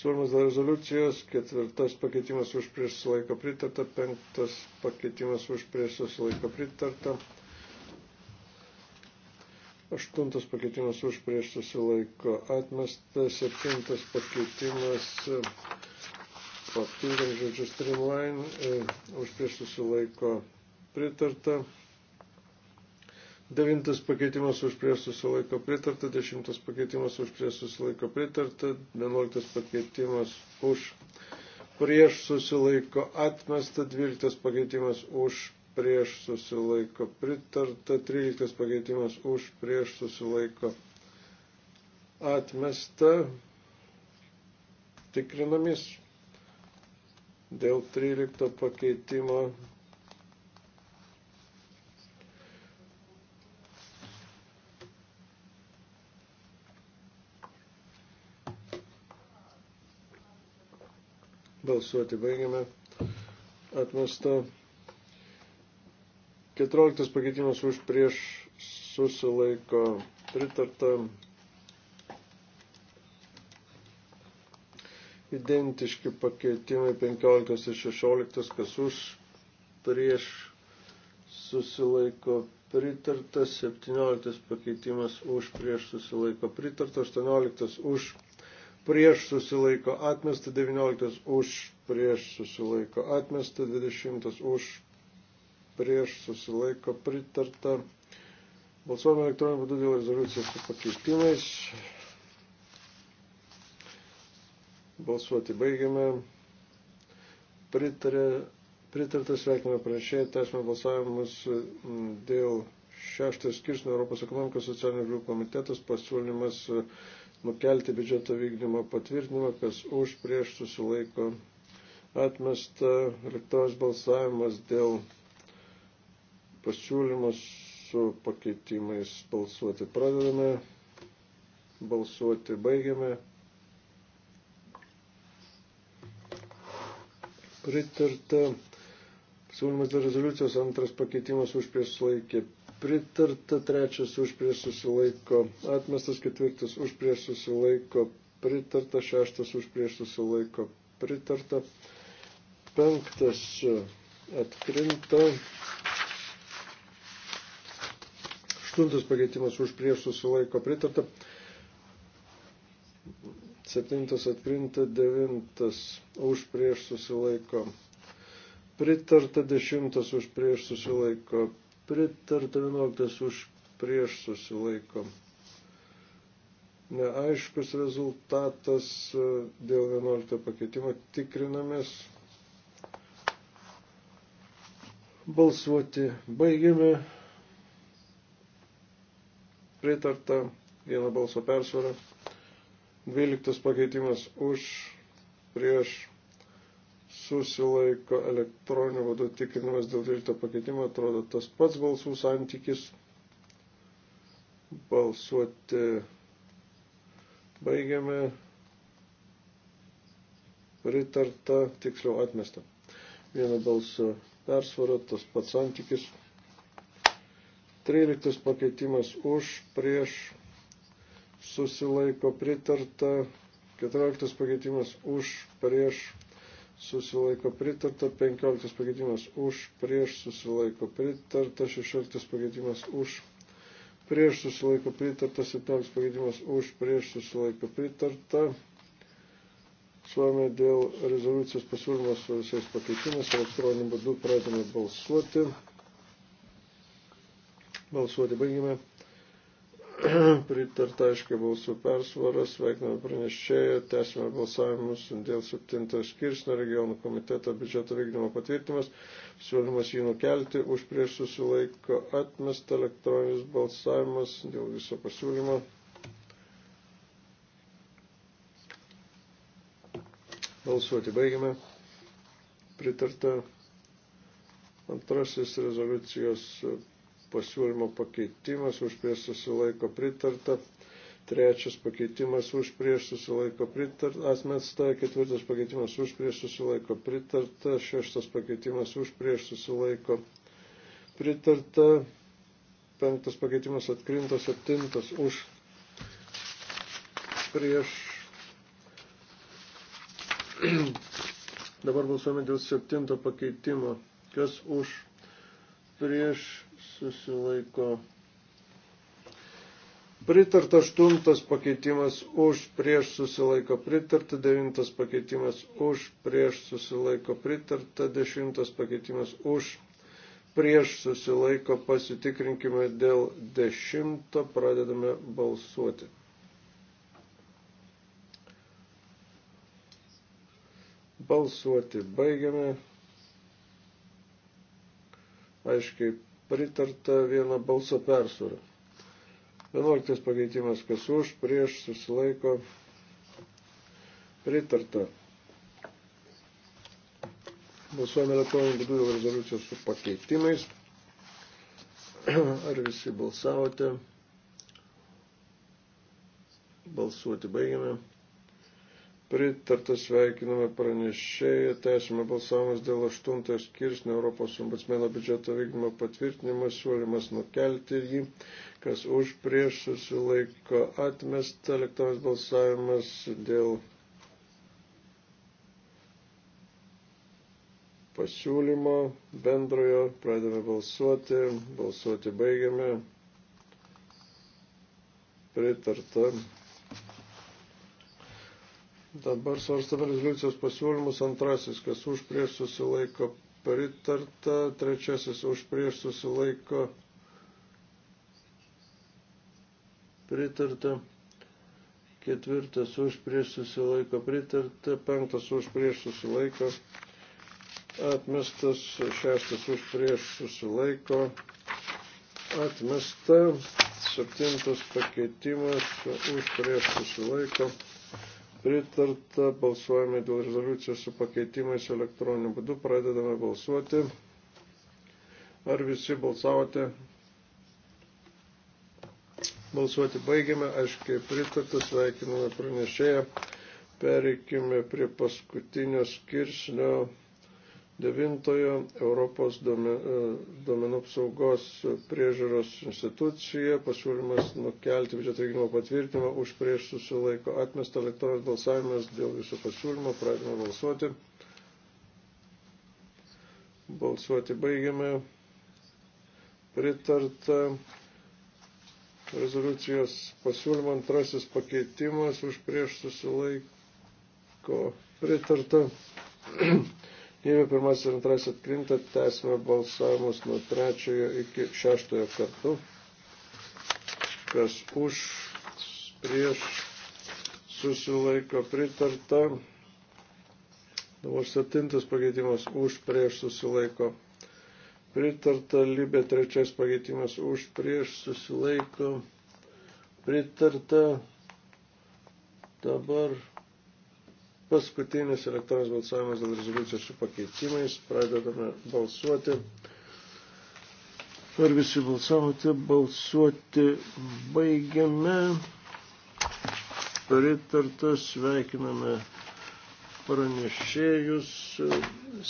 Svarmas dėl rezoliucijos. Ketvirtas pakeitimas už prieš susilaiko pritarta. Penktas pakeitimas už prieš susilaiko pritarta. Aštuntas pakeitimas už prieš susilaiko atmestas. Septintas pakeitimas papildant žodžiu streamline, už prieš susilaiko pritarta. Devintas pakeitimas už prieš susilaiko pritarta, dešimtas pakeitimas už prieš susilaiko pritarta, vienuoliktas pakeitimas už prieš susilaiko atmesta, dvyliktas pakeitimas už prieš susilaiko pritarta, tryliktas pakeitimas už prieš susilaiko atmesta, tikrinamis dėl 13 pakeitimo. Balsuoti baigiame. Atmesta 14 pakeitimas už prieš susilaiko pritarta Identiški pakeitimai 15 ir 16, kas už, prieš, susilaiko pritarta, 17 pakeitimas už, prieš, susilaiko pritarta, 18 už, prieš, susilaiko atmesta, 19 už, prieš, susilaiko atmesta, 20 už, prieš, susilaiko pritarta. Balsuojame elektroniniu būdu dėl rezoliucijos su pakeitimais. Balsuoti baigiame. Pritarė, pritartą sveikinimą pranešėjai, tęsime balsavimus mm, dėl šeštas skirsnio Europos ekonomikos socialinių reikalų komitetas pasiūlymas e, nukelti biudžeto vykdymo patvirtinimą, kas už prieš susilaiko atmesta elektronis balsavimas dėl pasiūlymas su pakeitimais balsuoti. Pradedame balsuoti, baigiame. pritarta. Siūlymas dėl rezoliucijos antras pakeitimas už prieš sulaikė pritarta, trečias už prieš susilaiko atmestas, ketvirtas už prieš susilaiko pritarta, šeštas už prieš susilaiko pritarta, penktas atkrinta, aštuntas pakeitimas už prieš susilaiko pritarta. Septintas atkrinta, devintas už prieš susilaiko. Pritarta dešimtas už prieš susilaiko. Pritarta vienuoktas už prieš susilaiko. Neaiškus rezultatas e, dėl vienuolikto pakeitimo tikrinamės. Balsuoti baigiame. Pritarta vieno balso persvarą. 12 pakeitimas už, prieš, susilaiko elektroniniu vadu tikrinimas dėl 12 pakeitimo, atrodo tas pats balsų santykis. Balsuoti baigiame. Pritarta, tiksliau atmesta. Vieno balso persvara, tas pats santykis. 13 pakeitimas už, prieš, susilaiko pritarta, 14 pakeitimas už, prieš, susilaiko pritarta, 15 pakeitimas už, prieš, susilaiko pritarta, 16 pakeitimas už, prieš, susilaiko pritarta, 17 pakeitimas už, prieš, susilaiko pritarta. Suome dėl rezoliucijos pasiūlymo su visais pakeitimais elektroniniu būdu pradėme balsuoti. Balsuoti baigime. pritarta, aišku, balsų persvaras, sveikiname pranešėją, tęsime balsavimus dėl 7 skirsnio regionų komiteto biudžeto vykdymo patvirtimas, siūlymas jį nukelti, už prieš susilaiko atmesta elektroninis balsavimas dėl viso pasiūlymo. Balsuoti baigiame. Pritarta antrasis rezoliucijos pasiūlymo pakeitimas už prieš susilaiko pritarta. Trečias pakeitimas už prieš susilaiko pritarta. Atmesta. Ketvirtas pakeitimas už prieš susilaiko pritarta. Šeštas pakeitimas už prieš susilaiko pritarta. Penktas pakeitimas atkrinta. Septintas už prieš. Dabar balsuojame dėl septinto pakeitimo. Kas už prieš susilaiko. Pritarta aštuntas pakeitimas už prieš susilaiko pritarta, devintas pakeitimas už prieš susilaiko pritarta, dešimtas pakeitimas už prieš susilaiko pasitikrinkime dėl dešimto, pradedame balsuoti. Balsuoti baigiame. Aiškiai pritarta vieno balso persvara. 11 pakeitimas, kas už, prieš, susilaiko, pritarta. Balsuojame elektroniniu būdu dėl rezoliucijos su pakeitimais. Ar visi balsavote? Balsuoti baigiame. Pritarta sveikiname pranešėją, tęsime balsavimas dėl aštuntas skirsnio Europos ombudsmeno biudžeto vykdymo patvirtinimas, siūlymas nukelti jį, kas už prieš susilaiko atmesta, elektronis balsavimas dėl pasiūlymo bendrojo, pradame balsuoti, balsuoti baigiame, pritarta Dabar svarstame rezoliucijos pasiūlymus antrasis, kas už prieš susilaiko pritarta, trečiasis už prieš susilaiko pritarta, ketvirtas už prieš susilaiko pritarta, penktas už prieš susilaiko atmestas, šeštas už prieš susilaiko atmesta, septintas pakeitimas už prieš susilaiko pritarta pritarta, balsuojame dėl rezoliucijos su pakeitimais elektroniniu būdu, pradedame balsuoti. Ar visi balsavote? Balsuoti baigiame, aiškiai pritarta, sveikiname pranešėją. Pereikime prie paskutinio skirsnio devintojo Europos e, duomenų apsaugos priežiūros institucija, pasiūlymas nukelti biudžeto vykdymo patvirtinimą už prieš susilaiko atmestą elektroninis balsavimas dėl viso pasiūlymo, pradėjome balsuoti. Balsuoti baigiame. Pritarta rezoliucijos pasiūlymo antrasis pakeitimas už prieš susilaiko pritarta. Jeigu pirmasis ir antrasis atkrinta, tęsime balsavimus nuo trečiojo iki šeštojo kartu. Kas už, prieš, susilaiko pritarta. Dabar septintas pakeitimas už, prieš, susilaiko pritarta. Libė trečias pakeitimas už, prieš, susilaiko pritarta. Dabar Paskutinis elektroninis balsavimas dėl rezoliucijos su pakeitimais. Pradedame balsuoti. Ar visi balsavote? Balsuoti baigiame. Pritartas sveikiname pranešėjus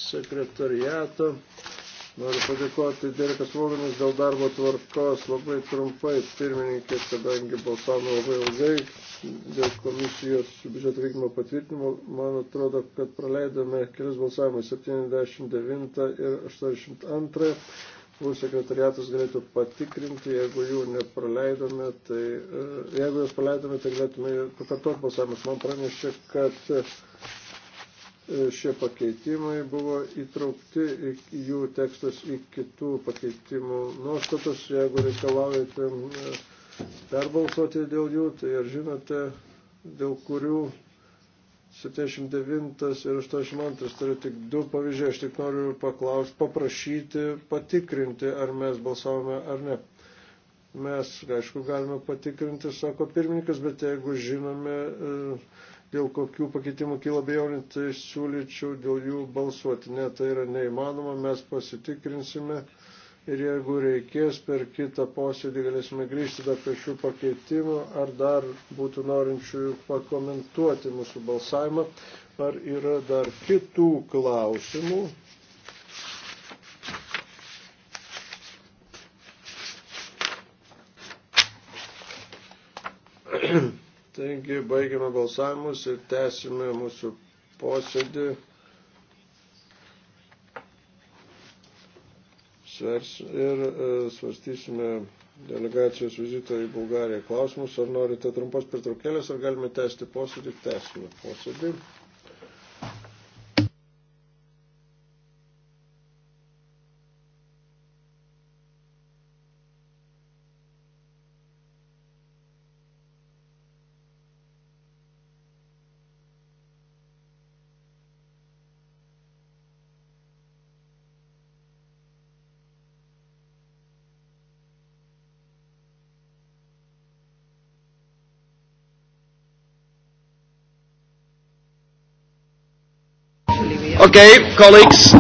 sekretariato. Noriu padėkoti Derekas Voganas dėl darbo tvarkos labai trumpai, pirmininkė, kadangi balsavome labai ilgai dėl komisijos biudžeto vykdymo patvirtinimo. Man atrodo, kad praleidome kelias balsavimus 79 ir 82. Mūsų sekretariatas galėtų patikrinti, jeigu jų nepraleidome, tai e, jeigu jas praleidome, tai galėtume pakartoti balsavimus. Man pranešė, kad šie pakeitimai buvo įtraukti jų tekstas į kitų pakeitimų nuostatus. Jeigu reikalaujate perbalsuoti dėl jų, tai ar žinote, dėl kurių 79 ir 82 turiu tik du pavyzdžiai. Aš tik noriu paklausti, paprašyti, patikrinti, ar mes balsavome ar ne. Mes, aišku, galime patikrinti, sako pirmininkas, bet jeigu žinome. E, dėl kokių pakeitimų kyla bejonių, tai siūlyčiau dėl jų balsuoti. Ne, tai yra neįmanoma, mes pasitikrinsime ir jeigu reikės per kitą posėdį galėsime grįžti dar prie šių pakeitimų, ar dar būtų norinčių pakomentuoti mūsų balsavimą, ar yra dar kitų klausimų. Ahem. Taigi baigiame balsavimus ir tęsime mūsų posėdį. Svers ir e, svarstysime delegacijos vizito į Bulgariją klausimus. Ar norite trumpos pertraukėlės, ar galime tęsti posėdį? Tęsime posėdį. Okay, colleagues.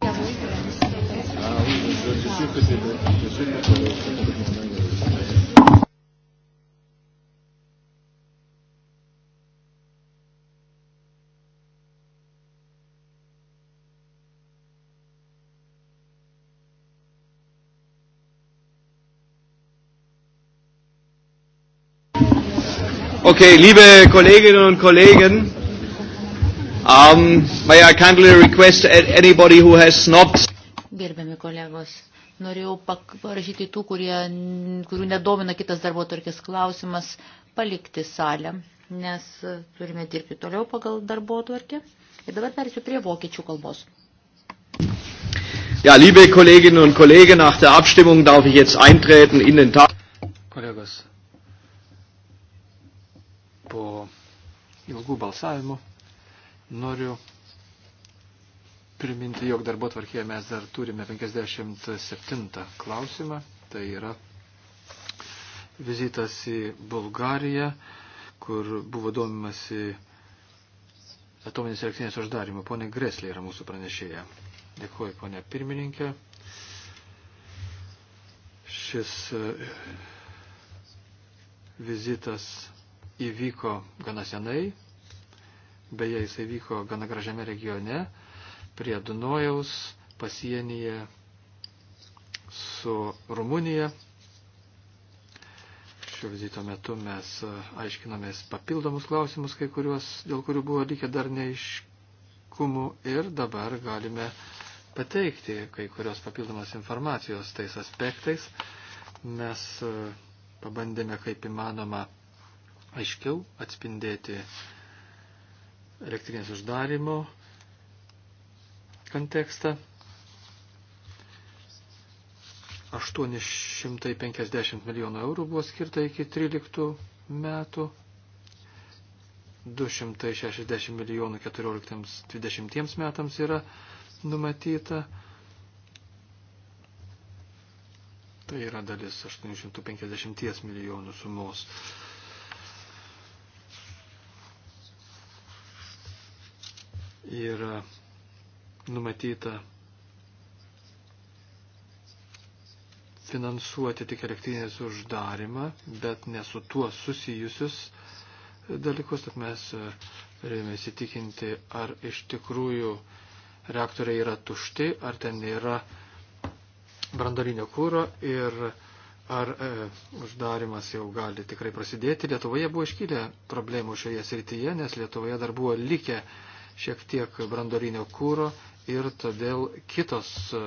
Ah oui, je, je suis que c'est. Je suis que c'est. Okay, liebe Kolleginnen und Kollegen, um, may I kindly request anybody who has not... Gerbiami kolegos, norėjau parašyti tų, kurie, kurių nedomina kitas darbo tvarkės klausimas, palikti salę, nes e, turime dirbti toliau pagal darbo tvarkę. Ir dabar persiu prie vokiečių kalbos. Ja, liebe Kolleginnen und Kollegen, nach der Abstimmung darf ich jetzt eintreten in den Tag. Kolegos, po ilgų balsavimų noriu priminti, jog darbo tvarkėje mes dar turime 57 klausimą. Tai yra vizitas į Bulgariją, kur buvo domimasi atominės elektrinės uždarimo. Pone Greslė yra mūsų pranešėja. Dėkuoju, ponė pirmininkė. Šis e, vizitas įvyko gana senai, beje jisai vyko gana gražiame regione, prie Dunojaus pasienyje su Rumunija. Šio vizito metu mes e, aiškinomės papildomus klausimus, kai kuriuos, dėl kurių buvo likę dar neiškumų ir dabar galime pateikti kai kurios papildomos informacijos tais aspektais. Mes e, pabandėme kaip įmanoma aiškiau atspindėti elektrinės uždarimo kontekstą. 850 milijonų eurų buvo skirta iki 13 metų, 260 milijonų 14-20 metams yra numatyta. Tai yra dalis 850 milijonų sumos. yra numatyta finansuoti tik elektrinės uždarimą, bet ne su tuo susijusius dalykus, tad mes turime įsitikinti, ar iš tikrųjų reaktoriai yra tušti, ar ten nėra brandalinio kūro ir ar e, uždarimas jau gali tikrai prasidėti. Lietuvoje buvo iškilę problemų šioje srityje, nes Lietuvoje dar buvo likę e, šiek tiek brandorinio kūro ir todėl kitos e,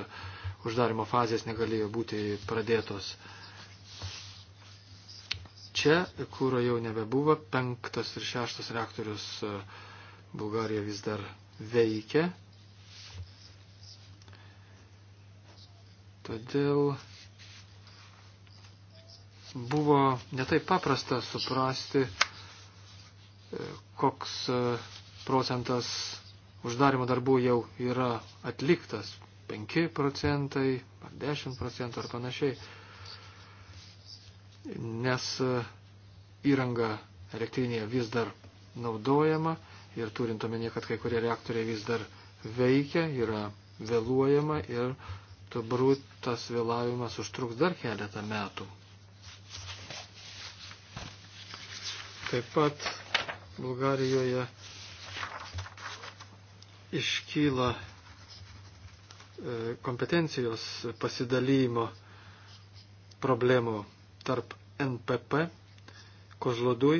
uždarimo fazės negalėjo būti pradėtos. Čia kūro jau nebebuvo, penktas ir šeštas reaktorius e, Bulgarija vis dar veikia. Todėl buvo netai paprasta suprasti, e, koks procentas uždarimo darbų jau yra atliktas, 5 procentai ar 10 procentų ar panašiai, nes e, įranga elektrinėje vis dar naudojama ir turint omenyje, kad kai kurie reaktoriai vis dar veikia, yra vėluojama ir turbūt tas vėlavimas užtruks dar keletą metų. Taip pat Bulgarijoje iškyla e, kompetencijos pasidalymo problemų tarp NPP, kožlodui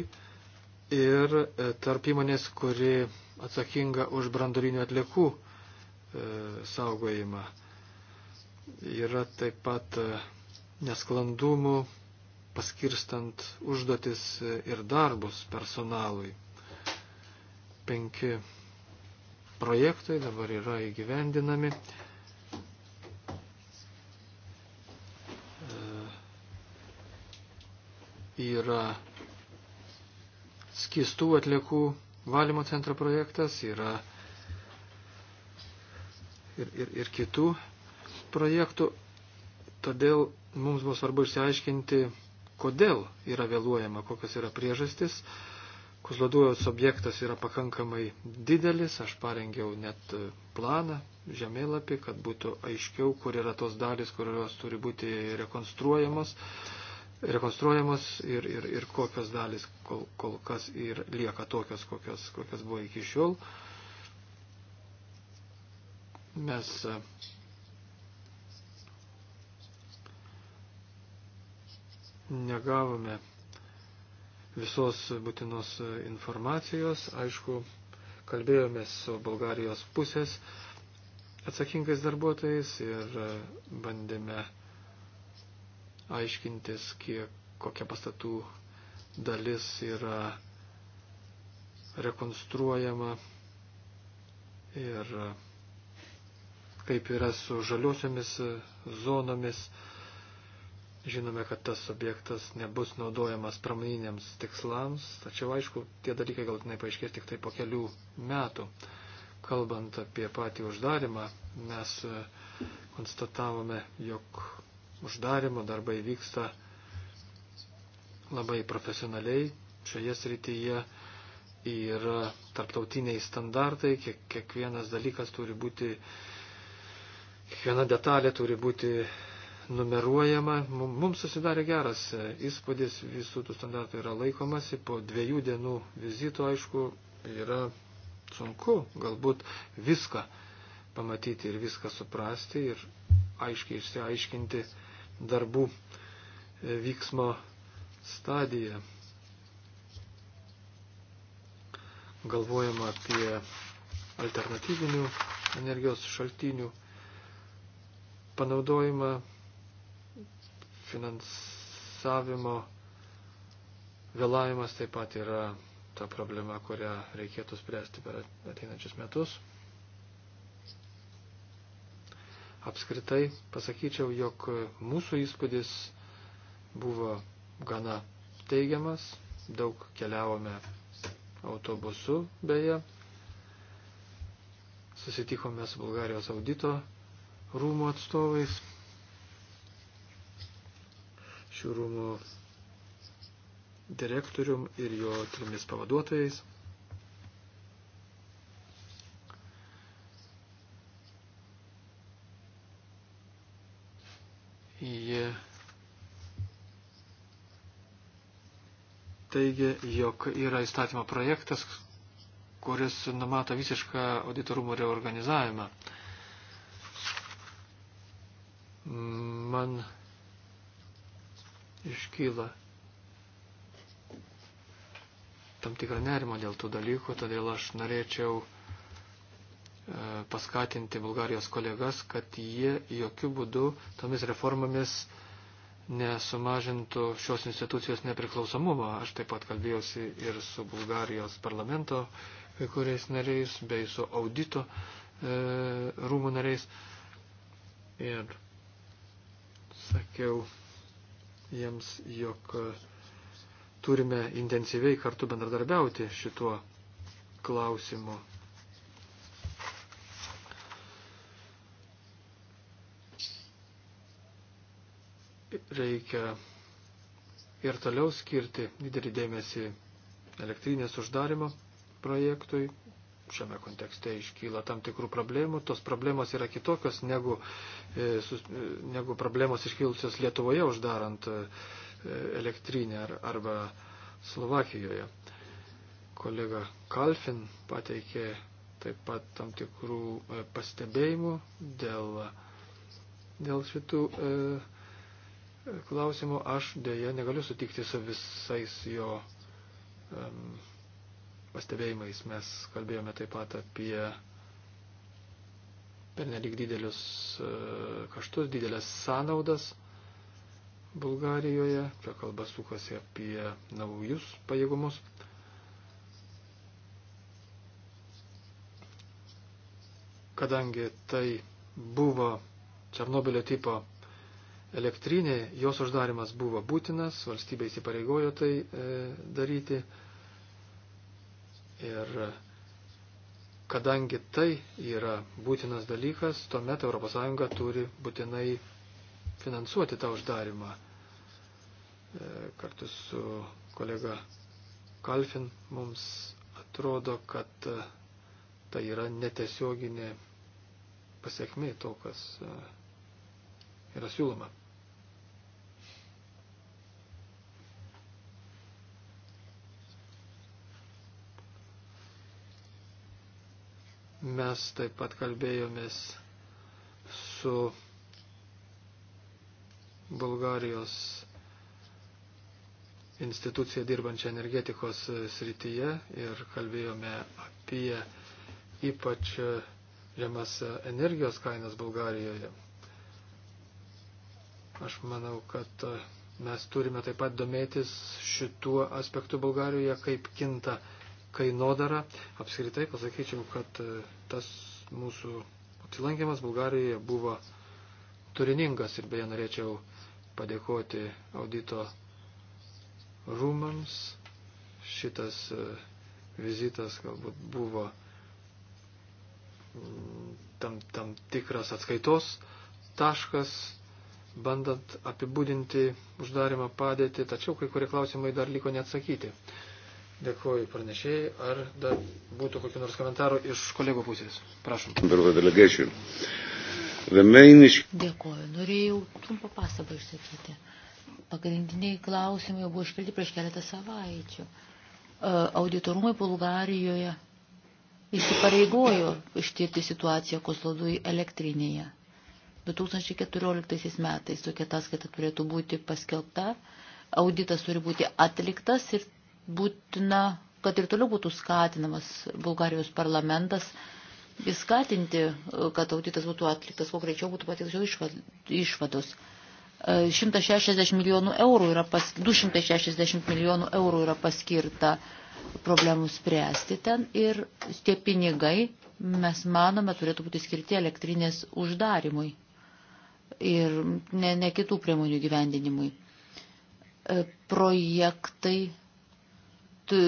ir e, tarp įmonės, kuri atsakinga už brandurinių atliekų e, saugojimą. Yra taip pat nesklandumų paskirstant užduotis ir darbus personalui. 5 projektai dabar yra įgyvendinami. E, yra skistų atliekų valymo centro projektas, yra ir, ir, ir kitų projektų. Todėl mums buvo svarbu išsiaiškinti, kodėl yra vėluojama, kokios yra priežastis. Uh, Kozlodujos objektas yra pakankamai didelis, aš parengiau net e, planą, žemėlapį, kad būtų aiškiau, kur yra tos dalis, kurios turi būti rekonstruojamos, rekonstruojamos ir, ir, ir kokios dalis kol, kol kas ir lieka tokios, kokios, kokios buvo iki šiol. Mes e, negavome visos būtinos informacijos. Aišku, kalbėjomės su Bulgarijos pusės atsakingais darbuotojais ir e, bandėme aiškintis, kiek, kokia pastatų dalis yra rekonstruojama ir e, kaip yra su žaliosiomis e, zonomis. Žinome, kad tas objektas nebus naudojamas pramoniniams tikslams, tačiau aišku, tie dalykai galtinai paaiškės tik tai po kelių metų. Kalbant apie patį uždarimą, mes e, konstatavome, jog uždarimo darbai vyksta labai profesionaliai. Šioje srityje yra tarptautiniai standartai, kiek, kiekvienas dalykas turi būti, kiekviena detalė turi būti numeruojama. Mums susidarė geras e, įspūdis, visų tų standartų yra laikomasi. Po dviejų dienų vizito, aišku, yra sunku galbūt viską pamatyti ir viską suprasti ir aiškiai išsiaiškinti darbų e, vyksmo stadiją. Galvojama apie alternatyvinių energijos šaltinių panaudojimą Finansavimo vėlavimas taip pat yra ta problema, kurią reikėtų spręsti per ateinančius metus. Apskritai pasakyčiau, jog mūsų įspūdis buvo gana teigiamas, daug keliavome autobusu beje, susitikome su Bulgarijos audito rūmų atstovais šių rūmų direktorium ir jo trimis pavaduotojais. Jie teigia, jog yra įstatymo projektas, kuris numato visišką auditorumo reorganizavimą. Man iškyla tam tikrą nerimą dėl tų dalykų, todėl aš norėčiau e, paskatinti Bulgarijos kolegas, kad jie jokių būdų tomis reformomis nesumažintų šios institucijos nepriklausomumo. Aš taip pat kalbėjausi ir su Bulgarijos parlamento kai kuriais nariais, bei su audito e, rūmų nariais. Ir sakiau, jiems, jog turime intensyviai kartu bendradarbiauti šituo klausimu. Reikia ir toliau skirti didelį dėmesį elektrinės uždarimo projektui, šiame kontekste iškyla tam tikrų problemų. Tos problemos yra kitokios negu, e, e, negu problemos iškilusios Lietuvoje uždarant e, elektrinę arba Slovakijoje. Kolega Kalfin pateikė taip pat tam tikrų pastebėjimų dėl, dėl šitų e, klausimų. Aš dėja negaliu sutikti su visais jo e, pastebėjimais. Mes kalbėjome taip pat apie pernelik didelius e, kaštus, didelės sąnaudas Bulgarijoje. Čia kalba sukasi apie naujus pajėgumus. Kadangi tai buvo Černobilio tipo elektrinė, jos uždarimas buvo būtinas, valstybė įsipareigojo tai e, daryti. Ir kadangi tai yra būtinas dalykas, tuomet ES turi būtinai finansuoti tą uždarimą. E, kartu su kolega Kalfin mums atrodo, kad e, tai yra netiesioginė pasiekmė to, kas e, yra siūloma. Mes taip pat kalbėjomės su Bulgarijos institucija dirbančia energetikos srityje ir kalbėjome apie ypač žemas energijos kainas Bulgarijoje. Aš manau, kad mes turime taip pat domėtis šituo aspektu Bulgarijoje, kaip kinta kainodara. Apskritai pasakyčiau, kad e, tas mūsų apsilankimas Bulgarijoje buvo turiningas ir beje norėčiau padėkoti audito rūmams. Šitas e, vizitas galbūt buvo mm, tam, tam tikras atskaitos taškas, bandant apibūdinti uždarimą padėtį, tačiau kai kurie klausimai dar liko neatsakyti. Dėkuoju pranešėjai. Ar dar būtų kokiu nors komentaru iš kolegų pusės? Prašom. Dėkuoju. Norėjau trumpą pastabą išsakyti. Pagrindiniai klausimai buvo iškelti prieš keletą savaičių. E, auditorumai Bulgarijoje įsipareigojo ištirti situaciją Koslodui elektrinėje. 2014 metais tokia ataskaita turėtų būti paskelbta, auditas turi būti atliktas ir būtina, kad ir toliau būtų skatinamas Bulgarijos parlamentas įskatinti, e, kad auditas būtų atliktas, kuo greičiau būtų patiktos išvados. 160 e, milijonų eurų yra pas, 260 milijonų eurų yra paskirta problemų spręsti ten ir tie pinigai, mes manome, turėtų būti skirti elektrinės uždarimui ir ne, ne kitų priemonių gyvendinimui. E, projektai E,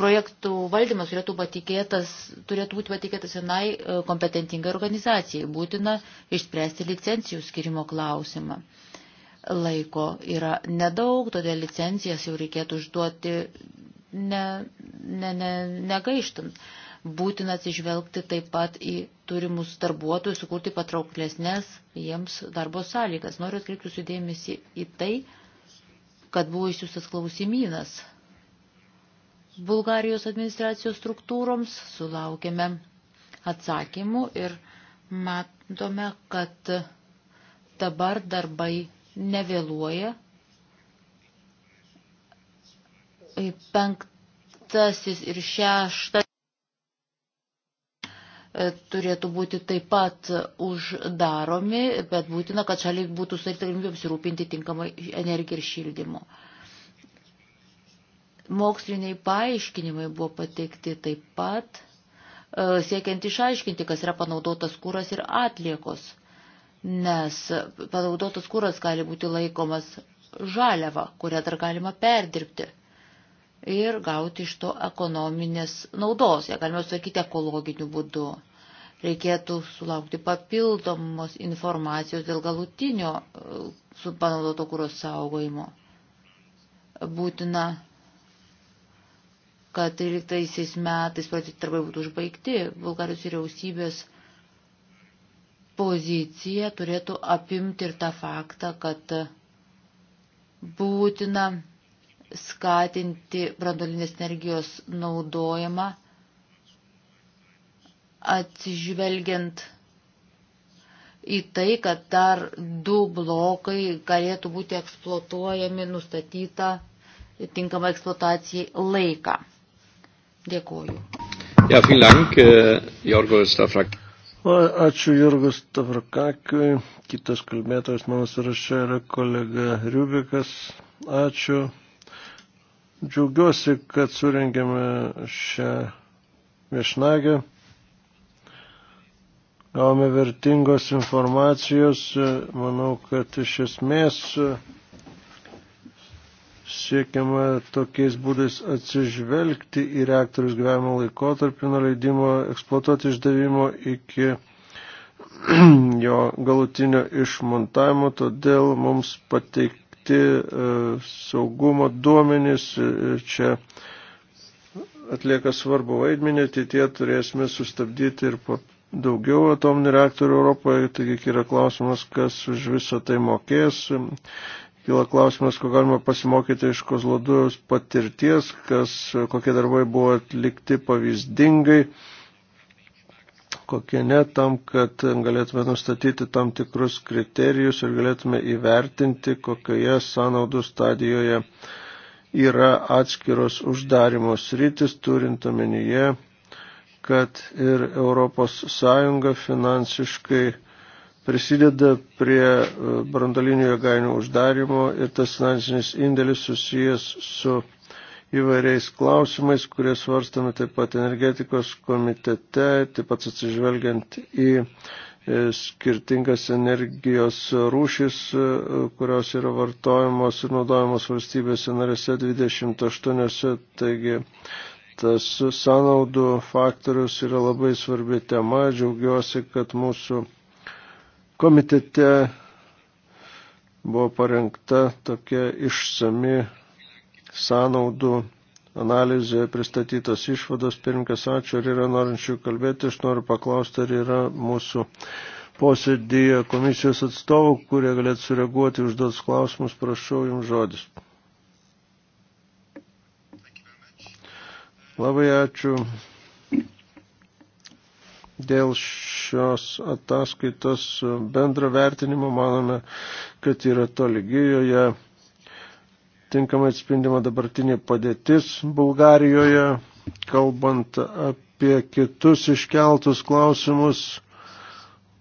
projektų valdymas turėtų, patikėtas, turėtų būti patikėtas vienai e, kompetentingai organizacijai. Būtina išspręsti licencijų skirimo klausimą. Laiko yra nedaug, todėl licencijas jau reikėtų išduoti ne, ne, ne, negaištant. Būtina atsižvelgti taip pat į turimus darbuotojus, sukurti patrauklesnės jiems darbo sąlygas. Noriu atkreipti sudėmesį į tai, kad buvo išsiųstas klausimynas Bulgarijos administracijos struktūroms, sulaukėme atsakymų ir matome, kad dabar darbai nevėluoja. Penktasis ir šeštas e, turėtų būti taip pat uždaromi, bet būtina, kad šaliai būtų sudaryta galimybė apsirūpinti tinkamai energiją ir šildymu. Uh, Moksliniai paaiškinimai buvo pateikti taip pat, e, siekiant išaiškinti, kas yra panaudotas kūras ir atliekos, nes panaudotas kūras gali būti laikomas žaliava, kurią dar galima perdirbti ir gauti iš to ekonominės naudos, ją galima sakyti ekologiniu būdu. Reikėtų sulaukti papildomos informacijos dėl galutinio e, su panaudoto kūros saugojimo. Būtina kad 13 metais plati darbai būtų užbaigti. Bulgarijos vyriausybės pozicija turėtų apimti ir tą faktą, kad būtina skatinti brandolinės energijos naudojimą atsižvelgiant į tai, kad dar du blokai galėtų būti eksploatuojami nustatytą tinkamą eksploatacijai laiką. Dėkuoju. Ja, dank, äh, Jorgos Ačiū Jurgus Tavrakakui. Kitas kalbėtojas mano sąraše yra kolega Riubikas. Ačiū. Džiaugiuosi, kad surengėme šią viešnagę. Gavome vertingos informacijos. Manau, kad iš esmės siekiama tokiais būdais atsižvelgti į reaktorius gyvenimo laikotarpį nuo leidimo eksploatuoti išdavimo iki jo galutinio išmontavimo, todėl mums pateikti e, saugumo duomenys e, čia atlieka svarbu vaidmenį, ateitie turėsime sustabdyti ir daugiau atominių reaktorių Europoje, taigi yra klausimas, kas už visą tai mokės Kila klausimas, ko galima pasimokyti iš Kozlodujos patirties, kas, kokie darbai buvo atlikti pavyzdingai, kokie ne, tam, kad galėtume nustatyti tam tikrus kriterijus ir galėtume įvertinti, kokioje sąnaudų stadijoje yra atskiros uždarimos rytis, turint omenyje, kad ir ES finansiškai prisideda prie e, brandolinių jėgainių uždarimo ir tas finansinis indėlis susijęs su įvairiais klausimais, kurie svarstami taip pat energetikos komitete, taip pat atsižvelgiant į e, skirtingas energijos rūšis, e, kurios yra vartojamos ir naudojamos valstybėse narėse 28, taigi tas sąnaudų faktorius yra labai svarbi tema. Džiaugiuosi, kad mūsų komitete buvo parengta tokia išsami sąnaudų analizėje pristatytos išvados. Pirmkas, ačiū, ar yra norinčių kalbėti. Aš noriu paklausti, ar yra mūsų posėdėje komisijos atstovų, kurie galėtų sureaguoti užduotus klausimus. Prašau, jums žodis. Labai ačiū. Dėl šios ataskaitos bendro vertinimo manome, kad yra tolygijoje tinkamai atspindima dabartinė padėtis Bulgarijoje, kalbant apie kitus iškeltus klausimus,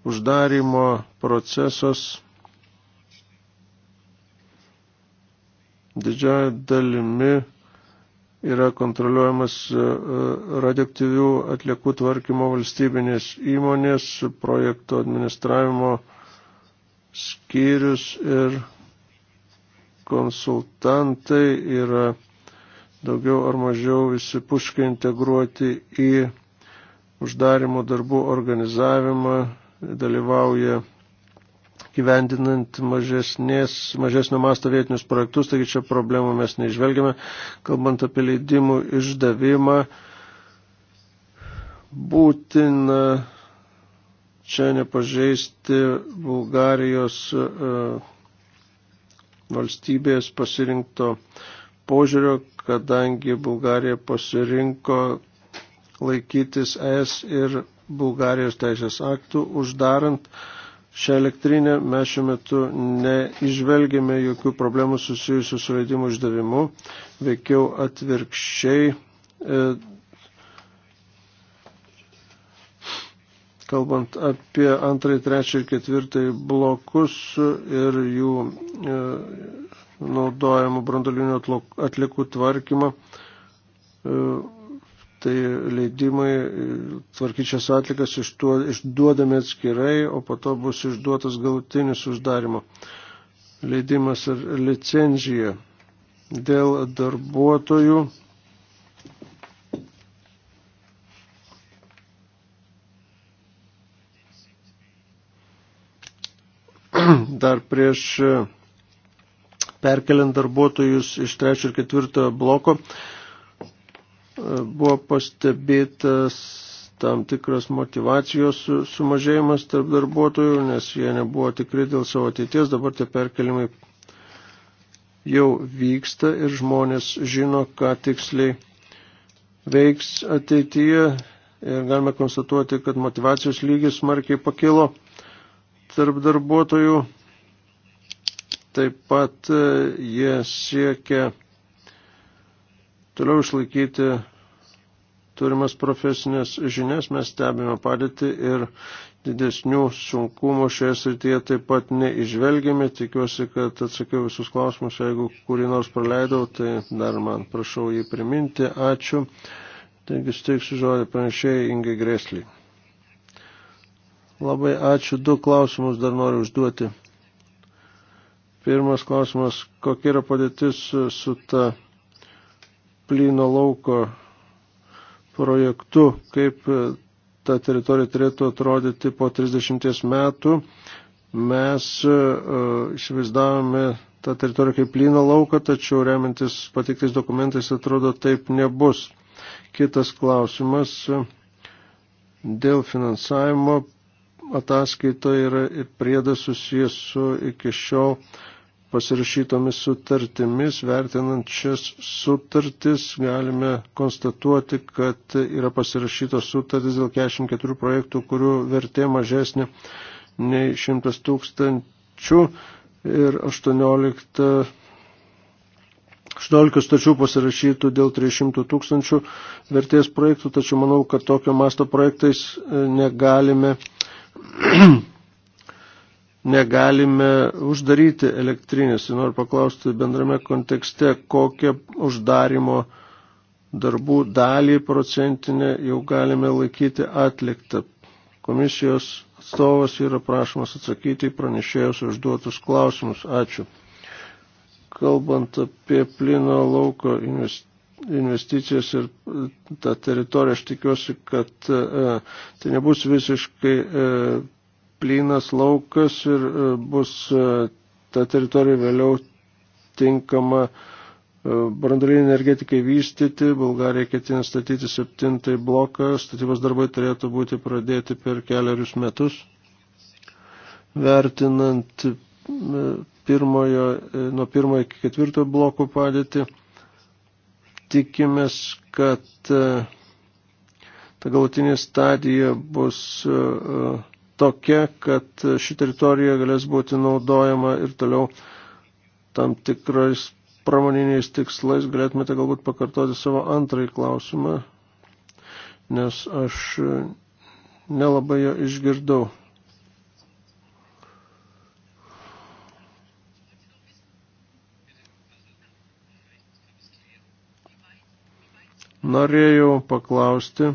uždarimo procesas didžioji dalimi yra kontroliuojamas e, e, radioaktyvių atliekų tvarkymo valstybinės įmonės, projekto administravimo skyrius ir konsultantai yra daugiau ar mažiau visi puškai integruoti į uždarimo darbų organizavimą, dalyvauja gyvendinant mažesnės, mažesnio masto vietinius projektus, taigi čia problemų mes neižvelgiame. Kalbant apie leidimų išdavimą, būtina čia nepažeisti Bulgarijos e, valstybės pasirinkto požiūrio, kadangi Bulgarija pasirinko laikytis ES ir Bulgarijos teisės aktų, uždarant uh, šią elektrinę. Mes šiuo metu neižvelgėme jokių problemų susijusių su leidimų išdavimu, veikiau atvirkščiai. E, kalbant apie antrąjį, trečią ir ketvirtąjį blokus ir jų e, naudojamų brandolinių atlikų tvarkymą, e, tai leidimai e, tvarkyti šias atlikas išduodami atskirai, o po to bus išduotas galutinis uždarimo leidimas ar licenzija dėl darbuotojų. Dar prieš e, perkeliant darbuotojus iš trečio ir ketvirtojo bloko, buvo pastebėtas tam tikras motivacijos sumažėjimas tarp darbuotojų, nes jie nebuvo tikri dėl savo ateities, dabar tie perkelimai jau vyksta ir žmonės žino, ką tiksliai veiks ateityje ir galime konstatuoti, kad motivacijos lygis smarkiai pakilo tarp darbuotojų. Taip pat e, jie siekia toliau išlaikyti turimas profesinės žinias, mes stebime padėtį ir didesnių sunkumų šioje srityje taip pat neižvelgėme. Tikiuosi, kad atsakiau visus klausimus, jeigu kurį nors praleidau, tai dar man prašau jį priminti. Ačiū. Taigi steiksiu žodį pranešėjai Ingai Greslį. Labai ačiū. Du klausimus dar noriu užduoti. Pirmas klausimas, kokia yra padėtis su ta plyno lauko projektu, kaip e, ta teritorija turėtų atrodyti po 30 metų. Mes e, e, išvaizdavome tą teritoriją kaip plyną lauką, tačiau remintis patiktais dokumentais atrodo taip nebus. Kitas klausimas dėl finansavimo ataskaitoje yra ir priedas susijęs su iki šiol pasirašytomis sutartimis, vertinant šias sutartis, galime konstatuoti, kad yra pasirašytos sutartis dėl 44 projektų, kurių vertė mažesnė nei 100 tūkstančių ir 18, 18 stačių pasirašytų dėl 300 tūkstančių vertės projektų, tačiau manau, kad tokio masto projektais e, negalime negalime uždaryti elektrinės. Ir noriu paklausti bendrame kontekste, kokią uždarimo darbų dalį procentinę jau galime laikyti atliktą. Komisijos atstovas yra prašomas atsakyti į pranešėjus užduotus klausimus. Ačiū. Kalbant apie plino lauko investicijas ir e, tą teritoriją, aš tikiuosi, kad e, tai nebus visiškai e, plynas laukas ir e, bus e, ta teritorija vėliau tinkama e, branduolinį energetikai vystyti. Bulgarija ketina statyti septintai bloką. Statybos darbai turėtų būti pradėti per keliarius metus. Vertinant pirmojo, nuo pirmojo iki ketvirtojo blokų padėti, tikimės, kad ta galutinė stadija bus uh, tokia, kad ši teritorija galės būti naudojama ir toliau tam tikrais pramoniniais tikslais. Galėtumėte galbūt pakartoti savo antrąjį klausimą, nes aš nelabai jo išgirdau. Norėjau paklausti,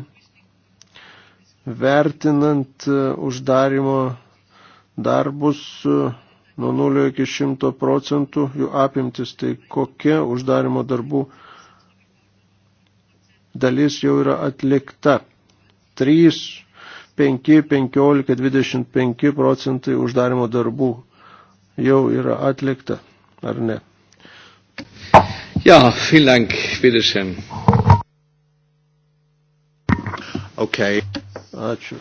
vertinant e, uždarimo darbus e, nuo 0 iki 100 procentų jų apimtis, tai kokia uždarimo darbų dalis jau yra atlikta. 3, 5, 15, 25 procentai uždarimo darbų jau yra atlikta, ar ne? Ja, vielen Dank, bitteschön. Okay. Ačiū.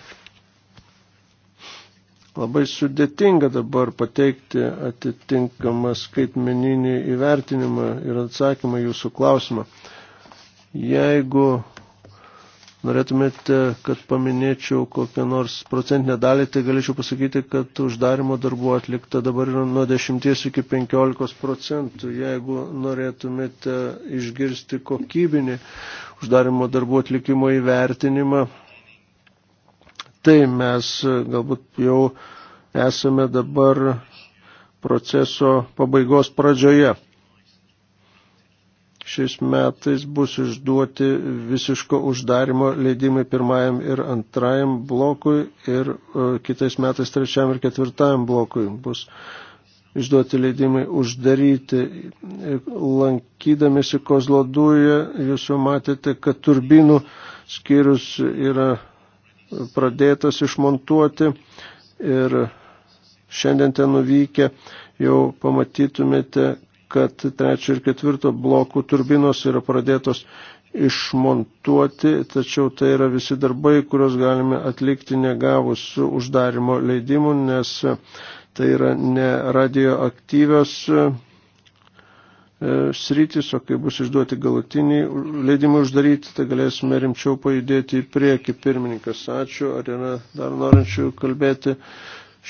Labai sudėtinga dabar pateikti atitinkamą skaitmeninį įvertinimą ir atsakymą jūsų klausimą. Jeigu norėtumėte, kad paminėčiau kokią nors procentinę dalį, tai galėčiau pasakyti, kad uždarimo darbų atlikta dabar yra nuo 10 iki 15 procentų. Jeigu norėtumėte išgirsti kokybinį uždarimo darbų atlikimo įvertinimą, tai mes e, galbūt jau esame dabar proceso pabaigos pradžioje. Šiais metais bus išduoti visiško uždarimo leidimai pirmajam ir antrajam blokui ir e, kitais metais trečiam ir ketvirtajam blokui bus išduoti leidimai uždaryti. Lankydamėsi Kozloduje jūs jau matėte, kad turbinų skyrius yra pradėtas išmontuoti ir šiandien ten nuvykę jau pamatytumėte, kad trečio ir ketvirto blokų turbinos yra pradėtos išmontuoti, tačiau tai yra visi darbai, kuriuos galime atlikti negavus uždarimo leidimų, nes tai yra ne radioaktyvios E, sritis, o kai bus išduoti galutiniai leidimai uždaryti, tai galėsime rimčiau pajudėti į priekį. Pirmininkas, ačiū. Ar yra dar norinčių kalbėti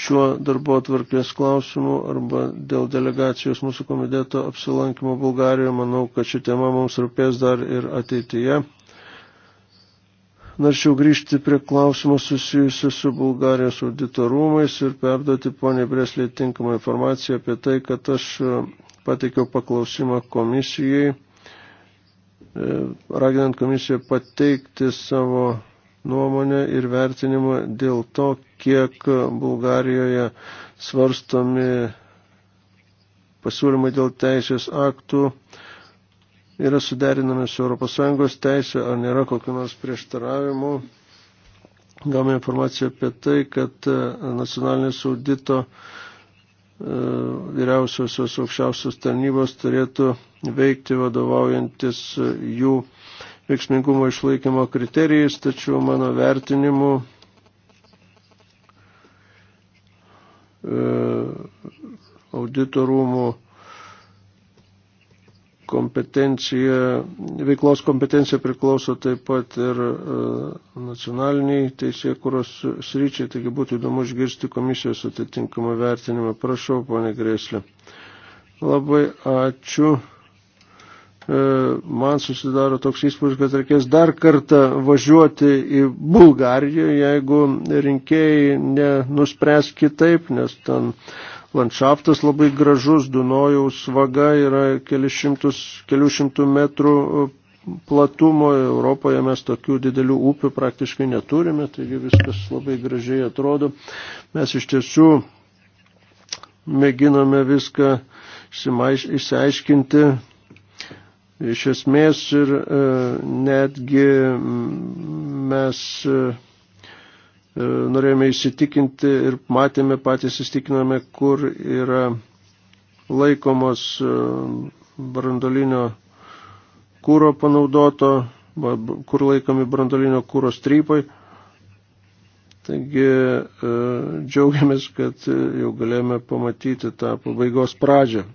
šiuo darbo atvarkės klausimu arba dėl delegacijos mūsų komiteto apsilankimo Bulgarijoje? Manau, kad ši tema mums rūpės dar ir ateityje. Norėčiau grįžti prie klausimo susijusio su Bulgarijos auditorumais ir perduoti ponė Breslė tinkamą informaciją apie tai, kad aš pateikiau paklausimą komisijai, e, raginant komisiją pateikti savo nuomonę ir vertinimą dėl to, kiek Bulgarijoje svarstomi pasiūlymai dėl teisės aktų yra suderinami su ES teisė, ar nėra kokių nors prieštaravimų. Gavome informaciją apie tai, kad e, nacionalinės audito E, vyriausiosios aukščiausios tarnybos turėtų veikti vadovaujantis jų veiksmingumo išlaikymo kriterijais, tačiau mano vertinimu e, auditorumų kompetencija, veiklos kompetencija priklauso taip pat ir e, nacionaliniai teisėjai, kurios sryčiai, taigi būtų įdomu išgirsti komisijos atitinkamą vertinimą. Prašau, ponė Grėslė. Labai ačiū. E, man susidaro toks įspūdis, kad reikės dar kartą važiuoti į Bulgariją, jeigu rinkėjai nenuspręs kitaip, nes ten uh, landšaftas labai gražus, Dunojaus vaga yra keli šimtus, kelių šimtų metrų e, platumo, Europoje mes tokių didelių upių praktiškai neturime, taigi viskas labai gražiai atrodo. Mes iš tiesų mėginame viską išsiaiškinti iš esmės ir e, netgi mes e, E, norėjome įsitikinti ir matėme patys įsitikinome, kur yra laikomos e, brandolinio kūro panaudoto, kur laikomi brandolinio kūro strypai. Taigi e, džiaugiamės, kad jau galėjome pamatyti tą pabaigos pradžią.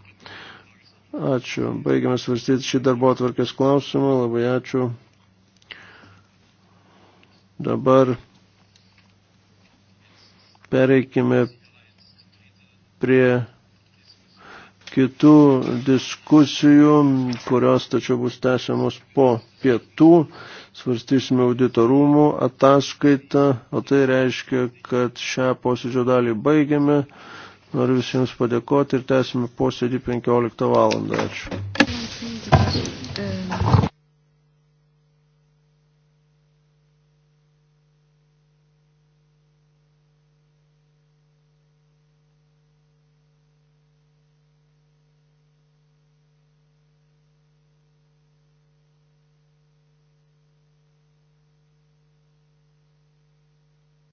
Ačiū. Baigiame svarstyti šį darbo atvarkės klausimą. Labai ačiū. Dabar Pereikime prie kitų diskusijų, kurios tačiau bus tęsiamos po pietų. Svarstysime auditorumų ataskaitą, o tai reiškia, kad šią posėdžio dalį baigiame. Noriu visiems padėkoti ir tęsime posėdį 15 valandą. Ačiū.